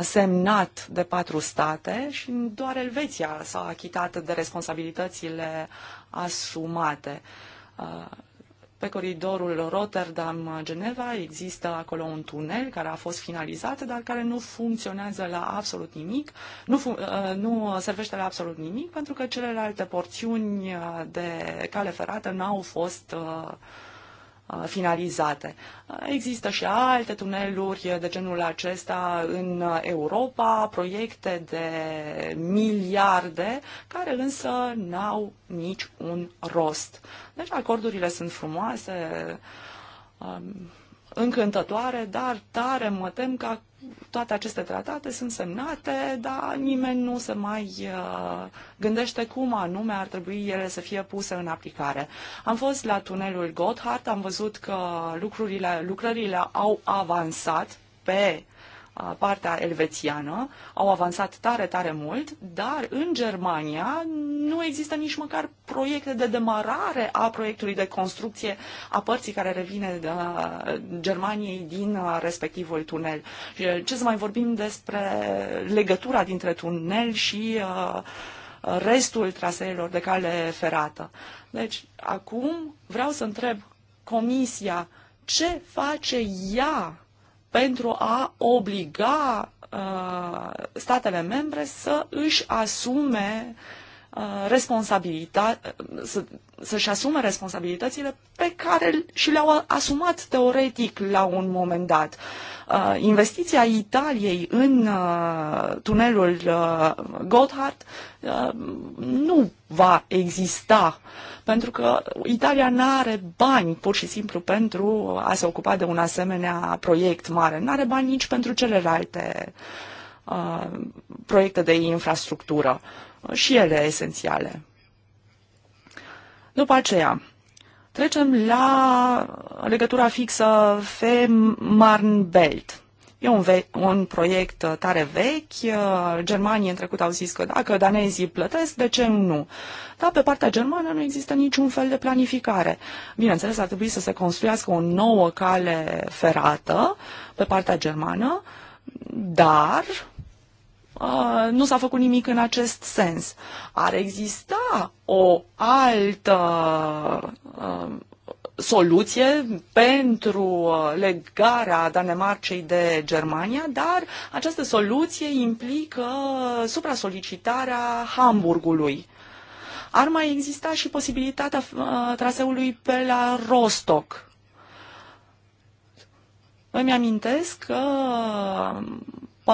semnat de patru state și doar Elveția s-a achitat de responsabilitățile asumate. Pe coridorul Rotterdam-Geneva există acolo un tunel care a fost finalizat, dar care nu funcționează la absolut nimic, nu, uh, nu servește la absolut nimic, pentru că celelalte porțiuni de cale ferată n-au fost uh, Uh, finalizate. Uh, există și alte tuneluri de genul acesta în uh, Europa, proiecte de miliarde, care însă n-au niciun rost. Deci acordurile sunt frumoase, um, încântătoare, dar tare mă tem că toate aceste tratate sunt semnate, dar nimeni nu se mai uh, gândește cum anume ar trebui ele să fie puse în aplicare. Am fost la tunelul Gotthard, am văzut că lucrurile, lucrările au avansat pe uh, partea elvețiană au avansat tare, tare mult, dar în Germania nu există nici măcar proiecte de demarare a proiectului de construcție a părții care revine de uh, Germaniei din uh, respectivul tunel. Uh, ce să mai vorbim despre legătura dintre tunel și restul traseelor de cale ferată. Deci, acum vreau să întreb Comisia ce face ea pentru a obliga uh, statele membre să își asume uh, Uh, responsabilitate, să, să-și asume responsabilitățile pe care și le-au asumat teoretic la un moment dat. Uh, investiția Italiei în uh, tunelul Gotthard nu va exista pentru că Italia nu are bani pur și simplu pentru a se ocupa de un asemenea proiect mare. Nu are bani nici pentru celelalte proiecte de infrastructură. Uh, și ele esențiale. După aceea, trecem la legătura fixă Belt. E un, ve- un proiect uh, tare vechi. Uh, germanii în trecut au zis că dacă danezii plătesc, de ce nu? Dar pe partea germană nu există niciun fel de planificare. Bineînțeles, ar trebui să se construiască o nouă cale ferată pe partea germană, dar Ah, nu s-a făcut nimic în acest sens. Ar exista o altă uh, soluție pentru uh, legarea Danemarcei de Germania, dar această soluție implică supra solicitarea Hamburgului. Ar mai exista și posibilitatea uh, traseului pe la Rostock. Îmi amintesc că um,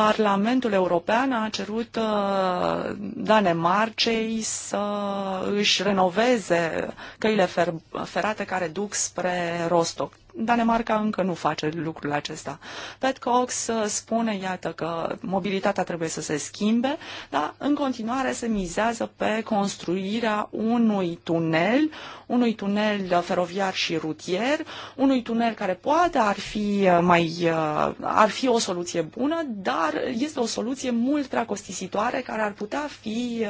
Parlamentul European a cerut uh, Danemarcei să își renoveze căile ferate care duc spre Rostock. Danemarca încă nu face lucrul acesta. Pat Cox uh, spune, iată, că mobilitatea trebuie să se schimbe, dar în continuare se mizează pe construirea unui tunel, unui tunel uh, feroviar și rutier, unui tunel care poate ar fi uh, mai ar fi o soluție bună, dar este o soluție mult prea costisitoare care ar putea fi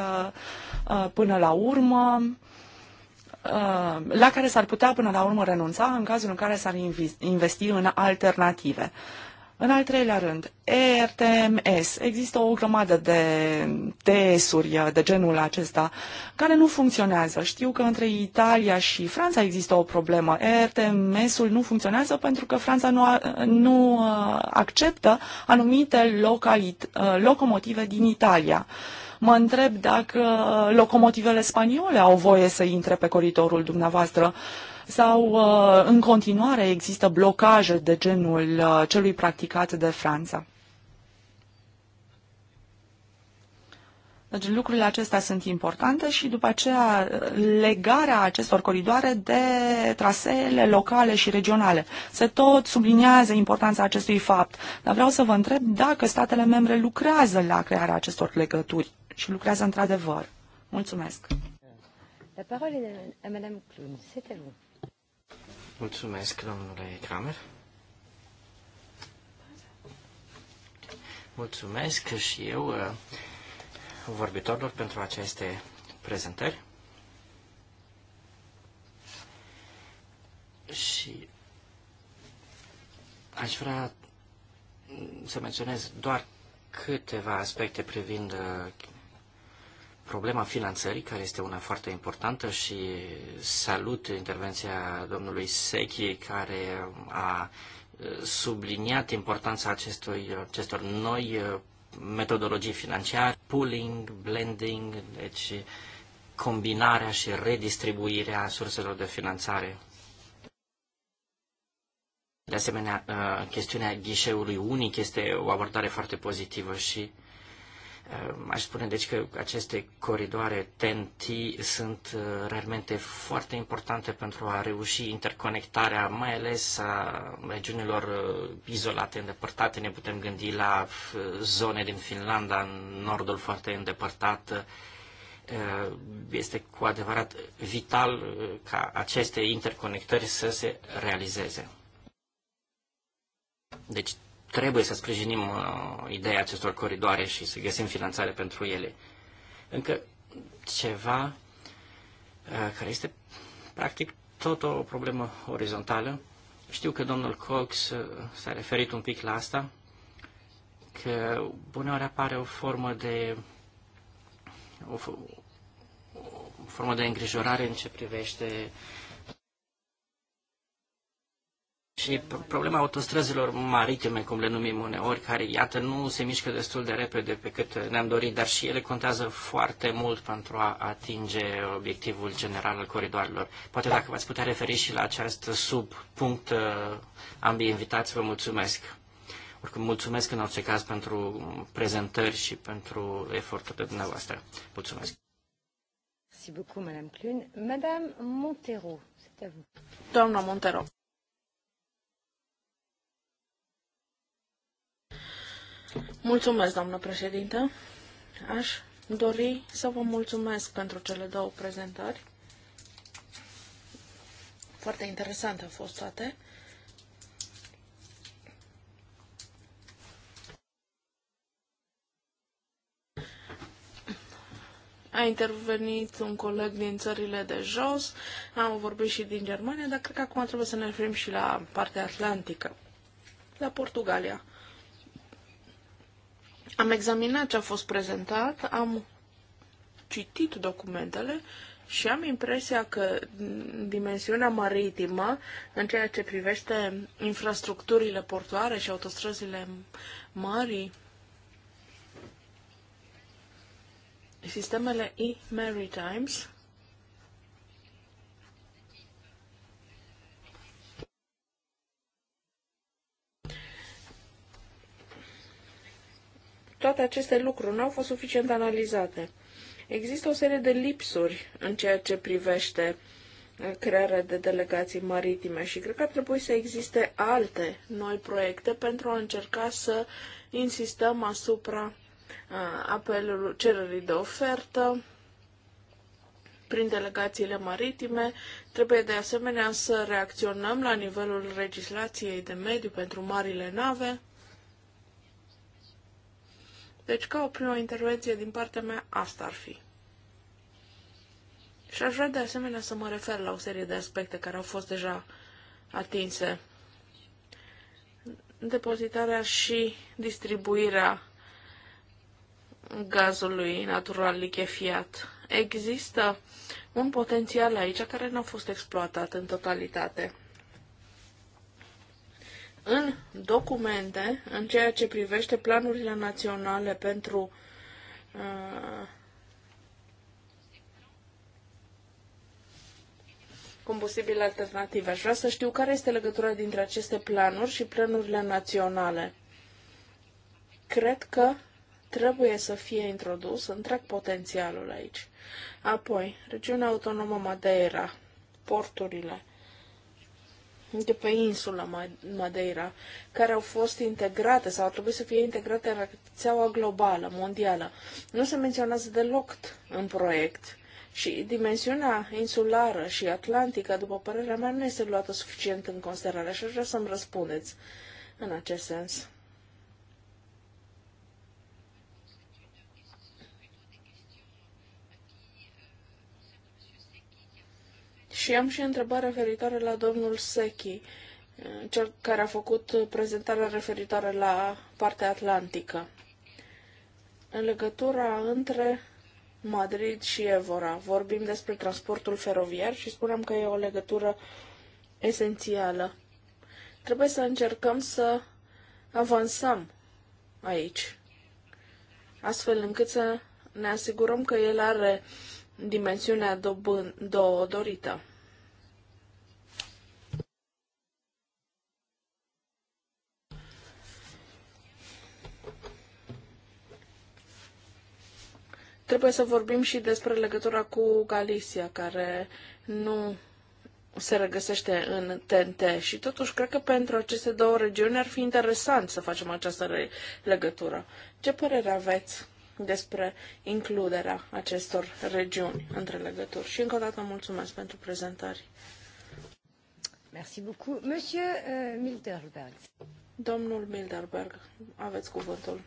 până la urmă Uh, la care s-ar putea până la urmă renunța în cazul în care s-ar investi în alternative. În al treilea rând, ERTMS. Există o grămadă de TS-uri uh, de genul acesta care nu funcționează. Știu că între Italia și Franța există o problemă. ERTMS-ul nu funcționează pentru că Franța nu, nu uh, acceptă anumite locomotive din Italia. Uh, Mă întreb dacă locomotivele spaniole au voie să intre pe coridorul dumneavoastră sau uh, în continuare există blocaje de genul uh, celui practicat de Franța. Deci lucrurile acestea sunt importante și după aceea legarea acestor coridoare de traseele locale și regionale. Se tot subliniază importanța acestui fapt, dar vreau să vă întreb dacă statele membre lucrează la crearea acestor legături și lucrează într-adevăr. Mulțumesc! La parole est à Madame Clown, c'est à vous. Mulțumesc, domnule Kramer. Mulțumesc și eu uh, vorbitorilor pentru aceste prezentări. Și aș vrea să menționez doar câteva aspecte privind uh, problema finanțării, care este una foarte importantă și salut intervenția domnului Sechi, care a uh, subliniat importanța acestui, acestor noi uh, metodologii financiare, pooling, blending, deci combinarea și redistribuirea surselor de finanțare. De asemenea, uh, chestiunea ghișeului unic este o abordare foarte pozitivă și Ehm, aș spune deci că aceste coridoare TNT sunt uh, realmente foarte importante pentru a reuși interconectarea, mai ales a regiunilor uh, izolate, îndepărtate. Ne putem gândi la uh, zone din Finlanda, în nordul foarte îndepărtat. Este cu adevărat vital ca aceste interconectări să se realizeze. Deci trebuie să sprijinim uh, ideea acestor coridoare și să găsim finanțare pentru ele. Încă ceva uh, care este practic tot o problemă orizontală. Știu că domnul Cox uh, s-a referit un pic la asta, că uneori apare o formă de o, o formă de îngrijorare în ce privește uh, și problema autostrăzilor maritime, cum le numim uneori, care, iată, nu se mișcă destul de repede pe cât ne-am dorit, dar și ele contează foarte mult pentru a atinge obiectivul general al coridoarelor. Poate dacă v-ați putea referi și la acest subpunct, uh, ambii invitați, vă mulțumesc. Oricum, mulțumesc în orice caz pentru prezentări și pentru efortul de dumneavoastră. Mulțumesc. Merci beaucoup, Madame Clune. Madame Montero, c'est à vous. Doamna Montero. Mulțumesc, doamnă președintă. Aș dori să vă mulțumesc pentru cele două prezentări. Foarte interesante au fost toate. A intervenit un coleg din țările de jos, am vorbit și din Germania, dar cred că acum trebuie să ne referim și la partea atlantică, la Portugalia. Am examinat ce a fost prezentat, am citit documentele și am impresia că dimensiunea maritimă, în ceea ce privește infrastructurile portoare și autostrăzile mari, sistemele e-maritimes, toate aceste lucruri nu au fost suficient analizate. Există o serie de lipsuri în ceea ce privește uh, crearea de delegații maritime și cred că ar trebui să existe alte noi proiecte pentru a încerca să insistăm asupra uh, apelului cererii de ofertă prin delegațiile maritime. Trebuie de asemenea să reacționăm la nivelul legislației de mediu pentru marile nave. Deci, ca o primă intervenție din partea mea, asta ar fi. Și aș vrea de asemenea să mă refer la o serie de aspecte care au fost deja atinse. Depozitarea și distribuirea gazului natural lichefiat. Există un potențial aici care nu a fost exploatat în totalitate în documente, în ceea ce privește planurile naționale pentru uh, combustibile alternative. Aș vrea să știu care este legătura dintre aceste planuri și planurile naționale. Cred că trebuie să fie introdus întreg potențialul aici. Apoi, regiunea autonomă Madeira, porturile de pe insula Madeira, care au fost integrate sau au trebuit să fie integrate în rețeaua globală, mondială. Nu se menționează deloc în proiect. Și dimensiunea insulară și atlantică, după părerea mea, nu este luată suficient în considerare și aș vrea să-mi răspundeți în acest sens. Și am și întrebare referitoare la domnul Sechi, cel care a făcut prezentarea referitoare la partea atlantică. În legătura între Madrid și Evora, vorbim despre transportul feroviar și spuneam că e o legătură esențială. Trebuie să încercăm să avansăm aici, astfel încât să ne asigurăm că el are dimensiunea do dorită. Trebuie să vorbim și despre legătura cu Galicia, care nu se regăsește în TNT și totuși cred că pentru aceste două regiuni ar fi interesant să facem această legătură. Ce părere aveți despre includerea acestor regiuni între legături? Și încă o dată mulțumesc pentru prezentări. Merci beaucoup. Monsieur uh, Milderberg. Domnul Milderberg, aveți cuvântul.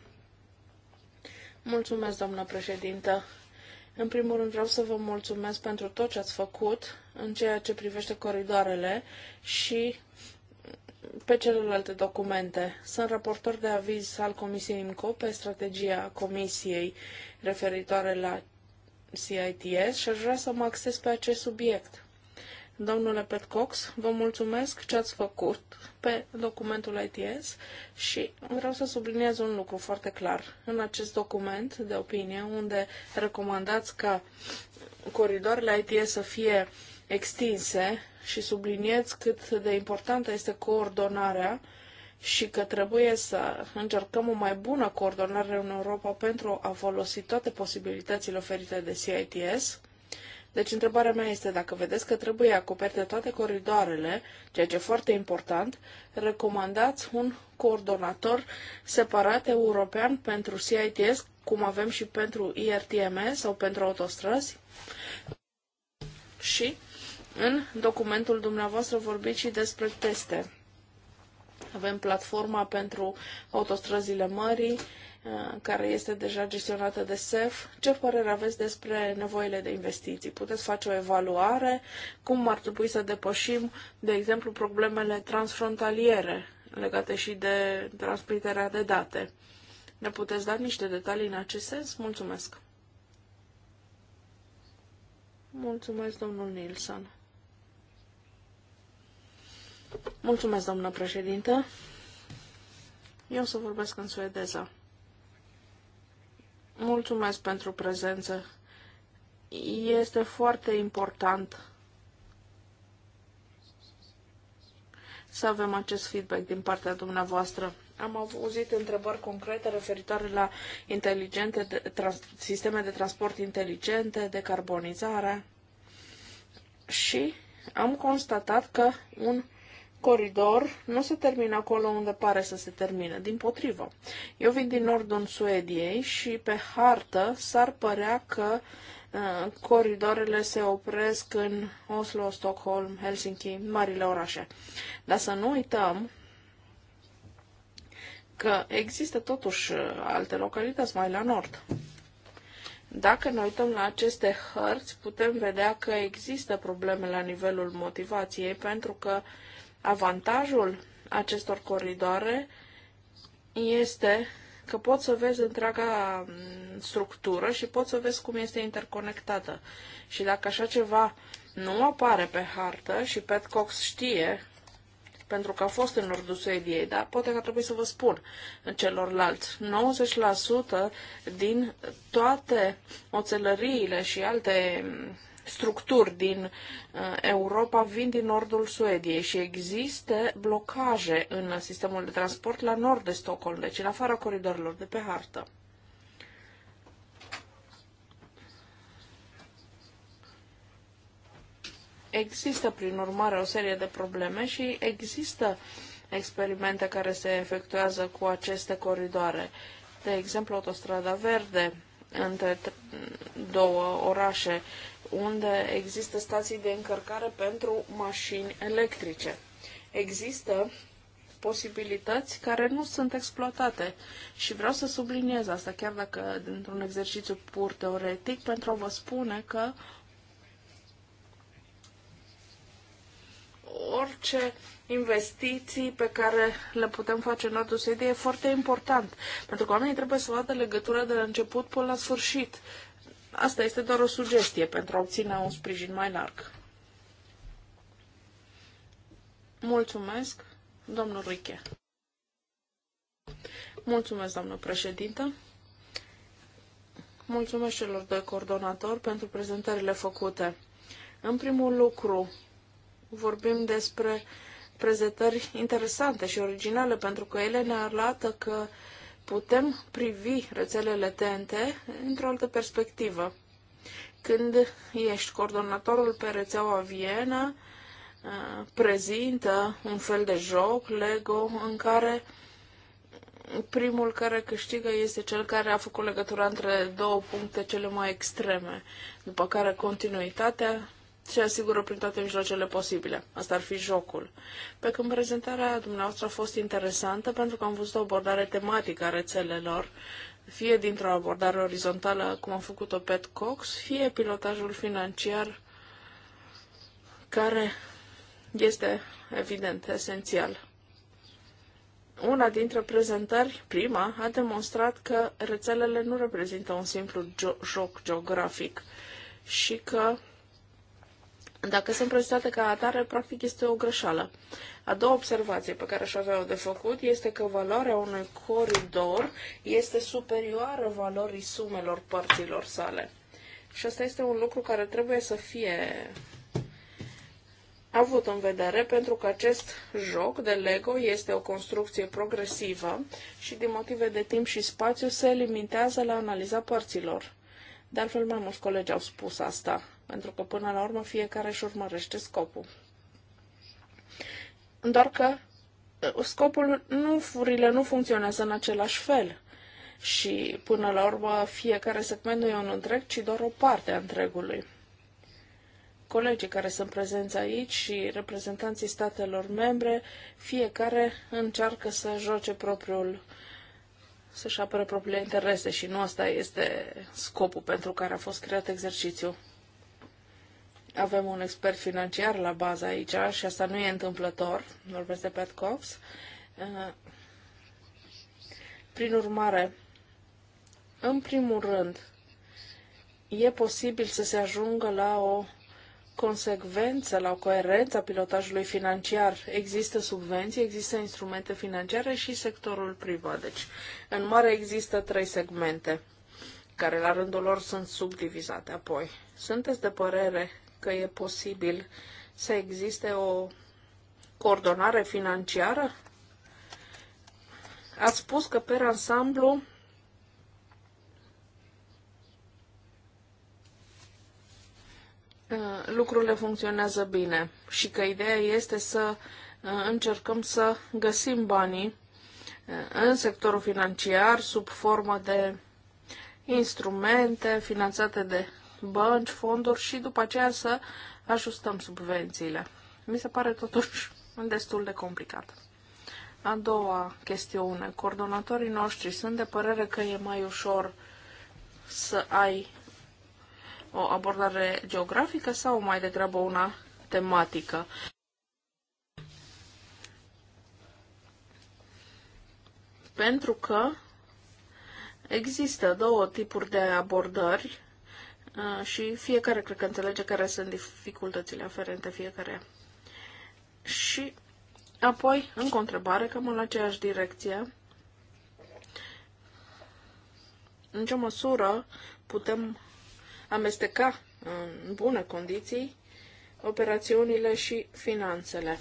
Mulțumesc, doamnă președintă. În primul rând vreau să vă mulțumesc pentru tot ce ați făcut în ceea ce privește coridoarele și pe celelalte documente. Sunt raportor de aviz al Comisiei IMCO pe strategia Comisiei referitoare la CITS și aș vrea să mă acces pe acest subiect. Domnule Petcox, vă mulțumesc ce ați făcut pe documentul ITS și vreau să subliniez un lucru foarte clar. În acest document de opinie, unde recomandați ca coridoarele ITS să fie extinse și subliniez cât de importantă este coordonarea și că trebuie să încercăm o mai bună coordonare în Europa pentru a folosi toate posibilitățile oferite de CITS. Deci întrebarea mea este dacă vedeți că trebuie acoperite toate coridoarele, ceea ce e foarte important, recomandați un coordonator separat european pentru CITS, cum avem și pentru IRTMS sau pentru autostrăzi. Și în documentul dumneavoastră vorbiți și despre teste. Avem platforma pentru autostrăzile mării, Uh, care este deja gestionată de SEF. Ce părere aveți despre nevoile de investiții? Puteți face o evaluare? Cum ar trebui să depășim, de exemplu, problemele transfrontaliere legate și de transmiterea de date? Ne puteți da niște detalii în acest sens? Mulțumesc! Mulțumesc, domnul Nilsson. Mulțumesc, doamnă președintă. Eu o să vorbesc în suedeză. Mulțumesc pentru prezență. Este foarte important să avem acest feedback din partea dumneavoastră. Am auzit întrebări concrete referitoare la inteligente de, trans, sisteme de transport inteligente, de carbonizare și am constatat că un coridor nu se termină acolo unde pare să se termine, din potrivă. Eu vin din nordul Suediei și pe hartă s-ar părea că uh, coridoarele se opresc în Oslo, Stockholm, Helsinki, marile orașe. Dar să nu uităm că există totuși uh, alte localități mai la nord. Dacă ne uităm la aceste hărți, putem vedea că există probleme la nivelul motivației, pentru că uh, Avantajul acestor coridoare este că poți să vezi întreaga mm, structură și poți să vezi cum este interconectată. Și dacă așa ceva nu apare pe hartă și Pat Cox știe, pentru că a fost în nordul Suediei, dar poate că trebuie să vă spun celorlalți, 90% din toate oțelăriile și alte mm, structuri din uh, Europa vin din nordul Suediei și există blocaje în sistemul de transport la nord de Stockholm, deci în afara coridorilor de pe hartă. Există, prin urmare, o serie de probleme și există experimente care se efectuează cu aceste coridoare. De exemplu, autostrada verde între două orașe unde există stații de încărcare pentru mașini electrice. Există posibilități care nu sunt exploatate. Și vreau să subliniez asta, chiar dacă dintr-un exercițiu pur teoretic, pentru a vă spune că orice investiții pe care le putem face în nordul Suediei e foarte important, pentru că oamenii trebuie să vadă legătura de la început până la sfârșit. Asta este doar o sugestie pentru a obține un sprijin mai larg. Mulțumesc, domnul Riche. Mulțumesc, doamnă președintă. Mulțumesc celor doi coordonatori pentru prezentările făcute. În primul lucru, vorbim despre prezentări interesante și originale, pentru că ele ne arată că uh, putem privi rețelele TNT într-o altă perspectivă. Când ești coordonatorul pe rețeaua Viena, uh, prezintă un fel de joc, Lego, în care primul care câștigă este cel care a făcut legătura între două puncte cele mai extreme, după care continuitatea se asigură prin toate mijloacele posibile. Asta ar fi jocul. Pe când prezentarea dumneavoastră a fost interesantă pentru că am văzut o abordare tematică a rețelelor, fie dintr-o abordare orizontală, cum a făcut-o Pet Cox, fie pilotajul financiar, care este evident esențial. Una dintre prezentări, prima, a demonstrat că rețelele nu reprezintă un simplu jo- joc geografic și că dacă sunt procesuate ca atare, practic este o greșeală. A doua observație pe care aș avea-o de făcut este că valoarea unui coridor este superioară valorii sumelor părților sale. Și asta este un lucru care trebuie să fie avut în vedere pentru că acest joc de Lego este o construcție progresivă și din motive de timp și spațiu se limitează la analiza părților. De altfel, mai mulți colegi au spus asta pentru că până la urmă fiecare își urmărește scopul. Doar că uh, scopul, nu, furile nu funcționează în același fel. Și până la urmă fiecare segment nu e un întreg, ci doar o parte a întregului. Colegii care sunt prezenți aici și reprezentanții statelor membre, fiecare încearcă să joace propriul să-și apere propriile interese și nu asta este scopul pentru care a fost creat exercițiul. Avem un expert financiar la bază aici și asta nu e întâmplător, vorbesc de Pat Cox. Uh, prin urmare, în primul rând, e posibil să se ajungă la o consecvență, la o coerență a pilotajului financiar. Există subvenții, există instrumente financiare și sectorul privat. Deci, în mare există trei segmente, care la rândul lor sunt subdivizate. Apoi, sunteți de părere că e posibil să existe o coordonare financiară? Ați spus că pe ansamblu uh, lucrurile funcționează bine și că ideea este să uh, încercăm să găsim banii uh, în sectorul financiar sub formă de instrumente finanțate de bănci, fonduri și după aceea să ajustăm subvențiile. Mi se pare totuși destul de complicat. A doua chestiune. Coordonatorii noștri sunt de părere că e mai ușor să ai o abordare geografică sau mai degrabă una tematică. Pentru că există două tipuri de abordări și fiecare cred că înțelege care sunt dificultățile aferente fiecare. Și apoi, în întrebare, cam în aceeași direcție. În ce măsură putem amesteca în bune condiții operațiunile și finanțele?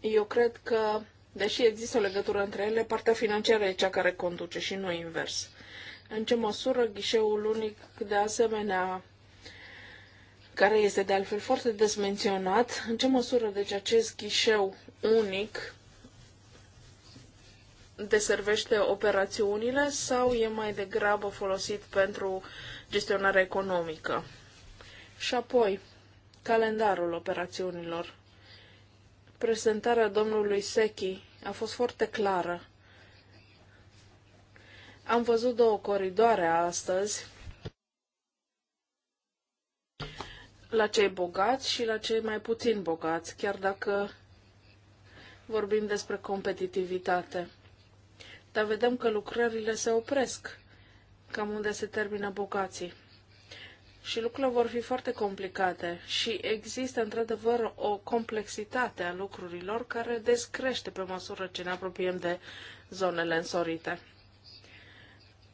Eu cred că, deși există o legătură între ele, partea financiară e cea care conduce și nu invers în ce măsură ghișeul unic de asemenea care este de altfel foarte desmenționat, în ce măsură deci acest ghișeu unic deservește operațiunile sau e mai degrabă folosit pentru gestionarea economică? Și apoi, calendarul operațiunilor. Prezentarea domnului Sechi a fost foarte clară am văzut două coridoare astăzi, la cei bogați și la cei mai puțin bogați, chiar dacă vorbim despre competitivitate. Dar vedem că lucrările se opresc, cam unde se termină bogații. Și lucrurile vor fi foarte complicate și există într-adevăr o complexitate a lucrurilor care descrește pe măsură ce ne apropiem de zonele însorite.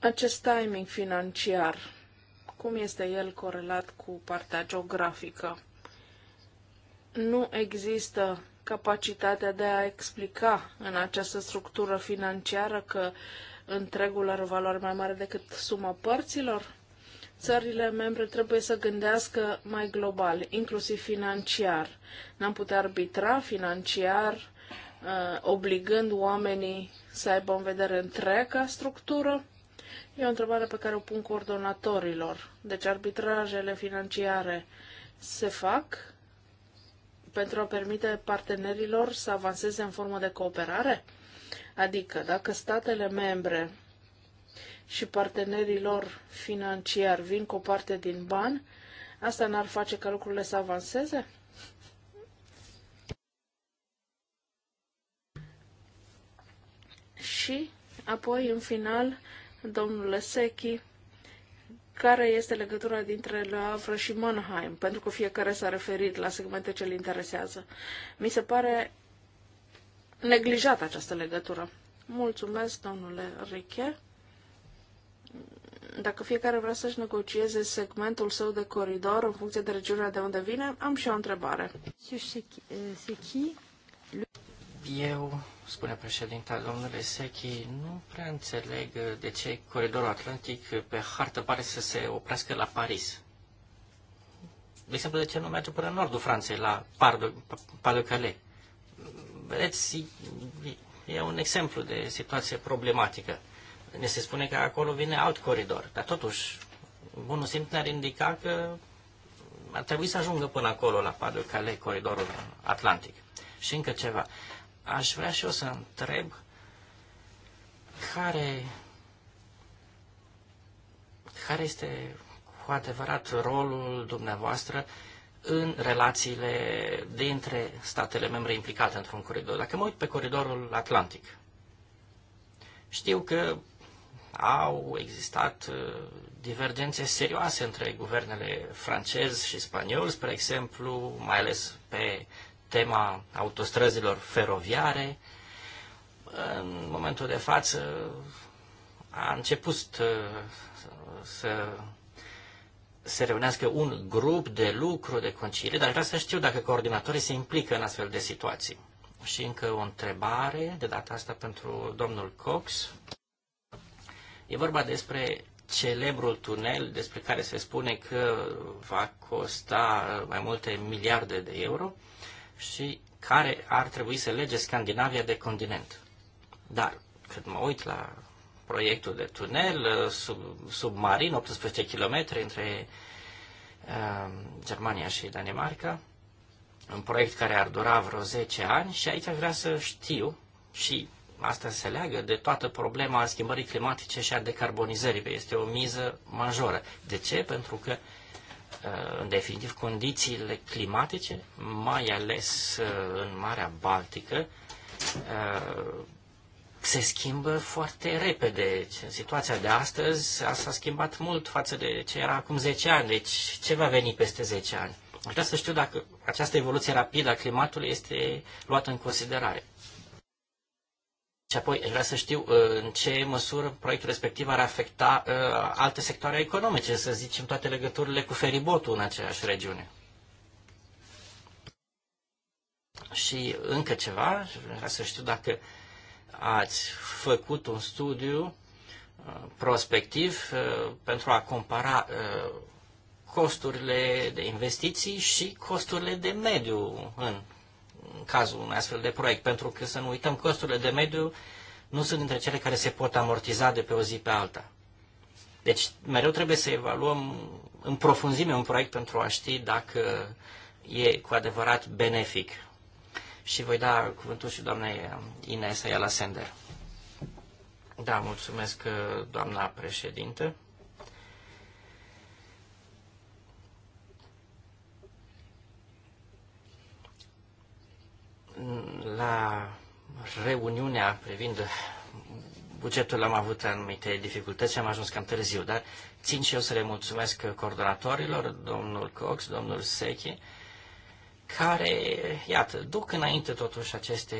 Acest timing financiar, cum este el corelat cu partea geografică? Nu există capacitatea de a explica în această structură financiară că întregul are o valoare mai mare decât suma părților? Țările membre trebuie să gândească mai global, inclusiv financiar. N-am putea arbitra financiar, uh, obligând oamenii să aibă în vedere întreaga structură? E o întrebare pe care o pun coordonatorilor. Deci arbitrajele financiare se fac pentru a permite partenerilor să avanseze în formă de cooperare? Adică, dacă statele membre și partenerii lor financiar vin cu o parte din bani, asta n-ar face ca lucrurile să avanseze? Și apoi, în final, domnule Secchi, care este legătura dintre Le Havre și Mannheim, pentru că fiecare s-a referit la segmente ce îl interesează. Mi se pare neglijată această legătură. Mulțumesc, domnule Riche. Dacă fiecare vrea să-și negocieze segmentul său de coridor în funcție de regiunea de unde vine, am și o întrebare. Euh, Eu spune președinta, domnule Sechi, nu prea înțeleg uh, de ce coridorul atlantic uh, pe hartă pare să se oprească la Paris. De exemplu, de ce nu merge până în nordul Franței, la Pas-de-Calais? Vedeți, e un exemplu de situație problematică. Ne se spune că acolo vine alt coridor, dar totuși, bunul simț ne-ar indica că ar trebui să ajungă până acolo, la Pas-de-Calais, coridorul atlantic. Și încă ceva aș vrea și eu să întreb care, care este cu adevărat rolul dumneavoastră în relațiile dintre statele membre implicate într-un coridor. Dacă mă uit pe coridorul Atlantic, știu că au existat uh, divergențe serioase între guvernele francez și spaniol, spre exemplu, mai ales pe tema autostrăzilor feroviare. În momentul de față a început uh, să se reunească un grup de lucru, de conciliere, dar vreau să știu dacă coordonatorii se implică în astfel de situații. Și încă o întrebare, de data asta pentru domnul Cox. E vorba despre celebrul tunel despre care se spune că va costa mai multe miliarde de euro și care ar trebui să lege Scandinavia de continent. Dar când mă uit la proiectul de tunel uh, sub, submarin, 18 km între uh, Germania și Danemarca, un proiect care ar dura vreo 10 ani și aici vrea să știu și asta se leagă de toată problema schimbării climatice și a decarbonizării. Este o miză majoră. De ce? Pentru că uh, Uh, în definitiv, condițiile climatice, mai ales uh, în Marea Baltică, uh, se schimbă foarte repede. Situația de astăzi s-a schimbat mult față de ce era acum 10 ani, deci ce va veni peste 10 ani? Aș vrea să știu dacă această evoluție rapidă a climatului este luată în considerare. Și apoi aș vrea să știu uh, în ce măsură proiectul respectiv ar afecta uh, alte sectoare economice, să zicem toate legăturile cu feribotul în aceeași regiune. Și încă ceva, vreau să știu dacă ați făcut un studiu uh, prospectiv pentru a compara costurile de investiții și costurile de mediu în cazul unui astfel de proiect, pentru că să nu uităm, costurile de mediu nu sunt dintre cele care se pot amortiza de pe o zi pe alta. Deci mereu trebuie să evaluăm în profunzime un proiect pentru a ști dacă e cu adevărat benefic. Și voi da cuvântul și doamnei Ines la Sender. Da, mulțumesc, doamna președinte. La reuniunea privind bugetul am avut anumite dificultăți și am ajuns cam târziu, dar țin și eu să le mulțumesc coordonatorilor, domnul Cox, domnul Seche, care, iată, duc înainte totuși aceste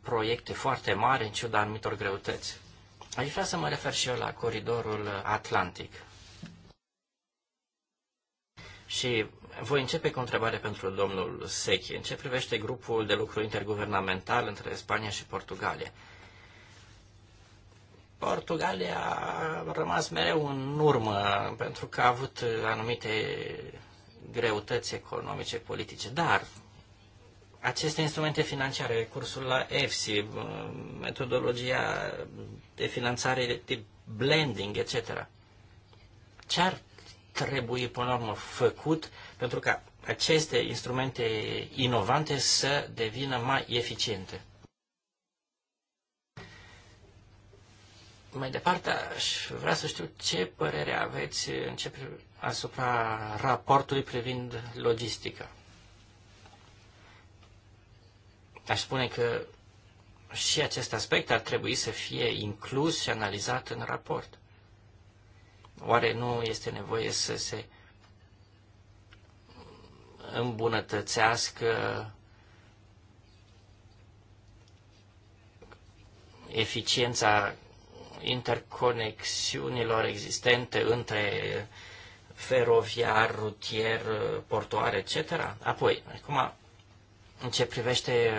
proiecte foarte mari în ciuda anumitor greutăți. Aș vrea să mă refer și eu la coridorul atlantic. Și voi începe cu o întrebare pentru domnul Sechi. În ce privește grupul de lucru interguvernamental între Spania și Portugalia? Portugalia a rămas mereu în urmă pentru că a avut anumite greutăți economice, politice, dar aceste instrumente financiare, recursul la EFSI, metodologia de finanțare de tip blending, etc., ce ar trebuie până la urmă făcut pentru ca aceste instrumente inovante să devină mai eficiente. Mai departe, aș vrea să știu ce părere aveți în ce asupra raportului privind logistica. Aș spune că și acest aspect ar trebui să fie inclus și analizat în raport. Oare nu este nevoie să se îmbunătățească eficiența interconexiunilor existente între feroviar, rutier, portoare, etc. Apoi, acum, în ce privește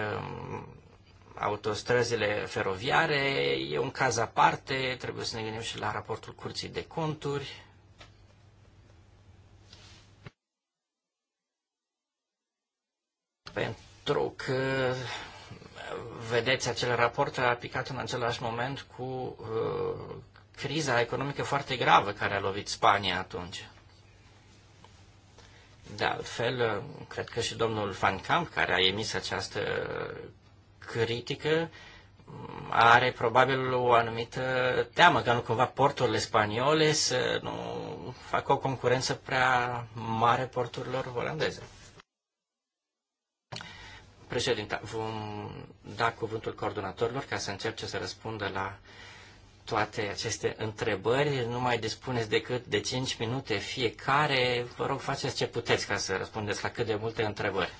autostrăzile feroviare, e un caz aparte, trebuie să ne gândim și la raportul Curții de Conturi. Pentru că, vedeți, acel raport a picat în același moment cu uh, criza economică foarte gravă care a lovit Spania atunci. De altfel, cred că și domnul Van Camp, care a emis această critică are probabil o anumită teamă că nu cumva porturile spaniole să nu facă o concurență prea mare porturilor olandeze. Președinte, vom da cuvântul coordonatorilor ca să încerce să răspundă la toate aceste întrebări. Nu mai dispuneți decât de 5 minute fiecare. Vă rog, faceți ce puteți ca să răspundeți la cât de multe întrebări.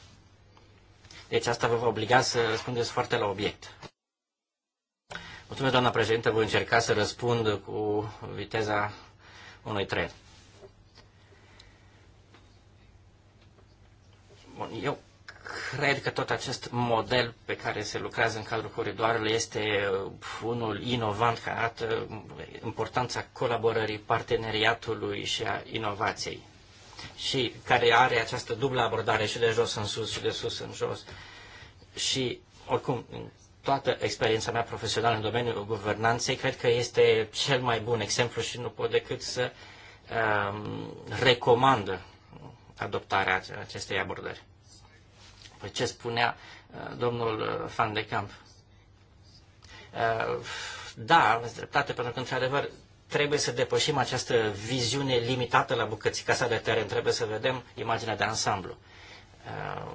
Deci asta vă va obliga să răspundeți foarte la obiect. Mulțumesc, doamna președintă, voi încerca să răspund cu viteza unui tren. Bun, eu cred că tot acest model pe care se lucrează în cadrul coridoarelor este uh, unul inovant care arată uh, importanța colaborării, parteneriatului și a inovației și care are această dublă abordare și de jos în sus și de sus în jos. Și, oricum, toată experiența mea profesională în domeniul guvernanței, cred că este cel mai bun exemplu și nu pot decât să um, recomand adoptarea acestei abordări. Păi ce spunea uh, domnul uh, Van de Camp? Uh, da, aveți dreptate, pentru că, într-adevăr, trebuie să depășim această viziune limitată la bucățica sa de teren, trebuie să vedem imaginea de ansamblu. Uh,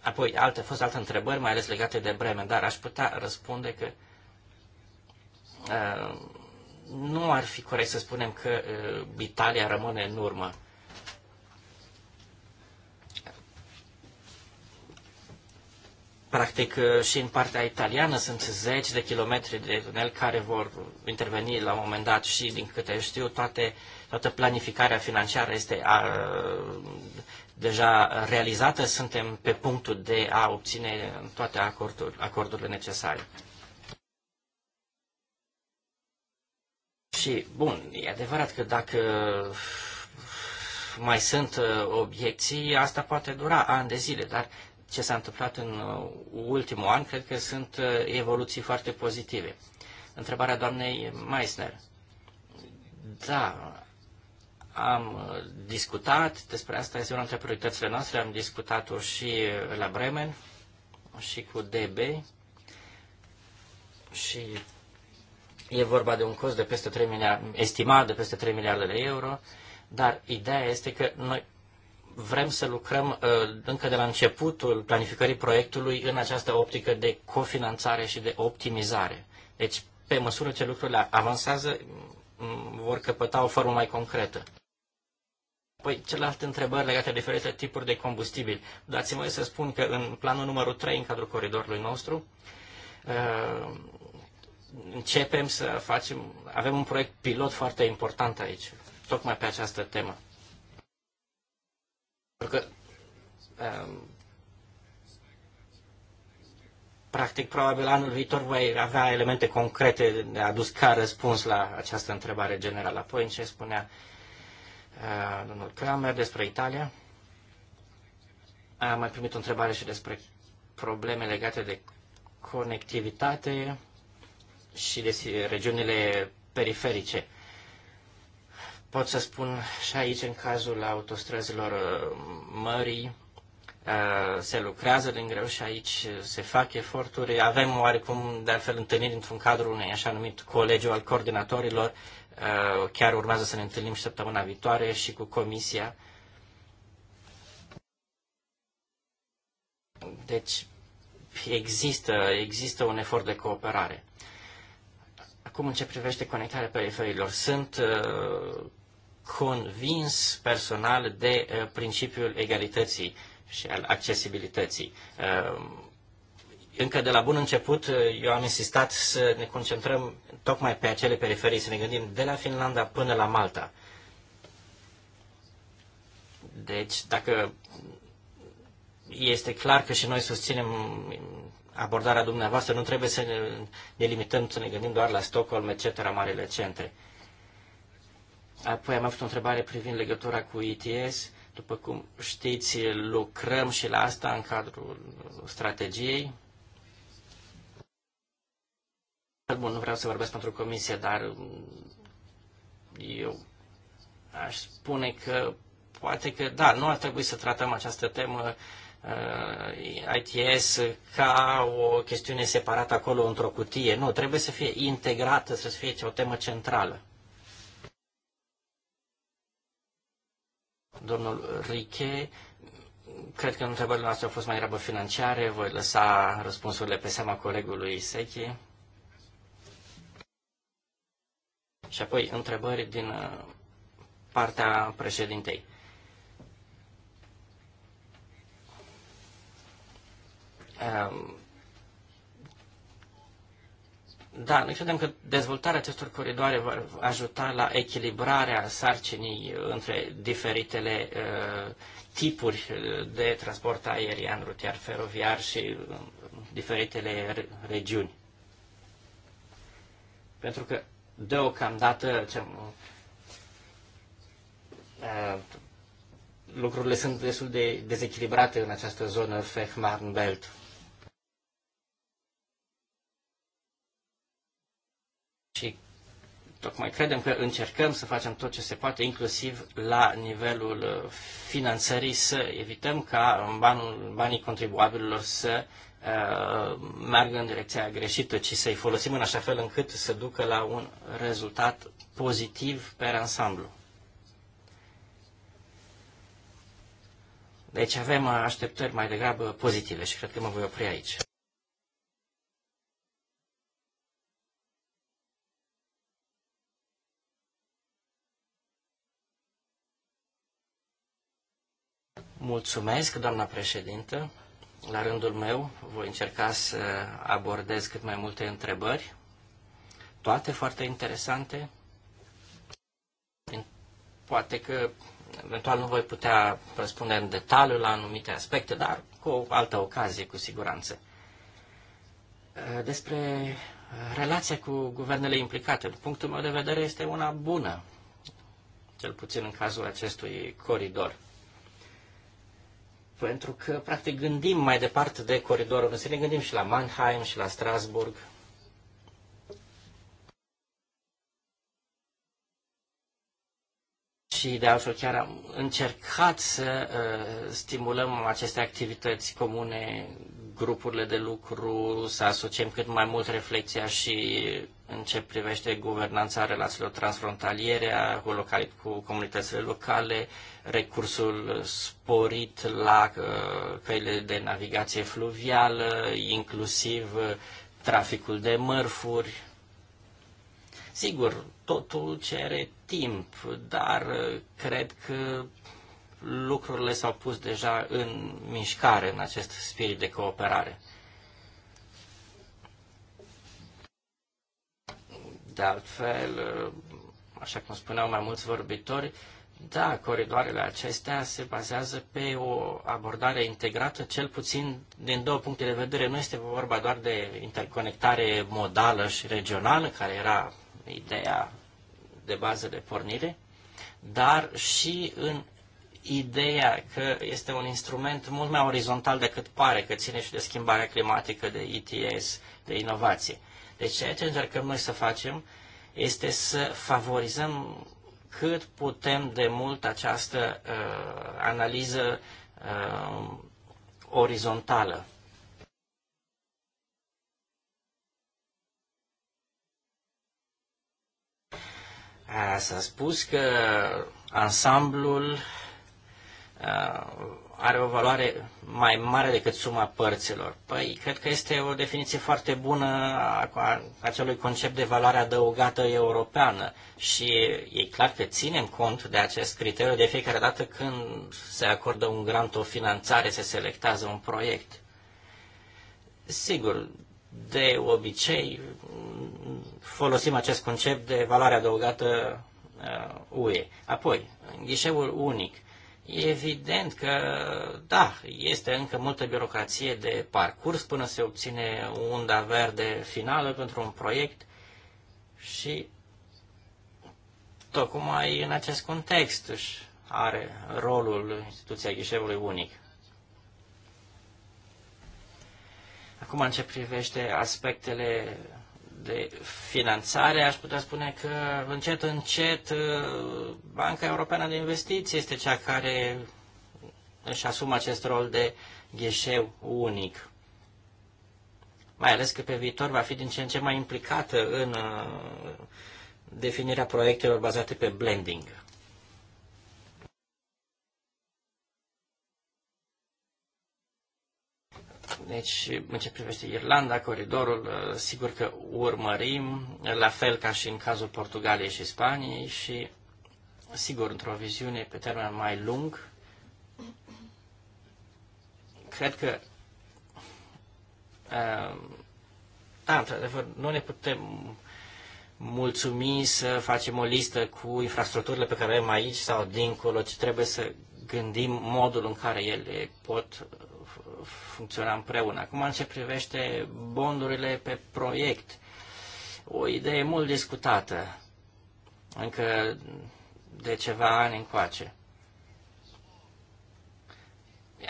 apoi, alte, fost alte întrebări, mai ales legate de Bremen, dar aș putea răspunde că uh, nu ar fi corect să spunem că uh, Italia rămâne în urmă. Practic uh, și în partea italiană sunt zeci de kilometri de tunel care vor interveni la un moment dat și din câte știu toate, toată planificarea financiară este a, deja realizată, suntem pe punctul de a obține toate acorduri, acordurile necesare. Și, bun, e adevărat că dacă mai sunt uh, obiecții, asta poate dura ani de zile, dar ce s-a întâmplat în uh, ultimul an, cred că sunt uh, evoluții foarte pozitive. Întrebarea doamnei Meissner. Da, am uh, discutat despre asta, este una dintre prioritățile noastre, am discutat-o și la Bremen și cu DB și e vorba de un cost de peste 3 miliarde, estimat de peste 3 miliarde de euro, dar ideea este că noi vrem să lucrăm uh, încă de la începutul planificării proiectului în această optică de cofinanțare și de optimizare. Deci, pe măsură ce lucrurile avansează, mm, vor căpăta o formă mai concretă. Păi, celelalte întrebări legate de diferite tipuri de combustibili. Dați-mi voie să spun că în planul numărul 3, în cadrul coridorului nostru, uh, începem să facem, avem un proiect pilot foarte important aici, tocmai pe această temă că um, practic probabil anul viitor voi avea elemente concrete de adus ca răspuns la această întrebare generală. Apoi în ce spunea uh, domnul Kramer despre Italia. Am mai primit o întrebare și despre probleme legate de conectivitate și de regiunile periferice. Pot să spun și aici, în cazul autostrăzilor uh, mării, uh, se lucrează din greu și aici se fac eforturi. Avem oarecum, de altfel, întâlniri într-un cadru unei așa numit colegiu al coordonatorilor. Uh, chiar urmează să ne întâlnim și săptămâna viitoare și cu comisia. Deci există, există un efort de cooperare. Acum, în ce privește conectarea periferiilor, sunt uh, convins personal de uh, principiul egalității și al accesibilității. Uh, încă de la bun început, uh, eu am insistat să ne concentrăm tocmai pe acele periferii, să ne gândim de la Finlanda până la Malta. Deci, dacă este clar că și noi susținem abordarea dumneavoastră, nu trebuie să ne, ne limităm, să ne gândim doar la Stockholm, etc., marile centre. Uh, Apoi am avut o întrebare privind legătura cu ITS. După cum știți, lucrăm și la asta în cadrul strategiei. Bun, nu vreau să vorbesc pentru comisie, dar mm, eu aș spune că poate că, da, nu ar trebui să tratăm această temă uh, ITS ca o chestiune separată acolo într-o cutie. Nu, trebuie să fie integrată, să fie o temă centrală. domnul Riche. Cred că întrebările noastre au fost mai grabă financiare. Voi lăsa răspunsurile pe seama colegului Sechi. Și apoi întrebări din uh, partea președintei. Um, da, noi credem că dezvoltarea acestor coridoare va ajuta la echilibrarea sarcinii uh, între diferitele uh, tipuri uh, de transport aerian, rutier, feroviar și uh, diferitele regiuni. Pentru că deocamdată ce, uh, lucrurile sunt destul de dezechilibrate în această zonă Fehmarn Belt. Și tocmai credem că încercăm să facem tot ce se poate, inclusiv la nivelul uh, finanțării, să evităm ca banul, banii contribuabililor să uh, meargă în direcția greșită, ci să-i folosim în așa fel încât să ducă la un rezultat pozitiv pe ansamblu. Deci avem uh, așteptări mai degrabă pozitive și cred că mă voi opri aici. Mulțumesc, doamna președintă. La rândul meu voi încerca să abordez cât mai multe întrebări, toate foarte interesante. Poate că eventual nu voi putea răspunde în detaliu la anumite aspecte, dar cu o altă ocazie, cu siguranță. Eh, despre eh, relația cu guvernele implicate, din punctul meu de vedere, este una bună, cel puțin în cazul acestui coridor pentru că, practic, gândim mai departe de coridorul ne gândim și la Mannheim și la Strasburg. Și, de altfel, chiar am încercat să uh, stimulăm aceste activități comune, grupurile de lucru, să asociem cât mai mult reflexia și în ce privește guvernanța relațiilor transfrontaliere cu, locali, cu comunitățile locale, uh, recursul sporit la uh, căile de navigație fluvială, inclusiv uh, traficul de mărfuri. Sigur, totul cere timp, dar uh, cred că lucrurile s-au pus deja în mișcare în acest spirit de cooperare. De altfel, așa cum spuneau mai mulți vorbitori, da, coridoarele acestea se bazează pe o abordare integrată, cel puțin din două puncte de vedere. Nu este vorba doar de interconectare modală și regională, care era ideea de bază de pornire, dar și în ideea că este un instrument mult mai orizontal decât pare, că ține și de schimbarea climatică, de ETS, de inovație. Deci ceea ce încercăm noi să facem este să favorizăm cât putem de mult această uh, analiză uh, orizontală. S-a spus că ansamblul uh, are o valoare mai mare decât suma părților. Păi, cred că este o definiție foarte bună a acelui concept de valoare adăugată europeană și e clar că ținem cont de acest criteriu de fiecare dată când se acordă un grant, o finanțare, se selectează un proiect. Sigur, de obicei folosim acest concept de valoare adăugată UE. Uh, Apoi, ghișeul unic – Evident că, da, este încă multă birocrație de parcurs până se obține unda verde finală pentru un proiect și tocmai în acest context își are rolul instituția ghișeului unic. Acum, în ce privește aspectele de finanțare, aș putea spune că încet, încet uh, Banca Europeană de Investiții este cea care își asumă acest rol de gheșeu unic. Mai ales că pe viitor va fi din ce în ce mai implicată în uh, definirea proiectelor bazate pe blending. Deci, în ce privește Irlanda, coridorul, uh, sigur că urmărim, la fel ca și în cazul Portugaliei și Spaniei și, sigur, într-o viziune pe termen mai lung, cred că uh, da, într-adevăr, nu ne putem mulțumi să facem o listă cu infrastructurile pe care le avem aici sau dincolo, ci trebuie să gândim modul în care ele pot funcționa împreună. Acum, în ce privește bondurile pe proiect, o idee mult discutată încă de ceva ani încoace.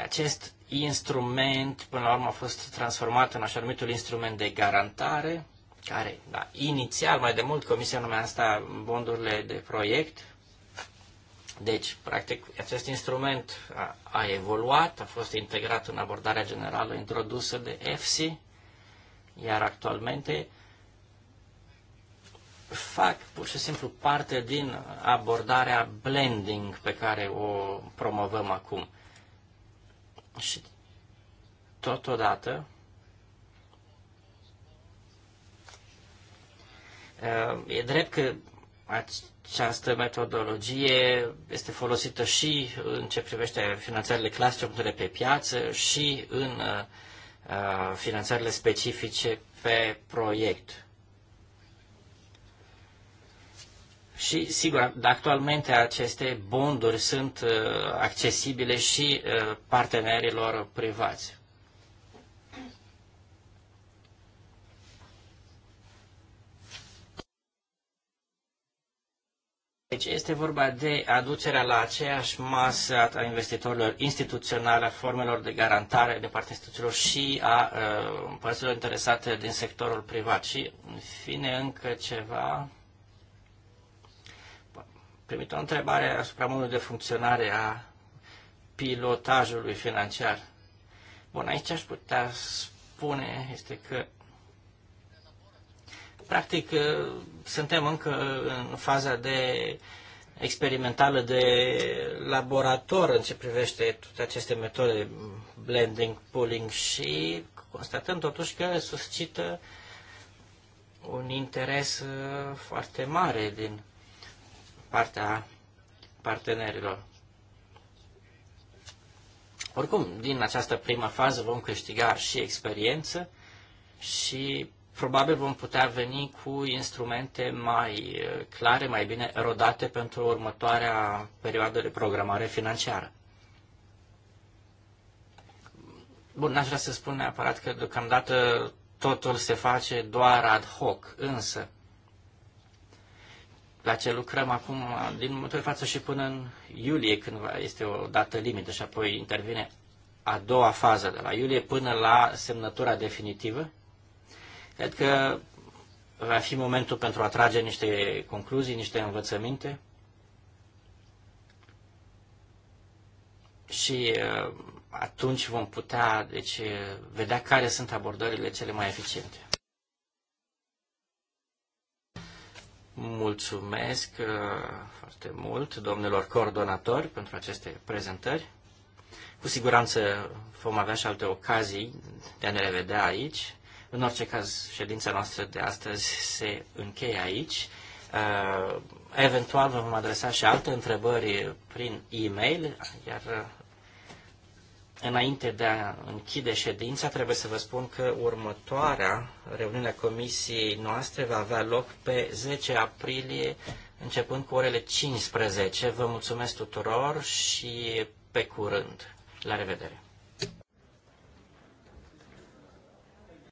Acest instrument, până la urmă, a fost transformat în așa numitul instrument de garantare, care, da, inițial, mai de mult, Comisia numea asta bondurile de proiect, deci, practic, acest instrument a, a evoluat, a fost integrat în abordarea generală introdusă de EFSI, iar actualmente fac pur și simplu parte din abordarea blending pe care o promovăm acum. Și totodată e drept că această metodologie este folosită și în ce privește finanțările clasice pe piață și în uh, uh, finanțările specifice pe proiect. Și, sigur, actualmente aceste bonduri sunt uh, accesibile și partenerilor privați. Deci este vorba de aducerea la aceeași masă a investitorilor instituționale, a formelor de garantare de partea instituțiilor și a uh, părților interesate din sectorul privat. Și, în fine, încă ceva. Primit o întrebare asupra modului de funcționare a pilotajului financiar. Bun, aici aș putea spune este că Practic, ă, suntem încă în faza de experimentală de laborator în ce privește toate aceste metode blending, pooling și constatăm totuși că suscită un interes ă, foarte mare din partea partenerilor. Oricum, din această prima fază vom câștiga și experiență și probabil vom putea veni cu instrumente mai uh, clare, mai bine rodate pentru următoarea perioadă de programare financiară. Bun, n-aș vrea să spun neapărat că deocamdată totul se face doar ad hoc, însă la ce lucrăm acum, din momentul de față și până în iulie, când este o dată limită și apoi intervine a doua fază, de la iulie până la semnătura definitivă, Cred că va fi momentul pentru a trage niște concluzii, niște învățăminte și uh, atunci vom putea deci, uh, vedea care sunt abordările cele mai eficiente. Mulțumesc uh, foarte mult domnilor coordonatori pentru aceste prezentări. Cu siguranță vom avea și alte ocazii de a ne revedea aici. În orice caz, ședința noastră de astăzi se încheie aici. Uh, eventual vă vom adresa și alte întrebări prin e-mail, iar uh, Înainte de a închide ședința, trebuie să vă spun că următoarea reuniune a comisiei noastre va avea loc pe 10 aprilie, începând cu orele 15. Vă mulțumesc tuturor și pe curând. La revedere!